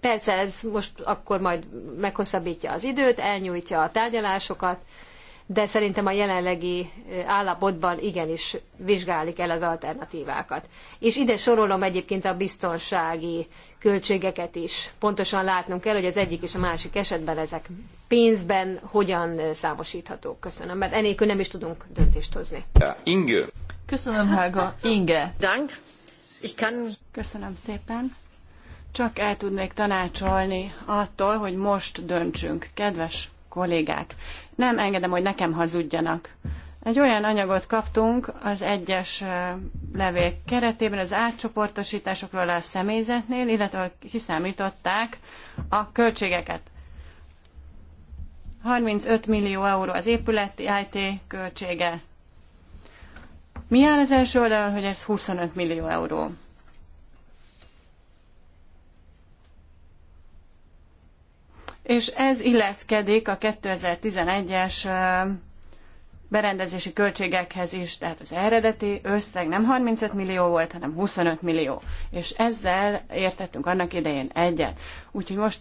[SPEAKER 3] Persze ez most akkor majd meghosszabbítja az időt, elnyújtja a tárgyalásokat, de szerintem a jelenlegi állapotban igenis vizsgálik el az alternatívákat. És ide sorolom egyébként a biztonsági költségeket is. Pontosan látnunk kell, hogy az egyik és a másik esetben ezek pénzben hogyan
[SPEAKER 1] számosíthatók. Köszönöm, mert enélkül nem is tudunk döntést hozni. Inge. Köszönöm, Hága. Inge. Dank. Köszönöm szépen. Csak el tudnék tanácsolni attól, hogy most döntsünk. Kedves kollégák, nem engedem, hogy nekem hazudjanak. Egy olyan anyagot kaptunk az egyes levél keretében, az átcsoportosításokról a személyzetnél, illetve kiszámították a költségeket. 35 millió euró az épületi IT költsége, mi áll az első oldalon, hogy ez 25 millió euró? És ez illeszkedik a 2011-es berendezési költségekhez is, tehát az eredeti összeg nem 35 millió volt, hanem 25 millió. És ezzel értettünk annak idején egyet. Úgyhogy most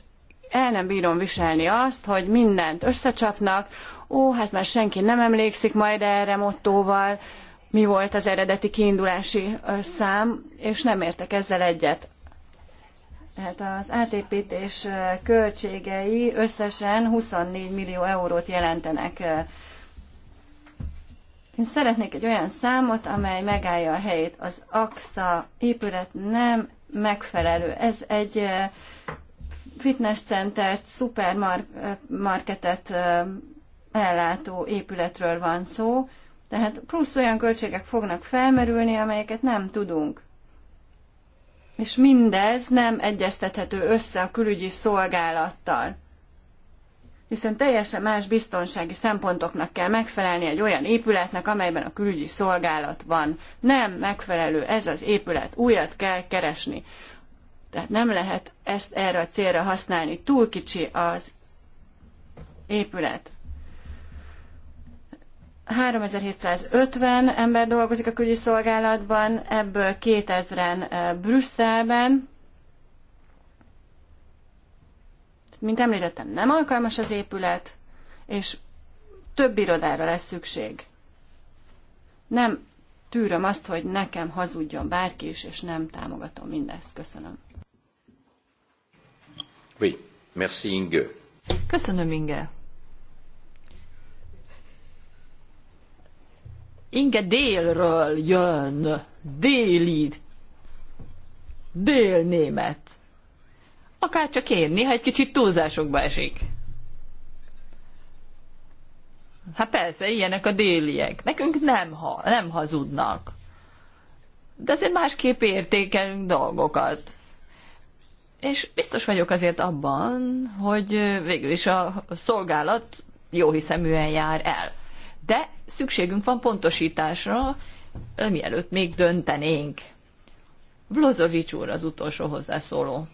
[SPEAKER 1] el nem bírom viselni azt, hogy mindent összecsapnak, ó, hát már senki nem emlékszik majd erre mottóval, mi volt az eredeti kiindulási szám, és nem értek ezzel egyet. Tehát az átépítés költségei összesen 24 millió eurót jelentenek. Én szeretnék egy olyan számot, amely megállja a helyét. Az AXA épület nem megfelelő. Ez egy fitnesscentert, szupermarketet ellátó épületről van szó, tehát plusz olyan költségek fognak felmerülni, amelyeket nem tudunk. És mindez nem egyeztethető össze a külügyi szolgálattal. Hiszen teljesen más biztonsági szempontoknak kell megfelelni egy olyan épületnek, amelyben a külügyi szolgálat van. Nem megfelelő ez az épület, újat kell keresni. Tehát nem lehet ezt erre a célra használni. Túl kicsi az épület. 3750 ember dolgozik a külügyi szolgálatban, ebből 2000-en Brüsszelben. Mint említettem, nem alkalmas az épület, és több irodára lesz szükség. Nem tűröm azt, hogy nekem hazudjon bárki is, és nem támogatom mindezt. Köszönöm. Oui, merci Inge. Köszönöm, Inge.
[SPEAKER 2] Inge délről jön, déli, délnémet. Akár csak én, néha egy kicsit túlzásokba esik. Hát persze, ilyenek a déliek. Nekünk nem, ha, nem hazudnak. De azért másképp értékelünk dolgokat. És biztos vagyok azért abban, hogy végül is a szolgálat jó hiszeműen jár el de szükségünk van pontosításra, mielőtt még döntenénk. Vlozovics úr az utolsó hozzászóló.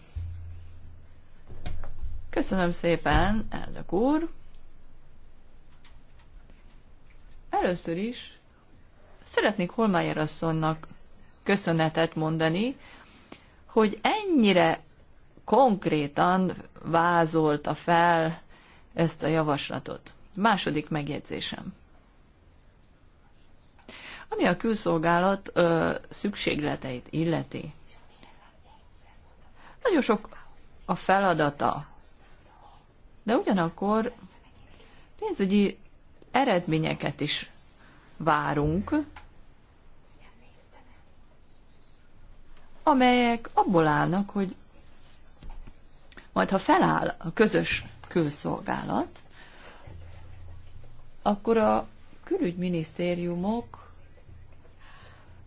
[SPEAKER 2] Köszönöm szépen, elnök úr. Először is szeretnék Holmájer asszonynak köszönetet mondani, hogy ennyire konkrétan vázolta fel ezt a javaslatot. Második megjegyzésem ami a külszolgálat ö, szükségleteit illeti. Nagyon sok a feladata, de ugyanakkor pénzügyi eredményeket is várunk, amelyek abból állnak, hogy majd ha feláll a közös külszolgálat, akkor a külügyminisztériumok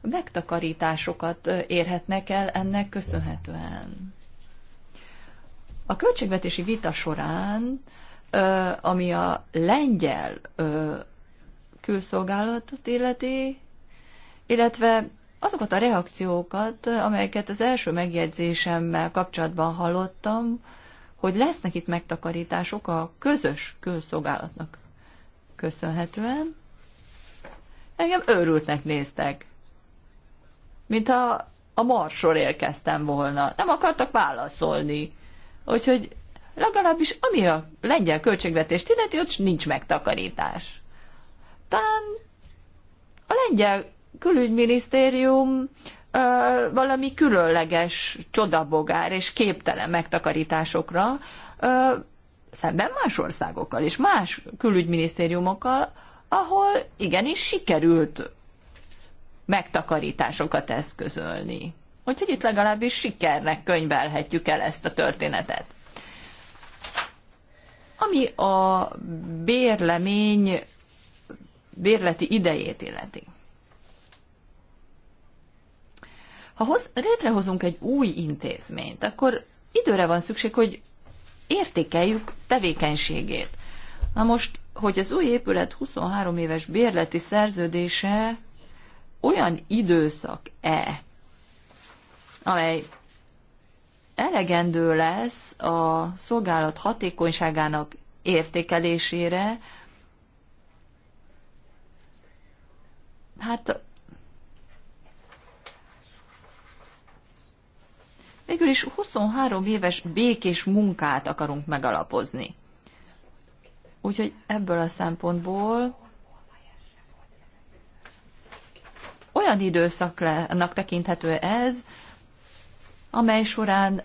[SPEAKER 2] megtakarításokat érhetnek el ennek köszönhetően. A költségvetési vita során, ami a lengyel külszolgálatot illeti, illetve azokat a reakciókat, amelyeket az első megjegyzésemmel kapcsolatban hallottam, hogy lesznek itt megtakarítások a közös külszolgálatnak köszönhetően, engem őrültnek néztek mintha a marsor érkeztem volna. Nem akartak válaszolni. Úgyhogy legalábbis ami a lengyel költségvetést illeti, ott nincs megtakarítás. Talán a lengyel külügyminisztérium ö, valami különleges csodabogár és képtelen megtakarításokra ö, szemben más országokkal és más külügyminisztériumokkal, ahol igenis sikerült megtakarításokat eszközölni. Úgyhogy itt legalábbis sikernek könyvelhetjük el ezt a történetet. Ami a bérlemény bérleti idejét illeti. Ha hoz, létrehozunk egy új intézményt, akkor időre van szükség, hogy értékeljük tevékenységét. Na most, hogy az új épület 23 éves bérleti szerződése olyan időszak-e, amely elegendő lesz a szolgálat hatékonyságának értékelésére, hát végül is 23 éves békés munkát akarunk megalapozni. Úgyhogy ebből a szempontból olyan időszaknak tekinthető ez, amely során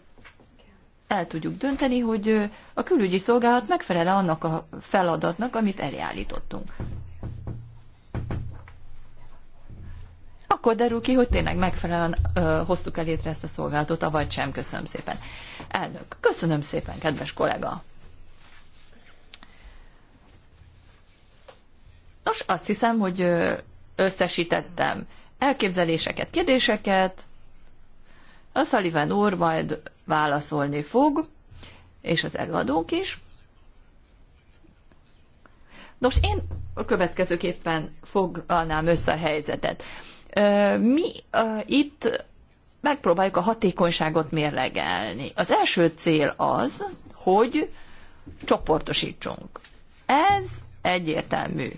[SPEAKER 2] el tudjuk dönteni, hogy a külügyi szolgálat megfelele annak a feladatnak, amit elállítottunk. Akkor derül ki, hogy tényleg megfelelően ö, hoztuk el létre ezt a szolgálatot, avagy sem. Köszönöm szépen. Elnök, köszönöm szépen, kedves kollega. Nos, azt hiszem, hogy összesítettem elképzeléseket, kérdéseket, a Sullivan úr majd válaszolni fog, és az előadók is. Nos, én a következőképpen foglalnám össze a helyzetet. Mi itt megpróbáljuk a hatékonyságot mérlegelni. Az első cél az, hogy csoportosítsunk. Ez egyértelmű.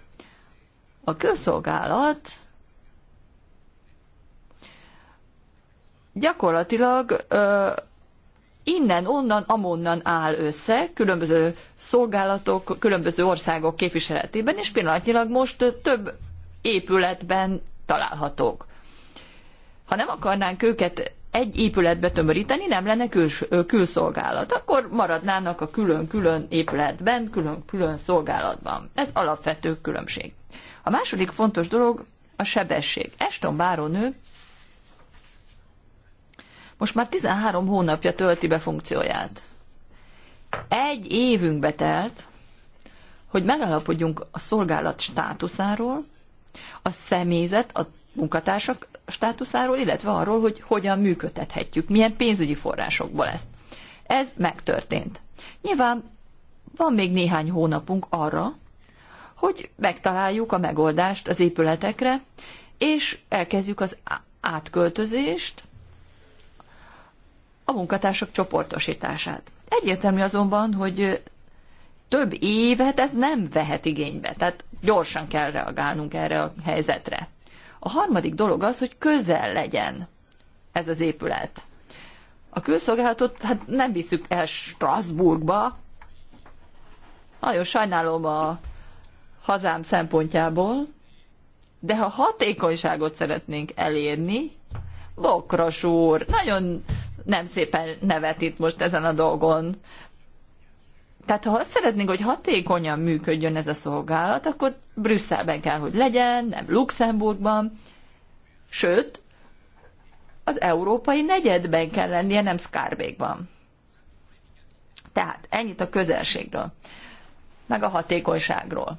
[SPEAKER 2] A közszolgálat gyakorlatilag innen, onnan, amonnan áll össze, különböző szolgálatok, különböző országok képviseletében, és pillanatnyilag most több épületben találhatók. Ha nem akarnánk őket egy épületbe tömöríteni, nem lenne küls, külszolgálat. Akkor maradnának a külön-külön épületben, külön-külön szolgálatban. Ez alapvető különbség. A második fontos dolog a sebesség. Eston Báronő most már 13 hónapja tölti be funkcióját. Egy évünk betelt, hogy megalapodjunk a szolgálat státuszáról, a személyzet, a munkatársak státuszáról, illetve arról, hogy hogyan működtethetjük, milyen pénzügyi forrásokból ezt. Ez megtörtént. Nyilván van még néhány hónapunk arra, hogy megtaláljuk a megoldást az épületekre, és elkezdjük az átköltözést, a munkatársak csoportosítását. Egyértelmű azonban, hogy több évet ez nem vehet igénybe, tehát gyorsan kell reagálnunk erre a helyzetre. A harmadik dolog az, hogy közel legyen ez az épület. A külszolgálatot hát nem viszük el Strasbourgba. Nagyon sajnálom a hazám szempontjából, de ha hatékonyságot szeretnénk elérni, Bokros úr, nagyon nem szépen nevet itt most ezen a dolgon. Tehát ha azt szeretnénk, hogy hatékonyan működjön ez a szolgálat, akkor Brüsszelben kell, hogy legyen, nem Luxemburgban. Sőt, az európai negyedben kell lennie, nem Skárbékban. Tehát ennyit a közelségről, meg a hatékonyságról.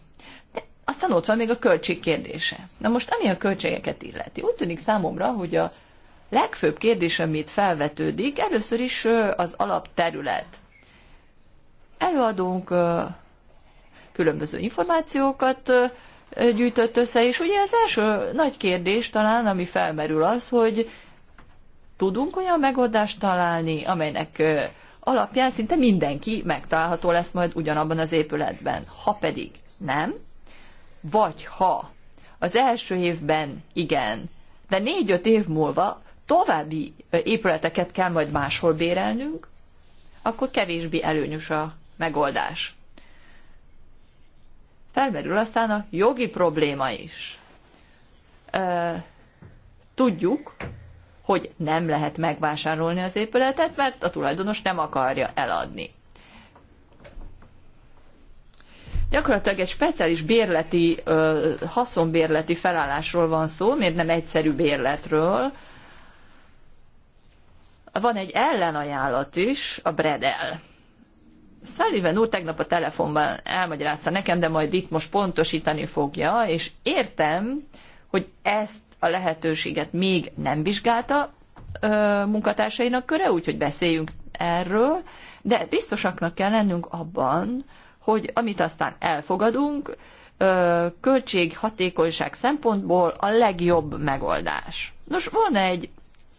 [SPEAKER 2] De aztán ott van még a költség kérdése. Na most, ami a költségeket illeti, úgy tűnik számomra, hogy a legfőbb kérdés, amit felvetődik, először is az alapterület. Előadunk különböző információkat, gyűjtött össze, és ugye az első nagy kérdés talán, ami felmerül az, hogy tudunk olyan megoldást találni, amelynek alapján szinte mindenki megtalálható lesz majd ugyanabban az épületben. Ha pedig nem, vagy ha az első évben igen, de négy-öt év múlva további épületeket kell majd máshol bérelnünk, akkor kevésbé előnyös a megoldás. Felmerül aztán a jogi probléma is. Tudjuk, hogy nem lehet megvásárolni az épületet, mert a tulajdonos nem akarja eladni. Gyakorlatilag egy speciális bérleti, haszonbérleti felállásról van szó, miért nem egyszerű bérletről, van egy ellenajánlat is, a Bredel. Sullivan úr tegnap a telefonban elmagyarázta nekem, de majd itt most pontosítani fogja, és értem, hogy ezt a lehetőséget még nem vizsgálta ö, munkatársainak köre, úgyhogy beszéljünk erről, de biztosaknak kell lennünk abban, hogy amit aztán elfogadunk, ö, költséghatékonyság szempontból a legjobb megoldás. Nos, van egy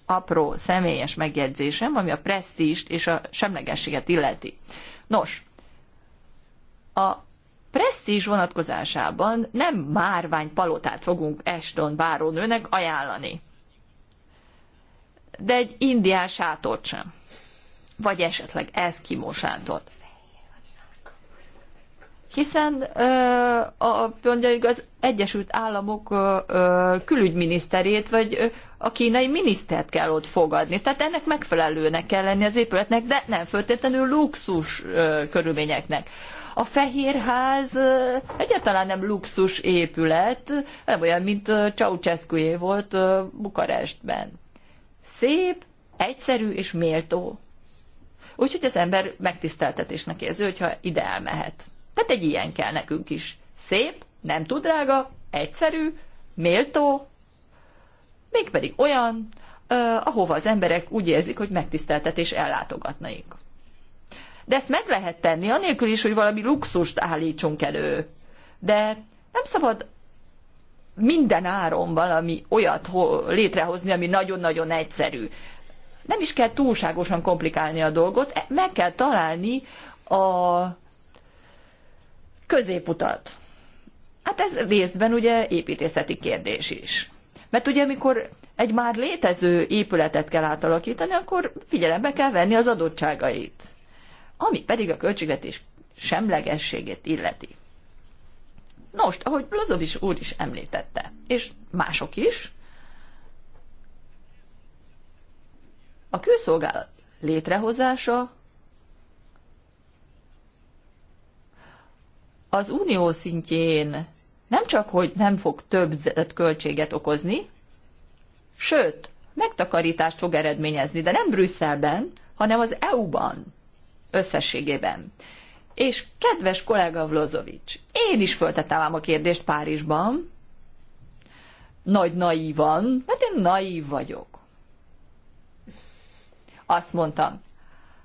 [SPEAKER 2] apró személyes megjegyzésem, ami a presztíst és a semlegességet illeti. Nos, a presztízs vonatkozásában nem márvány palotát fogunk Eston bárónőnek ajánlani, de egy indiás sátort sem, vagy esetleg eszkimó sátort hiszen a, mondjuk az Egyesült Államok külügyminiszterét, vagy a kínai minisztert kell ott fogadni. Tehát ennek megfelelőnek kell lenni az épületnek, de nem feltétlenül luxus körülményeknek. A Fehérház egyáltalán nem luxus épület, nem olyan, mint ceausescu volt Bukarestben. Szép, egyszerű és méltó. Úgyhogy az ember megtiszteltetésnek érzi, hogyha ide elmehet. Tehát egy ilyen kell nekünk is. Szép, nem tud drága, egyszerű, méltó, mégpedig olyan, uh, ahova az emberek úgy érzik, hogy megtiszteltetés ellátogatnaik. De ezt meg lehet tenni, anélkül is, hogy valami luxust állítsunk elő. De nem szabad minden áron valami olyat létrehozni, ami nagyon-nagyon egyszerű. Nem is kell túlságosan komplikálni a dolgot, e, meg kell találni a középutat. Hát ez részben ugye építészeti kérdés is. Mert ugye amikor egy már létező épületet kell átalakítani, akkor figyelembe kell venni az adottságait. Ami pedig a költségvetés semlegességét illeti. Nos, ahogy Blazovics úr is említette, és mások is, a külszolgálat létrehozása az unió szintjén nem csak, hogy nem fog több költséget okozni, sőt, megtakarítást fog eredményezni, de nem Brüsszelben, hanem az EU-ban összességében. És kedves kollega Vlozovics, én is föltettem ám a kérdést Párizsban, nagy naívan, mert én naív vagyok. Azt mondtam,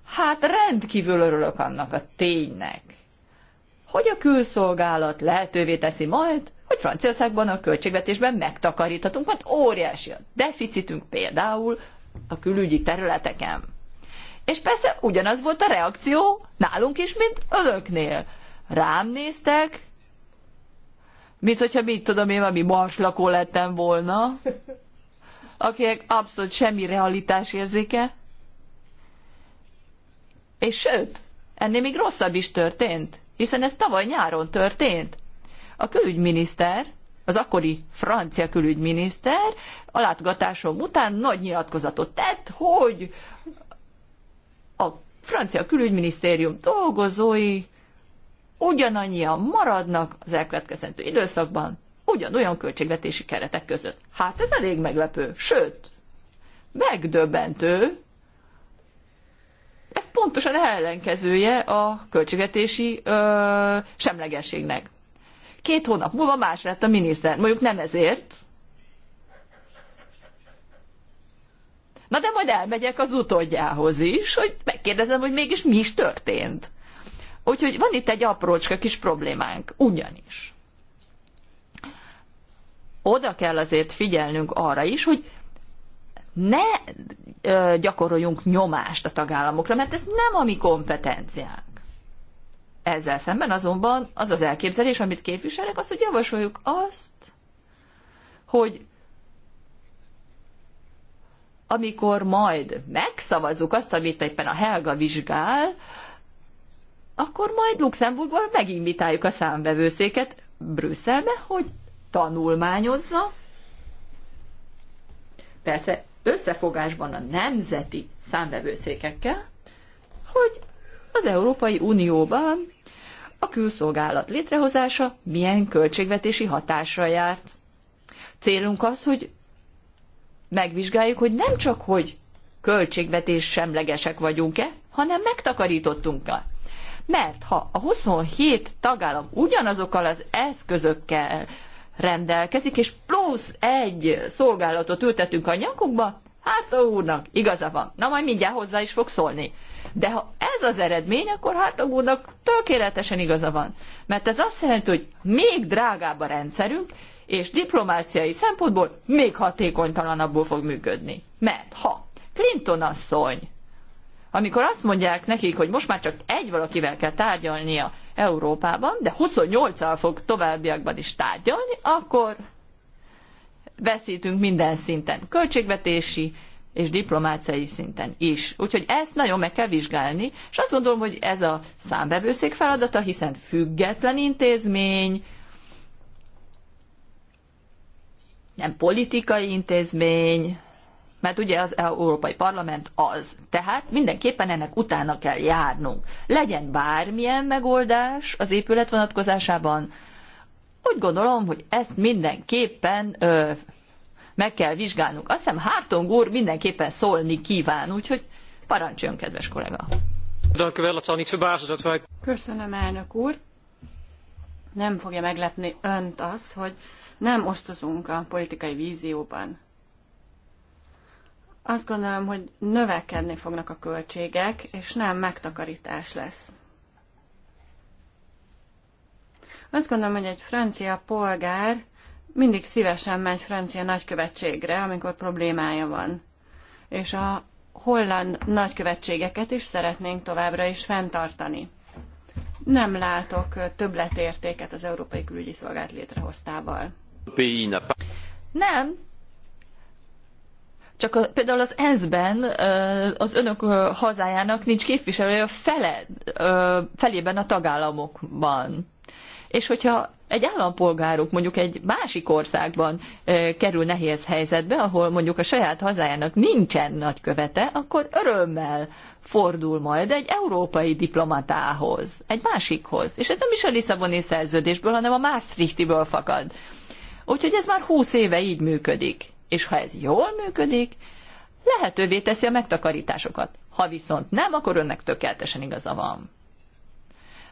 [SPEAKER 2] hát rendkívül örülök annak a ténynek, hogy a külszolgálat lehetővé teszi majd, hogy Franciaországban a költségvetésben megtakaríthatunk, mert óriási a deficitünk például a külügyi területeken. És persze ugyanaz volt a reakció nálunk is, mint önöknél. Rám néztek, mint hogyha mit tudom én, más lakó lettem volna, akinek abszolút semmi realitás érzéke. És sőt, ennél még rosszabb is történt hiszen ez tavaly nyáron történt. A külügyminiszter, az akkori francia külügyminiszter a látogatásom után nagy nyilatkozatot tett, hogy a francia külügyminisztérium dolgozói ugyanannyian maradnak az elkövetkezendő időszakban, ugyanolyan költségvetési keretek között. Hát ez elég meglepő, sőt, megdöbbentő, pontosan ellenkezője a költségvetési ö, semlegességnek. Két hónap múlva más lett a miniszter. Mondjuk nem ezért. Na de majd elmegyek az utódjához is, hogy megkérdezem, hogy mégis mi is történt. Úgyhogy van itt egy aprócska kis problémánk, ugyanis. Oda kell azért figyelnünk arra is, hogy ne ö, gyakoroljunk nyomást a tagállamokra, mert ez nem a mi kompetenciánk. Ezzel szemben azonban az az elképzelés, amit képviselek, az, hogy javasoljuk azt, hogy amikor majd megszavazzuk azt, amit éppen a Helga vizsgál, akkor majd Luxemburgban meginvitáljuk a számvevőszéket Brüsszelbe, hogy tanulmányozza. Persze összefogásban a nemzeti számvevőszékekkel, hogy az Európai Unióban a külszolgálat létrehozása milyen költségvetési hatásra járt. Célunk az, hogy megvizsgáljuk, hogy nem csak, hogy költségvetés semlegesek vagyunk-e, hanem megtakarítottunk-e. Mert ha a 27 tagállam ugyanazokkal az eszközökkel rendelkezik, és plusz egy szolgálatot ültetünk a nyakukba, hát a úrnak igaza van. Na majd mindjárt hozzá is fog szólni. De ha ez az eredmény, akkor Hartog hát úrnak tökéletesen igaza van. Mert ez azt jelenti, hogy még drágább a rendszerünk, és diplomáciai szempontból még hatékonytalanabbul fog működni. Mert ha Clinton asszony, amikor azt mondják nekik, hogy most már csak egy valakivel kell tárgyalnia, Európában, de 28-al fog továbbiakban is tárgyalni, akkor veszítünk minden szinten, költségvetési és diplomáciai szinten is. Úgyhogy ezt nagyon meg kell vizsgálni, és azt gondolom, hogy ez a számbevőszék feladata, hiszen független intézmény, nem politikai intézmény, mert ugye az Európai Parlament az. Tehát mindenképpen ennek utána kell járnunk. Legyen bármilyen megoldás az épület vonatkozásában, úgy gondolom, hogy ezt mindenképpen ö, meg kell vizsgálnunk. Azt hiszem Hártong úr mindenképpen szólni kíván, úgyhogy parancsoljon, kedves kollega.
[SPEAKER 1] Köszönöm, elnök úr. Nem fogja meglepni önt az, hogy nem osztozunk a politikai vízióban. Azt gondolom, hogy növekedni fognak a költségek, és nem megtakarítás lesz. Azt gondolom, hogy egy francia polgár mindig szívesen megy francia nagykövetségre, amikor problémája van. És a holland nagykövetségeket is szeretnénk továbbra is fenntartani. Nem látok többletértéket az Európai Külügyi Szolgált létrehoztával. Nem, csak a,
[SPEAKER 2] például az ENSZ-ben az önök hazájának nincs képviselője a fele, felében a tagállamokban. És hogyha egy állampolgáruk mondjuk egy másik országban kerül nehéz helyzetbe, ahol mondjuk a saját hazájának nincsen nagykövete, akkor örömmel fordul majd egy európai diplomatához, egy másikhoz. És ez nem is a Lisszaboni szerződésből, hanem a Maastrichtiből fakad. Úgyhogy ez már húsz éve így működik és ha ez jól működik, lehetővé teszi a megtakarításokat. Ha viszont nem, akkor önnek tökéletesen igaza van.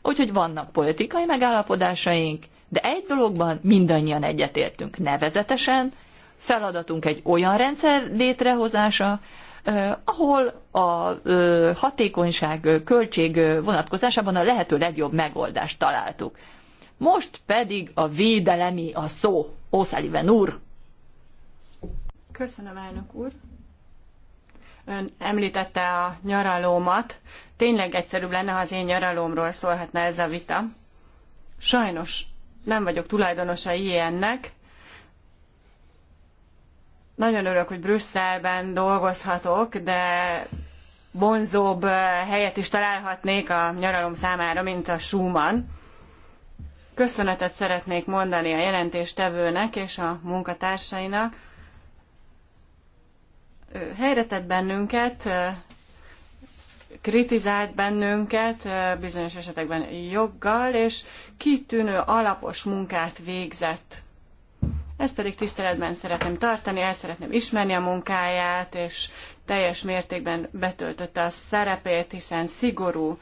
[SPEAKER 2] Úgyhogy vannak politikai megállapodásaink, de egy dologban mindannyian egyetértünk nevezetesen, feladatunk egy olyan rendszer létrehozása, eh, ahol a eh, hatékonyság költség vonatkozásában a lehető legjobb megoldást találtuk. Most pedig a védelemi a szó, Ószáliven úr.
[SPEAKER 1] Köszönöm, elnök úr. Ön említette a nyaralómat. Tényleg egyszerűbb lenne, ha az én nyaralómról szólhatna ez a vita. Sajnos nem vagyok tulajdonosa ilyennek. Nagyon örülök, hogy Brüsszelben dolgozhatok, de vonzóbb eh, helyet is találhatnék a nyaralom számára, mint a Schumann. Köszönetet szeretnék mondani a jelentéstevőnek és a munkatársainak helyre tett bennünket, kritizált bennünket, bizonyos esetekben joggal, és kitűnő alapos munkát végzett. Ezt pedig tiszteletben szeretném tartani, el szeretném ismerni a munkáját, és teljes mértékben betöltötte a szerepét, hiszen szigorú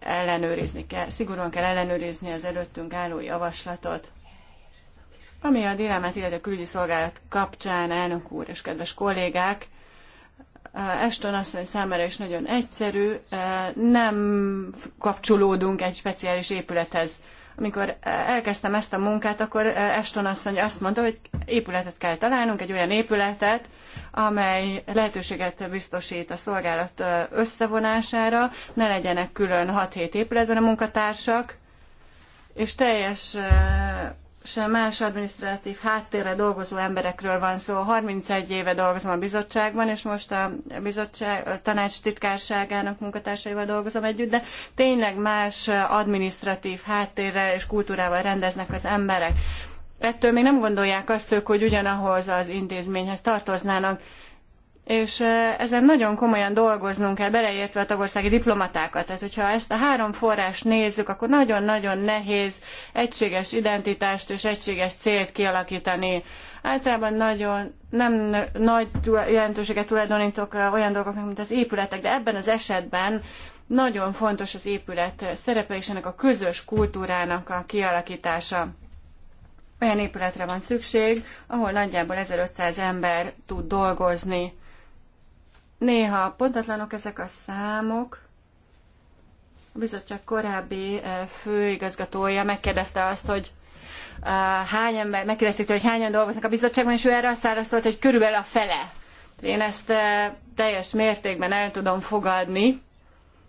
[SPEAKER 1] ellenőrizni kell, szigorúan kell ellenőrizni az előttünk álló javaslatot. Ami a dilemmát, illetve a külügyi szolgálat kapcsán, elnök úr és kedves kollégák, Eston asszony számára is nagyon egyszerű, nem kapcsolódunk egy speciális épülethez. Amikor elkezdtem ezt a munkát, akkor Eston asszony azt mondta, hogy épületet kell találnunk, egy olyan épületet, amely lehetőséget biztosít a szolgálat összevonására, ne legyenek külön 6-7 épületben a munkatársak, és teljes sem más adminisztratív háttérre dolgozó emberekről van szó. 31 éve dolgozom a bizottságban, és most a, bizottság, a tanács titkárságának munkatársaival dolgozom együtt, de tényleg más adminisztratív háttérrel és kultúrával rendeznek az emberek. Ettől még nem gondolják azt ők, hogy ugyanahoz az intézményhez tartoznának, és ezen nagyon komolyan dolgoznunk kell, beleértve a tagországi diplomatákat. Tehát, hogyha ezt a három forrást nézzük, akkor nagyon-nagyon nehéz egységes identitást és egységes célt kialakítani. Általában nagyon nem nagy jelentőséget tulajdonítok olyan dolgoknak, mint az épületek, de ebben az esetben nagyon fontos az épület szerepe és ennek a közös kultúrának a kialakítása. Olyan épületre van szükség, ahol nagyjából 1500 ember tud dolgozni Néha pontatlanok ezek a számok. A bizottság korábbi eh, főigazgatója megkérdezte azt, hogy eh, hány ember, megkérdezték tőle, hogy hányan dolgoznak a bizottságban, és ő erre azt válaszolt, hogy körülbelül a fele. Én ezt eh, teljes mértékben el tudom fogadni.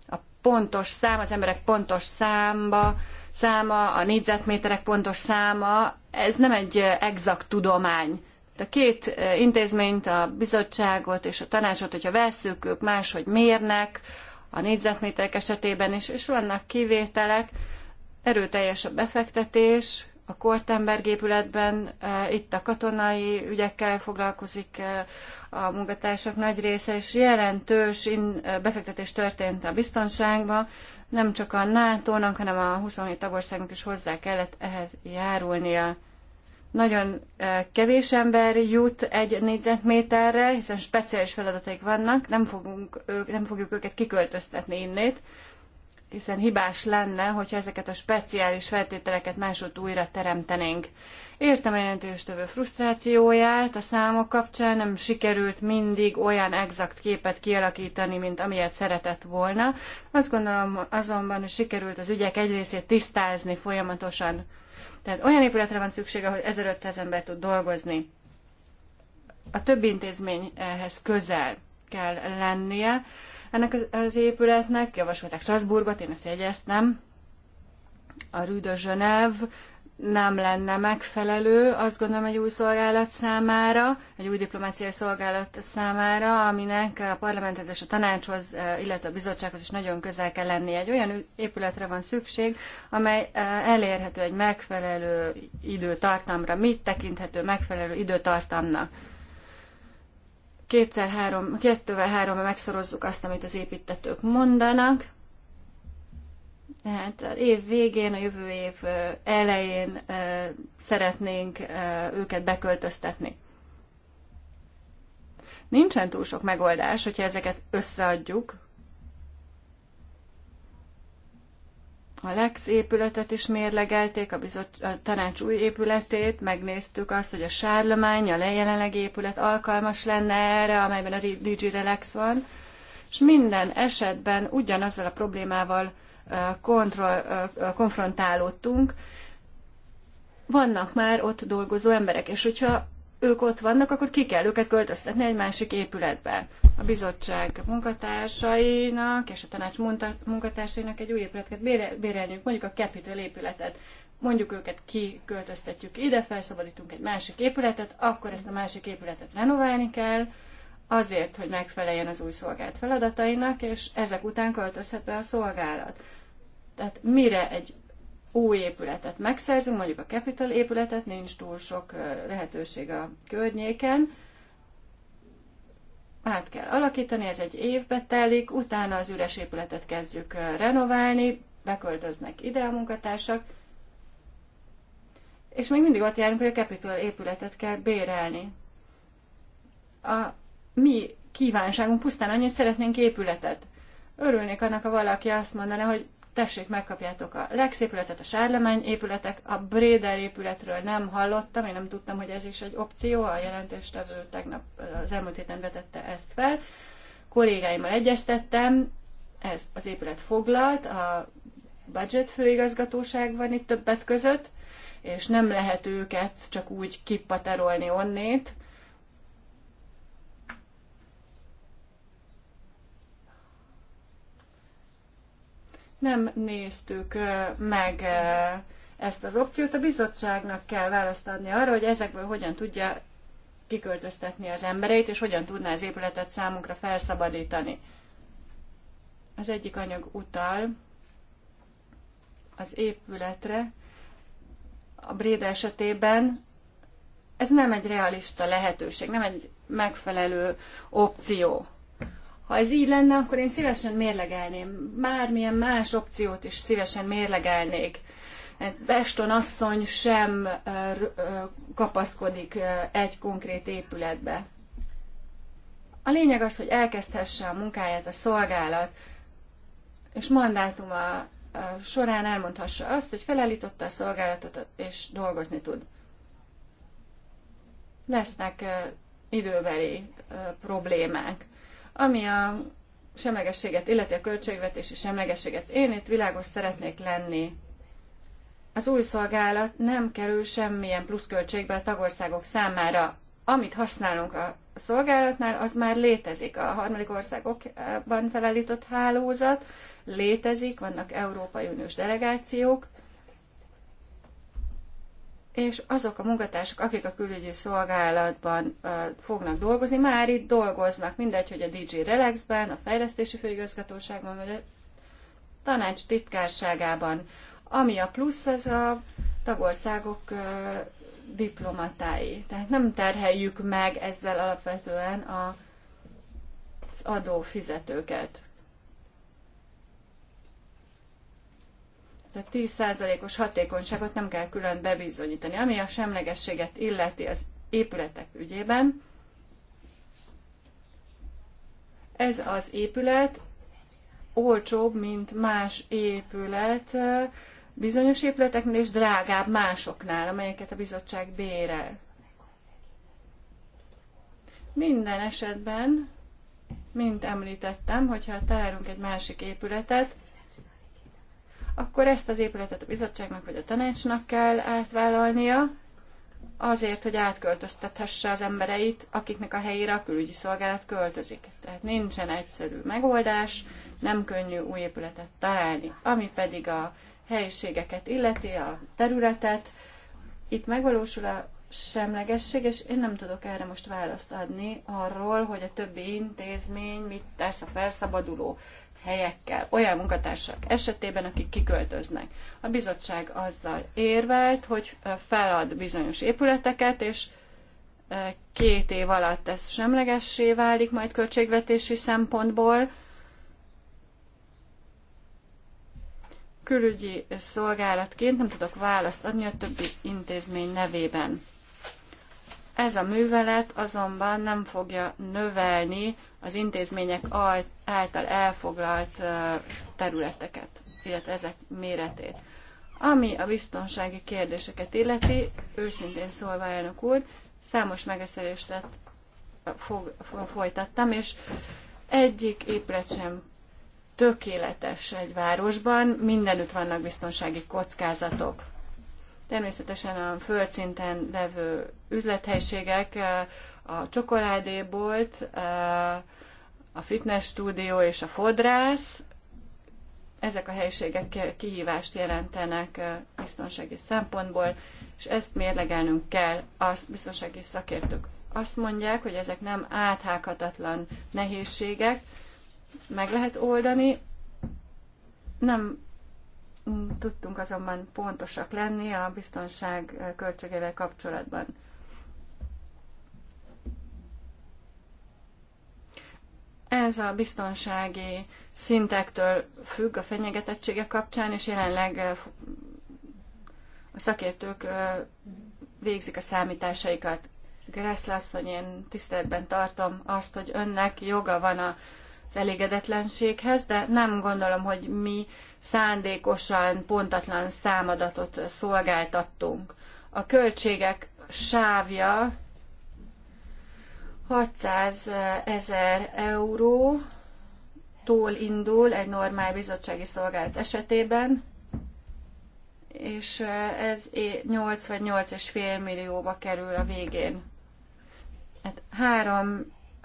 [SPEAKER 1] A pontos szám, az emberek pontos számba, száma, a négyzetméterek pontos száma, ez nem egy exakt tudomány a két e, intézményt, a bizottságot és a tanácsot, hogyha vesszük, ők máshogy mérnek a négyzetméterek esetében is, és vannak kivételek, erőteljes a befektetés, a Kortenberg épületben e, itt a katonai ügyekkel foglalkozik e, a munkatársak nagy része, és jelentős befektetés történt a biztonságba, nem csak a NATO-nak, hanem a 27 tagországnak is hozzá kellett ehhez járulnia. Nagyon eh, kevés ember jut egy négyzetméterre, hiszen speciális feladataik vannak, nem, fogunk, nem fogjuk őket kiköltöztetni innét, hiszen hibás lenne, hogyha ezeket a speciális feltételeket másod újra teremtenénk. Értem a jelentéstevő frusztrációját a számok kapcsán, nem sikerült mindig olyan exakt képet kialakítani, mint amilyet szeretett volna. Azt gondolom azonban, hogy sikerült az ügyek egy részét tisztázni folyamatosan. Tehát olyan épületre van szüksége, hogy 1500 ember tud dolgozni. A több intézményhez közel kell lennie ennek az épületnek. Javasolták Strasbourgot, én ezt jegyeztem. A Rue de Genève nem lenne megfelelő, azt gondolom, egy új szolgálat számára, egy új diplomáciai szolgálat számára, aminek a parlamenthez és a tanácshoz, eh, illetve a bizottsághoz is nagyon közel kell lennie. Egy olyan épületre van szükség, amely eh, elérhető egy megfelelő időtartamra. Mit tekinthető megfelelő időtartamnak? Kétszer-három, kettővel-három megszorozzuk azt, amit az építetők mondanak, tehát év végén, a jövő év elején szeretnénk őket beköltöztetni. Nincsen túl sok megoldás, hogyha ezeket összeadjuk. A Lex épületet is mérlegelték, a, bizot, a tanács új épületét, megnéztük azt, hogy a Sárlomány, a jelenlegi épület alkalmas lenne erre, amelyben a DG Relax van, és minden esetben ugyanazzal a problémával kontrol, konfrontálódtunk, vannak már ott dolgozó emberek, és hogyha ők ott vannak, akkor ki kell őket költöztetni egy másik épületbe. A bizottság munkatársainak és a tanács munkatársainak egy új épületet bérelnünk, mondjuk a Capital épületet. Mondjuk őket kiköltöztetjük ide, felszabadítunk egy másik épületet, akkor ezt a másik épületet renoválni kell, azért, hogy megfeleljen az új szolgált feladatainak, és ezek után költözhet be a szolgálat. Tehát mire egy új épületet megszerzünk, mondjuk a Capital épületet, nincs túl sok lehetőség a környéken, át kell alakítani, ez egy évbe telik, utána az üres épületet kezdjük renoválni, beköltöznek ide a munkatársak, és még mindig ott járunk, hogy a Capital épületet kell bérelni. A mi kívánságunk pusztán annyit szeretnénk épületet. Örülnék annak, ha valaki azt mondaná, hogy tessék, megkapjátok a legszépületet, a Sárlemány épületek, a Bréder épületről nem hallottam, én nem tudtam, hogy ez is egy opció, a jelentéstevő tegnap az elmúlt héten vetette ezt fel. Kollégáimmal egyeztettem, ez az épület foglalt, a budget főigazgatóság van itt többet között, és nem lehet őket csak úgy kipaterolni onnét, nem néztük meg ezt az opciót. A bizottságnak kell választ adni arra, hogy ezekből hogyan tudja kiköltöztetni az embereit, és hogyan tudná az épületet számunkra felszabadítani. Az egyik anyag utal az épületre. A Bréd esetében ez nem egy realista lehetőség, nem egy megfelelő opció. Ha ez így lenne, akkor én szívesen mérlegelném. Bármilyen más opciót is szívesen mérlegelnék. Beston asszony sem kapaszkodik egy konkrét épületbe. A lényeg az, hogy elkezdhesse a munkáját a szolgálat, és mandátuma során elmondhassa azt, hogy felállította a szolgálatot, és dolgozni tud. Lesznek időbeli problémák. Ami a semlegességet, illeti a költségvetési semlegességet, én itt világos szeretnék lenni. Az új szolgálat nem kerül semmilyen pluszköltségbe a tagországok számára. Amit használunk a szolgálatnál, az már létezik. A harmadik országokban felállított hálózat létezik, vannak Európai Uniós delegációk, és azok a munkatársak, akik a külügyi szolgálatban uh, fognak dolgozni, már itt dolgoznak, mindegy, hogy a DJ Relaxben, a Fejlesztési Főigazgatóságban, vagy a tanács titkárságában, ami a plusz, az a tagországok uh, diplomatái. Tehát nem terheljük meg ezzel alapvetően a, az adófizetőket. Tehát 10%-os hatékonyságot nem kell külön bebizonyítani. Ami a semlegességet illeti az épületek ügyében, ez az épület olcsóbb, mint más épület, bizonyos épületeknél és drágább másoknál, amelyeket a bizottság bérel. Minden esetben, mint említettem, hogyha találunk egy másik épületet, akkor ezt az épületet a bizottságnak vagy a tanácsnak kell átvállalnia, azért, hogy átköltöztethesse az embereit, akiknek a helyére a külügyi szolgálat költözik. Tehát nincsen egyszerű megoldás, nem könnyű új épületet találni. Ami pedig a helyiségeket illeti, a területet, itt megvalósul a semlegesség, és én nem tudok erre most választ adni arról, hogy a többi intézmény mit tesz a felszabaduló helyekkel, olyan munkatársak esetében, akik kiköltöznek. A bizottság azzal érvelt, hogy felad bizonyos épületeket, és két év alatt ez semlegessé válik majd költségvetési szempontból. Külügyi szolgálatként nem tudok választ adni a többi intézmény nevében. Ez a művelet azonban nem fogja növelni az intézmények által elfoglalt területeket, illetve ezek méretét. Ami a biztonsági kérdéseket illeti, őszintén szólva, elnök úr, számos megeszerést fog, folytattam, és egyik épület sem tökéletes egy városban, mindenütt vannak biztonsági kockázatok. Természetesen a földszinten levő üzlethelységek, eh, a csokoládébolt, eh, a fitness stúdió és a fodrász, ezek a helységek kihívást jelentenek eh, biztonsági szempontból, és ezt mérlegelnünk kell, a biztonsági szakértők azt mondják, hogy ezek nem áthághatatlan nehézségek, meg lehet oldani, nem Mm, tudtunk azonban pontosak lenni a biztonság eh, költségevel kapcsolatban. Ez a biztonsági szintektől függ a fenyegetettsége kapcsán, és jelenleg eh, a szakértők eh, végzik a számításaikat. Gressle asszony, én tiszteletben tartom azt, hogy önnek joga van az elégedetlenséghez, de nem gondolom, hogy mi szándékosan pontatlan számadatot szolgáltattunk. A költségek sávja 600 ezer eurótól indul egy normál bizottsági szolgálat esetében, és ez 8 vagy 8,5 millióba kerül a végén. Hát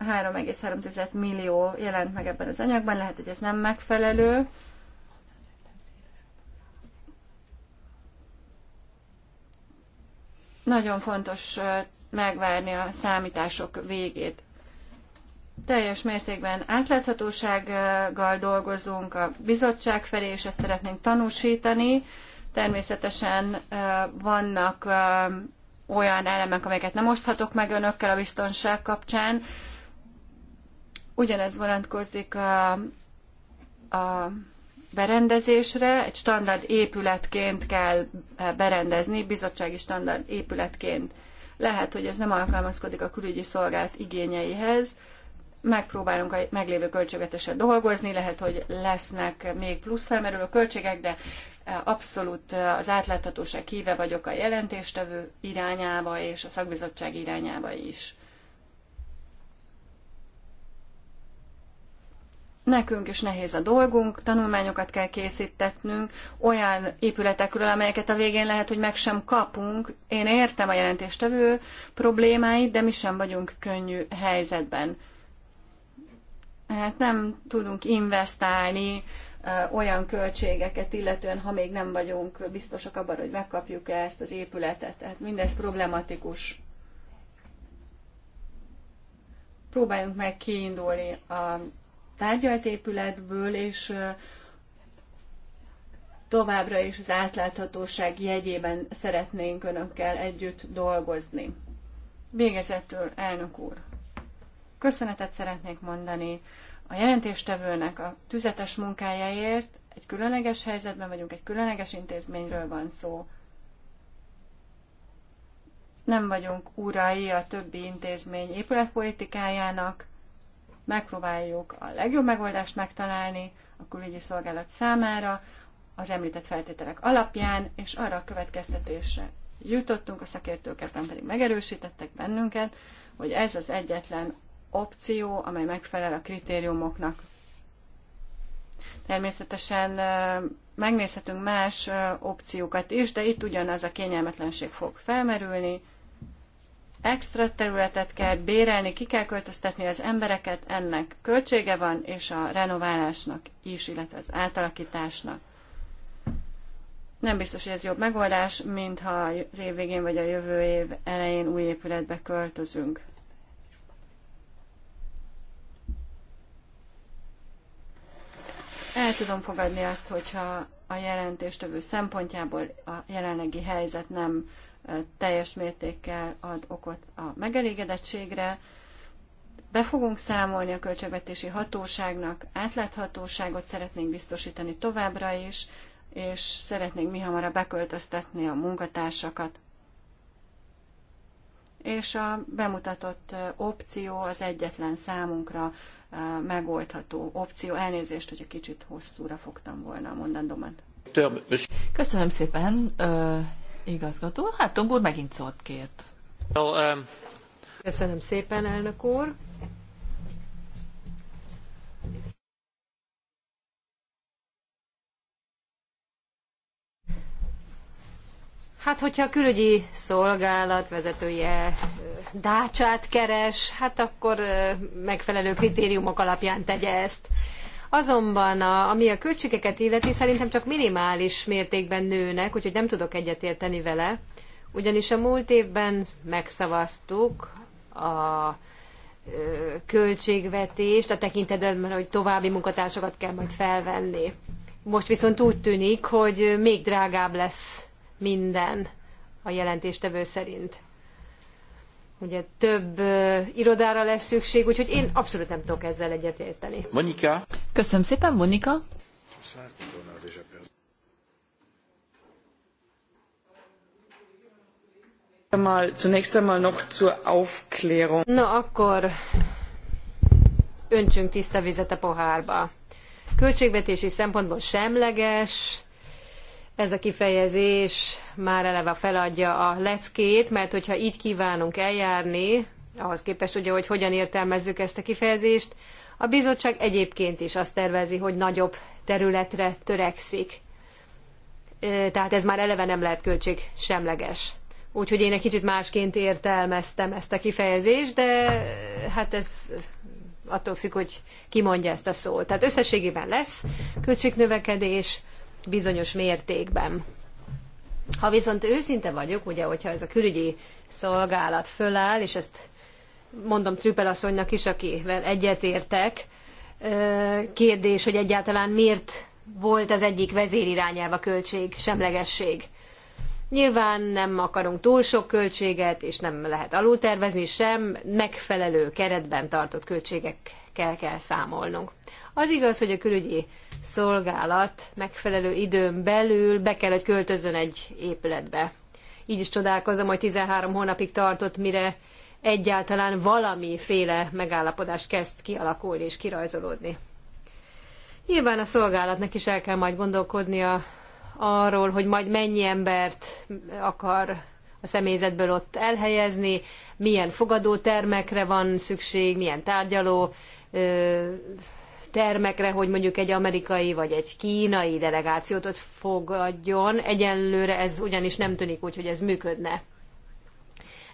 [SPEAKER 1] 3,3 millió jelent meg ebben az anyagban, lehet, hogy ez nem megfelelő, Nagyon fontos megvárni a számítások végét. Teljes mértékben átláthatósággal dolgozunk a bizottság felé, és ezt szeretnénk tanúsítani. Természetesen vannak olyan elemek, amelyeket nem oszthatok meg önökkel a biztonság kapcsán. Ugyanez vonatkozik a, a berendezésre, egy standard épületként kell berendezni, bizottsági standard épületként. Lehet, hogy ez nem alkalmazkodik a külügyi szolgált igényeihez, megpróbálunk a meglévő költségvetéssel dolgozni, lehet, hogy lesznek még plusz felmerülő költségek, de abszolút az átláthatóság híve vagyok a jelentéstevő irányába és a szakbizottság irányába is. nekünk is nehéz a dolgunk, tanulmányokat kell készítetnünk olyan épületekről, amelyeket a végén lehet, hogy meg sem kapunk. Én értem a jelentéstevő problémáit, de mi sem vagyunk könnyű helyzetben. Hát nem tudunk investálni olyan költségeket, illetően ha még nem vagyunk biztosak abban, hogy megkapjuk-e ezt az épületet. Tehát mindez problematikus. Próbáljunk meg kiindulni a tárgyalt épületből, és továbbra is az átláthatóság jegyében szeretnénk Önökkel együtt dolgozni. Végezetül, elnök úr, köszönetet szeretnék mondani a jelentéstevőnek a tüzetes munkájáért. Egy különleges helyzetben vagyunk, egy különleges intézményről van szó. Nem vagyunk urai a többi intézmény épületpolitikájának, megpróbáljuk a legjobb megoldást megtalálni a külügyi szolgálat számára, az említett feltételek alapján, és arra a következtetésre jutottunk, a szakértők ebben pedig megerősítettek bennünket, hogy ez az egyetlen opció, amely megfelel a kritériumoknak. Természetesen megnézhetünk más opciókat is, de itt ugyanaz a kényelmetlenség fog felmerülni, extra területet kell bérelni, ki kell költöztetni az embereket, ennek költsége van, és a renoválásnak is, illetve az átalakításnak. Nem biztos, hogy ez jobb megoldás, mint ha az év végén vagy a jövő év elején új épületbe költözünk. El tudom fogadni azt, hogyha a jelentéstevő szempontjából a jelenlegi helyzet nem teljes mértékkel ad okot a megelégedettségre. Be fogunk számolni a költségvetési hatóságnak, átláthatóságot szeretnénk biztosítani továbbra is, és szeretnénk mi hamarabb beköltöztetni a munkatársakat. És a bemutatott opció az egyetlen számunkra megoldható opció. Elnézést, hogy a kicsit hosszúra fogtam volna a mondandómat. Köszönöm
[SPEAKER 2] szépen
[SPEAKER 1] igazgató. Hát Tong megint szót kért.
[SPEAKER 3] Um,
[SPEAKER 2] Köszönöm szépen, elnök úr.
[SPEAKER 3] Hát, hogyha a külügyi szolgálat vezetője dácsát keres, hát akkor megfelelő kritériumok alapján tegye ezt. Azonban, a, ami a költségeket illeti, szerintem csak minimális mértékben nőnek, úgyhogy nem tudok egyetérteni vele. Ugyanis a múlt évben megszavaztuk a költségvetést, a tekintetben, hogy további munkatársakat kell majd felvenni. Most viszont úgy tűnik, hogy még drágább lesz minden a jelentéstevő szerint. Ugye több ö, irodára lesz szükség, úgyhogy én abszolút nem tudok ezzel egyetérteni.
[SPEAKER 2] Monika? Köszönöm szépen, Monika.
[SPEAKER 1] Na akkor öntsünk
[SPEAKER 3] tiszta vizet a pohárba. Költségvetési szempontból semleges, ez a kifejezés már eleve feladja a leckét, mert hogyha így kívánunk eljárni, ahhoz képest ugye, hogy hogyan értelmezzük ezt a kifejezést, a bizottság egyébként is azt tervezi, hogy nagyobb területre törekszik. Tehát ez már eleve nem lehet költség semleges. Úgyhogy én egy kicsit másként értelmeztem ezt a kifejezést, de hát ez attól függ, hogy ki mondja ezt a szót. Tehát összességében lesz költségnövekedés bizonyos mértékben. Ha viszont őszinte vagyok, ugye, hogyha ez a külügyi szolgálat föláll, és ezt mondom Trüppel asszonynak is, akivel egyetértek, kérdés, hogy egyáltalán miért volt az egyik vezérirányelv a költség, semlegesség. Nyilván nem akarunk túl sok költséget, és nem lehet alultervezni sem, megfelelő keretben tartott költségekkel kell számolnunk. Az igaz, hogy a külügyi szolgálat megfelelő időn belül be kell, hogy költözön egy épületbe. Így is csodálkozom, hogy 13 hónapig tartott, mire egyáltalán valamiféle megállapodás kezd kialakulni és kirajzolódni. Nyilván a szolgálatnak is el kell majd gondolkodnia arról, hogy majd mennyi embert akar a személyzetből ott elhelyezni, milyen fogadótermekre van szükség, milyen tárgyaló termekre, hogy mondjuk egy amerikai vagy egy kínai delegációt ott fogadjon. Egyenlőre ez ugyanis nem tűnik úgy, hogy ez működne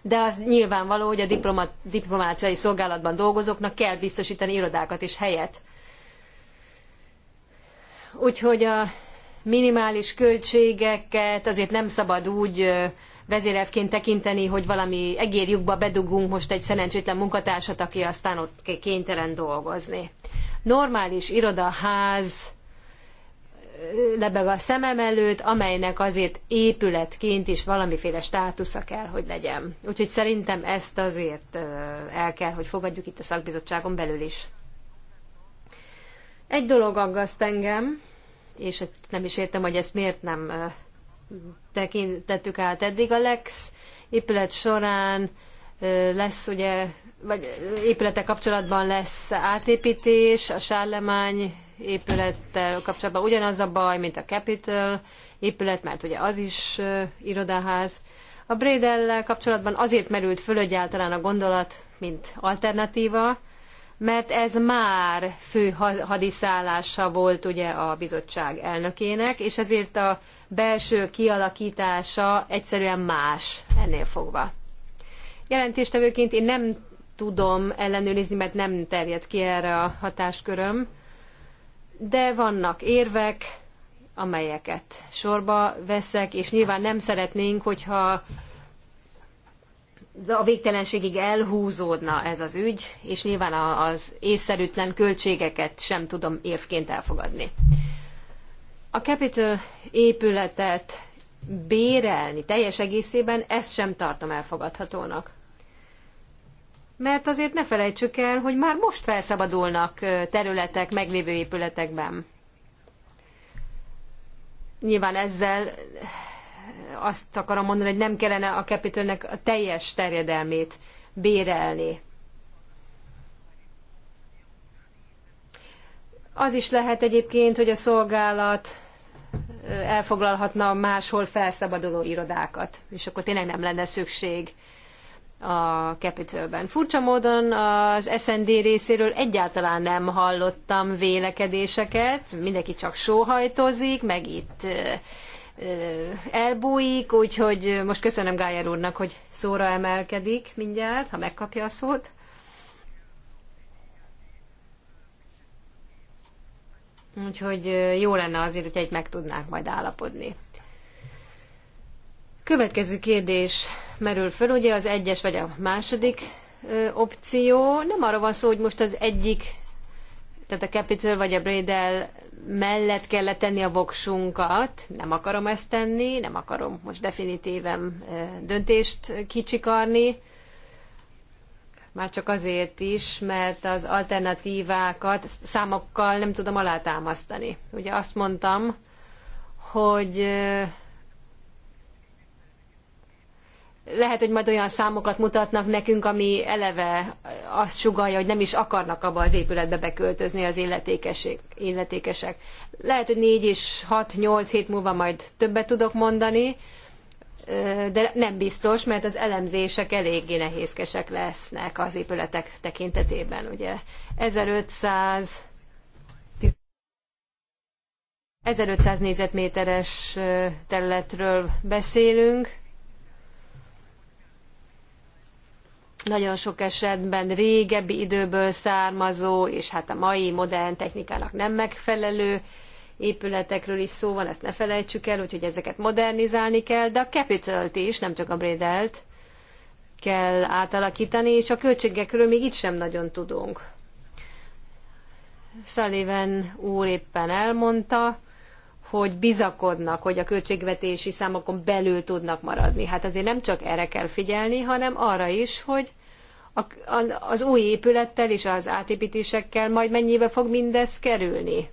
[SPEAKER 3] de az nyilvánvaló, hogy a diploma, diplomáciai szolgálatban dolgozóknak kell biztosítani irodákat és helyet. Úgyhogy a minimális költségeket azért nem szabad úgy vezérevként tekinteni, hogy valami egérjukba bedugunk most egy szerencsétlen munkatársat, aki aztán ott kénytelen dolgozni. Normális irodaház lebeg a szemem előtt, amelynek azért épületként is valamiféle státusza kell, hogy legyen. Úgyhogy szerintem ezt azért el kell, hogy fogadjuk itt a szakbizottságon belül is. Egy dolog aggaszt engem, és nem is értem, hogy ezt miért nem tekintettük át eddig. A Lex épület során lesz ugye, vagy épülete kapcsolatban lesz átépítés, a Sárlemány épülettel kapcsolatban ugyanaz a baj, mint a Capitol épület, mert ugye az is irodaház. A Brédellel kapcsolatban azért merült föl egyáltalán a gondolat, mint alternatíva, mert ez már fő hadiszállása volt ugye a bizottság elnökének, és ezért a belső kialakítása egyszerűen más ennél fogva. Jelentéstevőként én nem tudom ellenőrizni, mert nem terjed ki erre a hatásköröm, de vannak érvek, amelyeket sorba veszek, és nyilván nem szeretnénk, hogyha a végtelenségig elhúzódna ez az ügy, és nyilván az észszerűtlen költségeket sem tudom érvként elfogadni. A Capitol épületet bérelni teljes egészében, ezt sem tartom elfogadhatónak mert azért ne felejtsük el, hogy már most felszabadulnak területek meglévő épületekben. Nyilván ezzel azt akarom mondani, hogy nem kellene a Capitolnek a teljes terjedelmét bérelni. Az is lehet egyébként, hogy a szolgálat elfoglalhatna máshol felszabaduló irodákat, és akkor tényleg nem lenne szükség a Capitolben. Furcsa módon az SND részéről egyáltalán nem hallottam vélekedéseket, mindenki csak sóhajtozik, meg itt elbújik, úgyhogy most köszönöm Gájer úrnak, hogy szóra emelkedik mindjárt, ha megkapja a szót. Úgyhogy jó lenne azért, hogy egy meg tudnánk majd állapodni. Következő kérdés merül föl, ugye az egyes vagy a második opció. Nem arra van szó, hogy most az egyik, tehát a Capital vagy a Bradel mellett kellett tenni a voksunkat. Nem akarom ezt tenni, nem akarom most definitíven döntést kicsikarni. Már csak azért is, mert az alternatívákat számokkal nem tudom alátámasztani. Ugye azt mondtam, hogy lehet, hogy majd olyan számokat mutatnak nekünk, ami eleve azt sugalja, hogy nem is akarnak abba az épületbe beköltözni az illetékesek. Lehet, hogy négy és hat, nyolc hét múlva majd többet tudok mondani, de nem biztos, mert az elemzések eléggé nehézkesek lesznek az épületek tekintetében. Ugye 1500 1500 négyzetméteres területről beszélünk, nagyon sok esetben régebbi időből származó, és hát a mai modern technikának nem megfelelő épületekről is szó van, ezt ne felejtsük el, úgyhogy ezeket modernizálni kell, de a capital is, nem csak a Brédelt kell átalakítani, és a költségekről még itt sem nagyon tudunk. Sullivan úr éppen elmondta, hogy bizakodnak, hogy a költségvetési számokon belül tudnak maradni. Hát azért nem csak erre kell figyelni, hanem arra is, hogy az új épülettel és az átépítésekkel majd mennyibe fog mindez kerülni.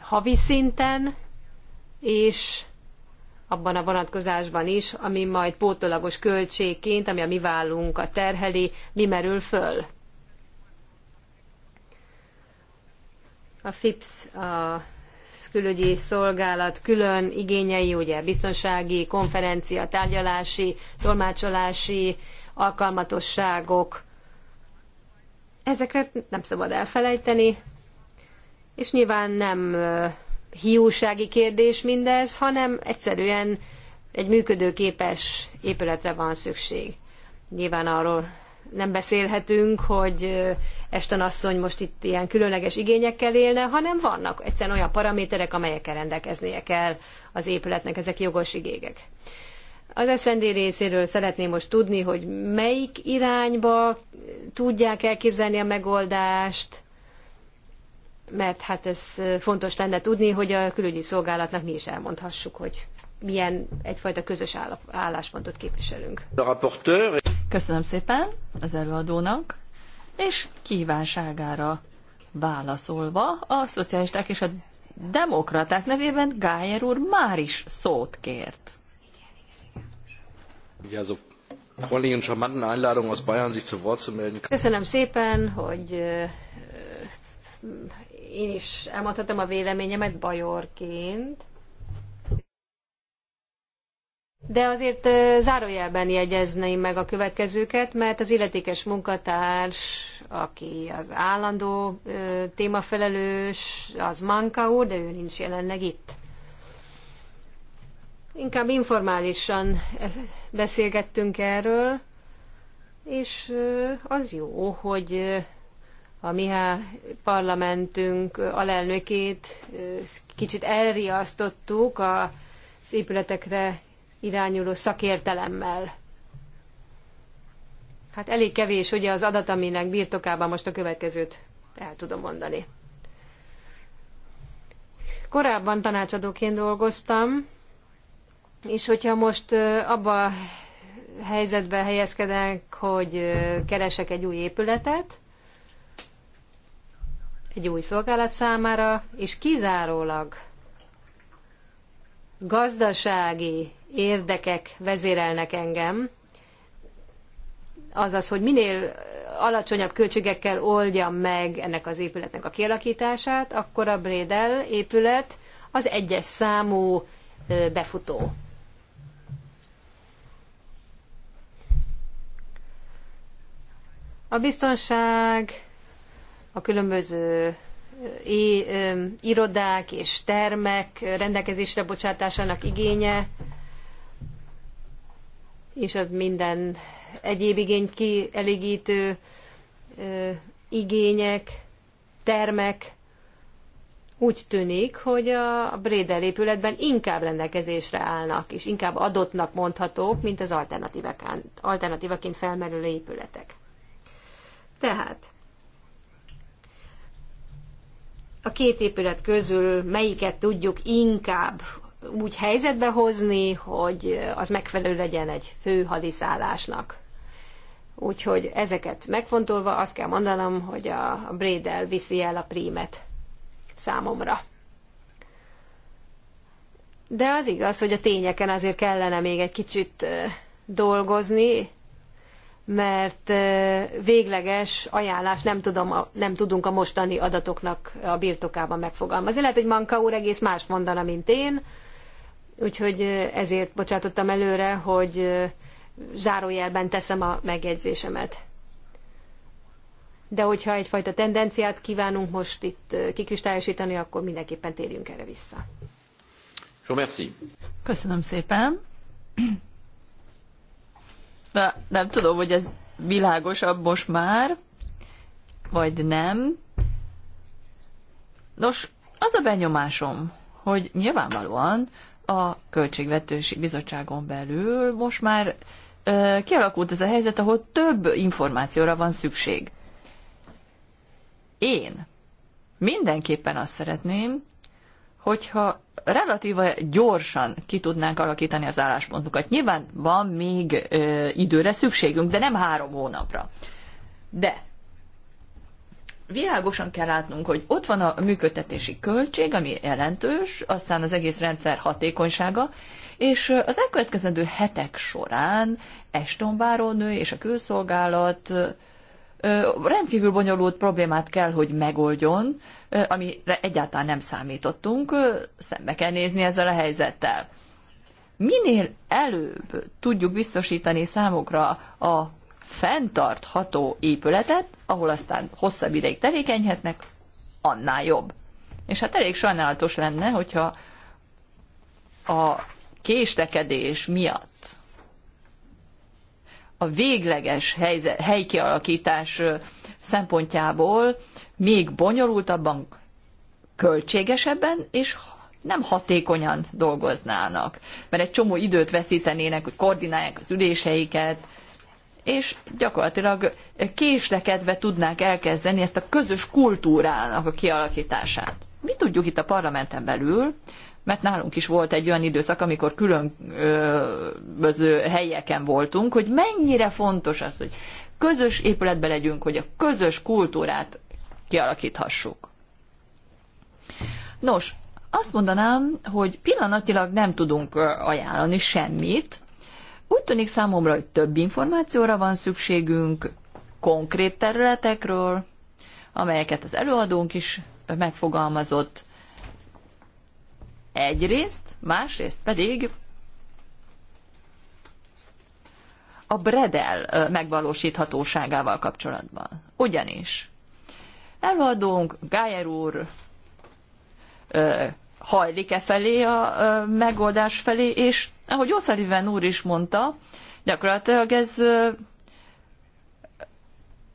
[SPEAKER 3] Havi szinten, és abban a vonatkozásban is, ami majd pótolagos költségként, ami a mi vállunkat terheli, mi merül föl. A FIPS, a külügyi szolgálat külön igényei, ugye biztonsági, konferencia, tárgyalási, tolmácsolási alkalmatosságok. Ezekre nem szabad elfelejteni, és nyilván nem hiúsági kérdés mindez, hanem egyszerűen egy működőképes épületre van szükség. Nyilván arról nem beszélhetünk, hogy Eston asszony most itt ilyen különleges igényekkel élne, hanem vannak egyszerűen olyan paraméterek, amelyekkel rendelkeznie kell az épületnek, ezek jogos igények. Az SND részéről szeretném most tudni, hogy melyik irányba tudják elképzelni a megoldást, mert hát ez fontos lenne tudni, hogy a külügyi szolgálatnak mi is elmondhassuk, hogy milyen egyfajta közös álláspontot képviselünk.
[SPEAKER 2] Köszönöm szépen az előadónak és kívánságára válaszolva a szocialisták és a demokraták nevében Gájer úr már is szót kért. Köszönöm szépen, hogy
[SPEAKER 3] én is elmondhatom a véleményemet bajorként de azért zárójelben jegyezném meg a következőket, mert az illetékes munkatárs, aki az állandó témafelelős, az Manka úr, de ő nincs jelenleg itt. Inkább informálisan e-, beszélgettünk erről, és az jó, hogy a mi parlamentünk alelnökét kicsit elriasztottuk az épületekre irányuló szakértelemmel. Hát elég kevés ugye az adat, aminek birtokában most a következőt el tudom mondani. Korábban tanácsadóként dolgoztam, és hogyha most abba a helyzetbe helyezkedek, hogy keresek egy új épületet, egy új szolgálat számára, és kizárólag gazdasági érdekek vezérelnek engem, azaz, hogy minél alacsonyabb költségekkel oldjam meg ennek az épületnek a kialakítását, akkor a bredel épület az egyes számú befutó. A biztonság, a különböző irodák és termek rendelkezésre bocsátásának igénye, és a minden egyéb igényt kielégítő ö, igények, termek, úgy tűnik, hogy a Brédel épületben inkább rendelkezésre állnak, és inkább adottnak mondhatók, mint az alternatívaként felmerülő épületek. Tehát a két épület közül melyiket tudjuk inkább úgy helyzetbe hozni, hogy az megfelelő legyen egy fő hadiszállásnak. Úgyhogy ezeket megfontolva azt kell mondanom, hogy a Bredel viszi el a prímet számomra. De az igaz, hogy a tényeken azért kellene még egy kicsit dolgozni, mert végleges ajánlást nem, tudom, nem tudunk a mostani adatoknak a birtokában megfogalmazni. Lehet, hogy Manka úr egész más mondana, mint én, Úgyhogy ezért bocsátottam előre, hogy zárójelben teszem a megjegyzésemet. De hogyha egyfajta tendenciát kívánunk most itt kikristályosítani, akkor mindenképpen térjünk erre vissza.
[SPEAKER 2] Köszönöm szépen. Na, nem tudom, hogy ez világosabb most már, vagy nem. Nos, az a benyomásom, hogy nyilvánvalóan a Költségvetési Bizottságon belül most már kialakult ez a helyzet, ahol több információra van szükség. Én mindenképpen azt szeretném, hogyha relatíve gyorsan ki tudnánk alakítani az álláspontokat. Nyilván van még ö, időre szükségünk, de nem három hónapra. De világosan kell látnunk, hogy ott van a működtetési költség, ami jelentős, aztán az egész rendszer hatékonysága, és az elkövetkezendő hetek során Eston Bárónő és a külszolgálat rendkívül bonyolult problémát kell, hogy megoldjon, amire egyáltalán nem számítottunk, szembe kell nézni ezzel a helyzettel. Minél előbb tudjuk biztosítani számukra a fenntartható épületet, ahol aztán hosszabb ideig tevékenyhetnek, annál jobb. És hát elég sajnálatos lenne, hogyha a késtekedés miatt a végleges helyzet, helykialakítás szempontjából még bonyolultabban, költségesebben és nem hatékonyan dolgoznának, mert egy csomó időt veszítenének, hogy koordinálják az üléseiket, és gyakorlatilag késlekedve tudnák elkezdeni ezt a közös kultúrának a kialakítását. Mi tudjuk itt a parlamenten belül, mert nálunk is volt egy olyan időszak, amikor különböző helyeken voltunk, hogy mennyire fontos az, hogy közös épületbe legyünk, hogy a közös kultúrát kialakíthassuk. Nos, azt mondanám, hogy pillanatilag nem tudunk ajánlani semmit, úgy tűnik számomra, hogy több információra van szükségünk konkrét területekről, amelyeket az előadónk is megfogalmazott egyrészt, másrészt pedig a Bredel megvalósíthatóságával kapcsolatban. Ugyanis előadónk Gájer úr hajlik-e felé a megoldás felé, és ahogy Oszaliven úr is mondta, gyakorlatilag ez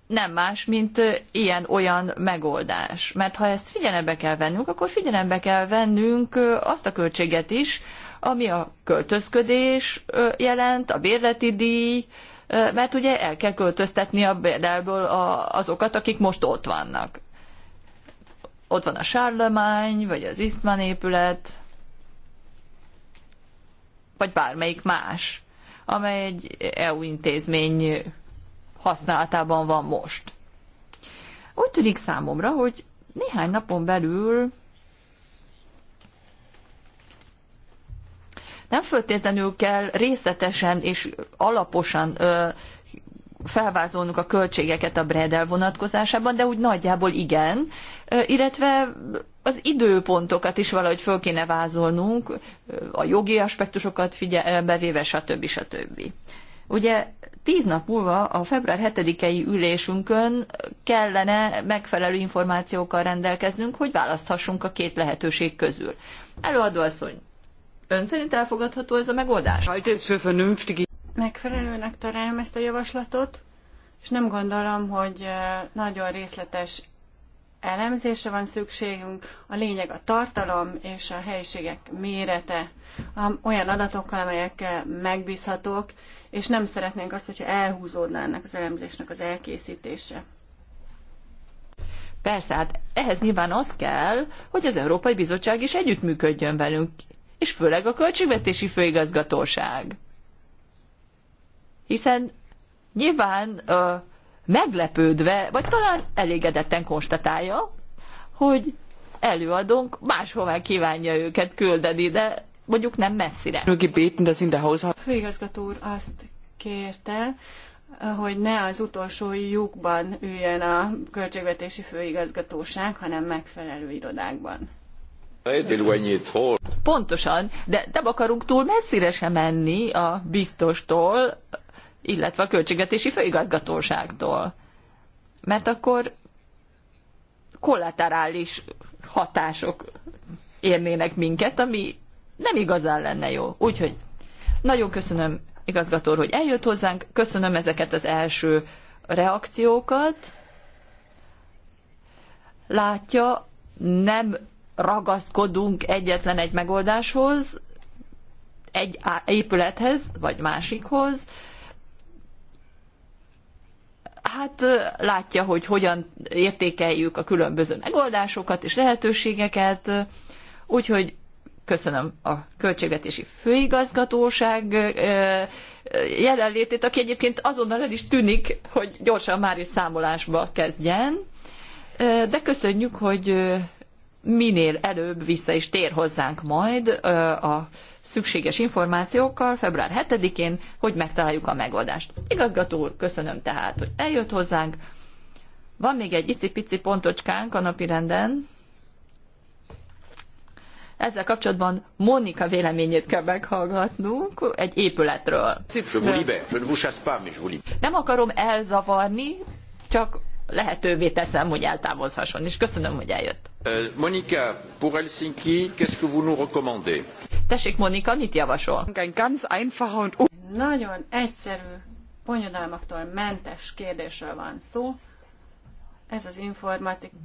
[SPEAKER 2] nem más, mint ilyen-olyan megoldás. Mert ha ezt figyelembe kell vennünk, akkor figyelembe kell vennünk azt a költséget is, ami a költözködés jelent, a bérleti díj, mert ugye el kell költöztetni a bérdelből azokat, akik most ott vannak. Ott van a Charlemagne, vagy az Isztman épület, vagy bármelyik más, amely egy EU intézmény használatában van most. Úgy tűnik számomra, hogy néhány napon belül nem föltétlenül kell részletesen és alaposan ö, felvázolnunk a költségeket a Bredel vonatkozásában, de úgy nagyjából igen, illetve az időpontokat is valahogy föl kéne vázolnunk, a jogi aspektusokat figyelembe véve, stb. stb. Ugye tíz nap múlva a február 7-i ülésünkön kellene megfelelő információkkal rendelkeznünk, hogy választhassunk a két lehetőség közül. Előadó asszony, ön szerint elfogadható ez a megoldás?
[SPEAKER 1] megfelelőnek találom ezt a javaslatot, és nem gondolom, hogy nagyon részletes elemzése van szükségünk. A lényeg a tartalom és a helyiségek mérete olyan adatokkal, amelyek megbízhatók, és nem szeretnénk azt, hogyha elhúzódna ennek az elemzésnek az elkészítése.
[SPEAKER 2] Persze, hát ehhez nyilván az kell, hogy az Európai Bizottság is együttműködjön velünk, és főleg a Költségvetési Főigazgatóság hiszen nyilván ö, meglepődve, vagy talán elégedetten konstatálja, hogy előadunk máshová kívánja őket küldeni, de
[SPEAKER 1] mondjuk nem messzire. Er er Főigazgató úr azt kérte, hogy ne az utolsó lyukban üljön a költségvetési főigazgatóság, hanem megfelelő irodákban. Pontosan,
[SPEAKER 2] de nem akarunk túl messzire sem menni a biztostól, illetve a költségvetési főigazgatóságtól. Mert akkor kollaterális hatások érnének minket, ami nem igazán lenne jó. Úgyhogy nagyon köszönöm, igazgató hogy eljött hozzánk, köszönöm ezeket az első reakciókat. Látja, nem ragaszkodunk egyetlen egy megoldáshoz, egy épülethez, vagy másikhoz hát látja, hogy hogyan értékeljük a különböző megoldásokat és lehetőségeket. Úgyhogy köszönöm a Költségvetési Főigazgatóság jelenlétét, aki egyébként azonnal el is tűnik, hogy gyorsan már is számolásba kezdjen. De köszönjük, hogy minél előbb vissza is tér hozzánk majd a szükséges információkkal február 7-én, hogy megtaláljuk a megoldást. Igazgató úr, köszönöm tehát, hogy eljött hozzánk. Van még egy icipici pontocskánk a napi renden. Ezzel kapcsolatban Monika véleményét kell meghallgatnunk egy épületről. Nem akarom elzavarni, csak lehetővé teszem, hogy eltávozhasson. És köszönöm, hogy eljött. Monika, pour Helsinki, qu'est-ce que vous nous recommandez?
[SPEAKER 1] Tessék, Monika, mit javasol? Nagyon egyszerű, bonyodalmaktól mentes kérdésről van szó. Ez az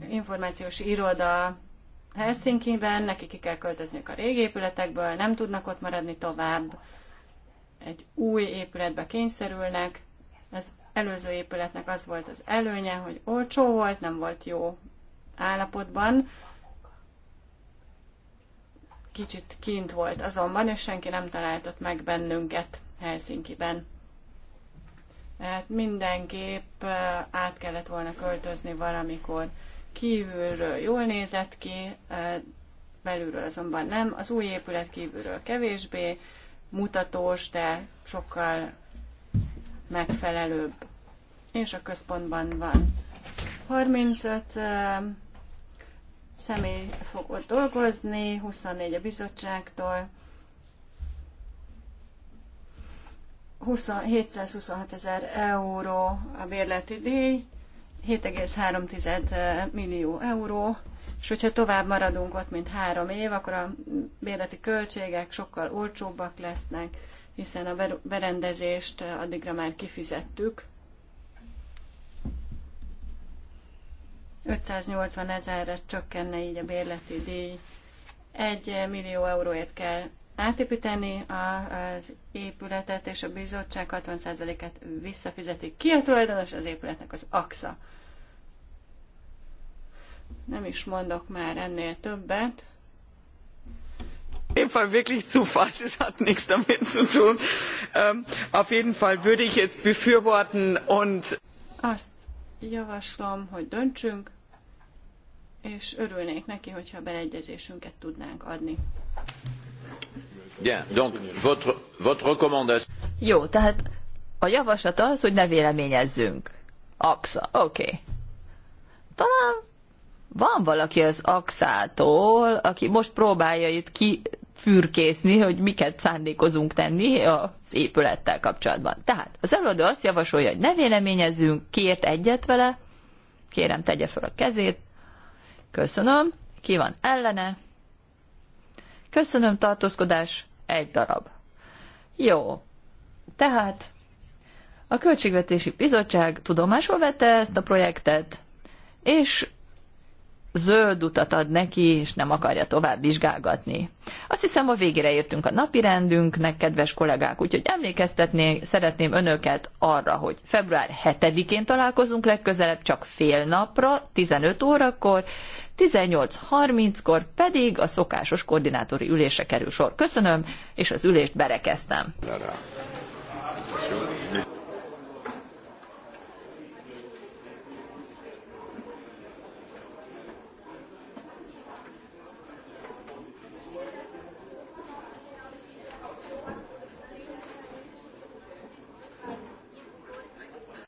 [SPEAKER 1] információs iroda Helsinki-ben, neki ki kell költözniük a régi épületekből, nem tudnak ott maradni tovább, egy új épületbe kényszerülnek, ez előző épületnek az volt az előnye, hogy olcsó volt, nem volt jó állapotban, kicsit kint volt azonban, és senki nem találtott meg bennünket Helsinki-ben. Tehát mindenképp át kellett volna költözni valamikor. Kívülről jól nézett ki, belülről azonban nem. Az új épület kívülről kevésbé mutatós, de sokkal megfelelőbb, és a központban van. 35 személy fog ott dolgozni, 24 a bizottságtól, 726 ezer euró a bérleti díj, 7,3 millió euró, és hogyha tovább maradunk ott, mint három év, akkor a bérleti költségek sokkal olcsóbbak lesznek, hiszen a berendezést eh, addigra már kifizettük. 580 ezerre csökkenne így a bérleti díj. 1 millió euróért kell átépíteni az épületet, és a bizottság 60 et visszafizeti. Ki a tulajdonos az épületnek? Az AXA. Nem is mondok már ennél többet. In dem Fall wirklich Zufall, das hat nichts damit zu tun. Ähm, auf jeden Fall würde ich jetzt befürworten und... Azt javaslom, hogy döntsünk, és örülnék neki, hogyha beleegyezésünket tudnánk adni.
[SPEAKER 2] Bien, donc votre, votre recommandation... Jó, tehát a javaslat az, hogy ne véleményezzünk. AXA, oké. Okay. Talán van valaki az AXA-tól, aki most próbálja itt ki fürkészni, hogy miket szándékozunk tenni az épülettel kapcsolatban. Tehát az előadó azt javasolja, hogy ne véleményezzünk, kiért egyet vele, kérem tegye fel a kezét, köszönöm, ki van ellene, köszönöm tartózkodás, egy darab. Jó, tehát a Költségvetési Bizottság tudomásul vette ezt a projektet, és zöld utat ad neki, és nem akarja tovább vizsgálgatni. Azt hiszem, a végére értünk a napi rendünknek, kedves kollégák, úgyhogy emlékeztetni szeretném önöket arra, hogy február 7-én találkozunk legközelebb csak fél napra, 15 órakor, 18.30-kor pedig a szokásos koordinátori ülésre kerül sor. Köszönöm, és az ülést berekeztem.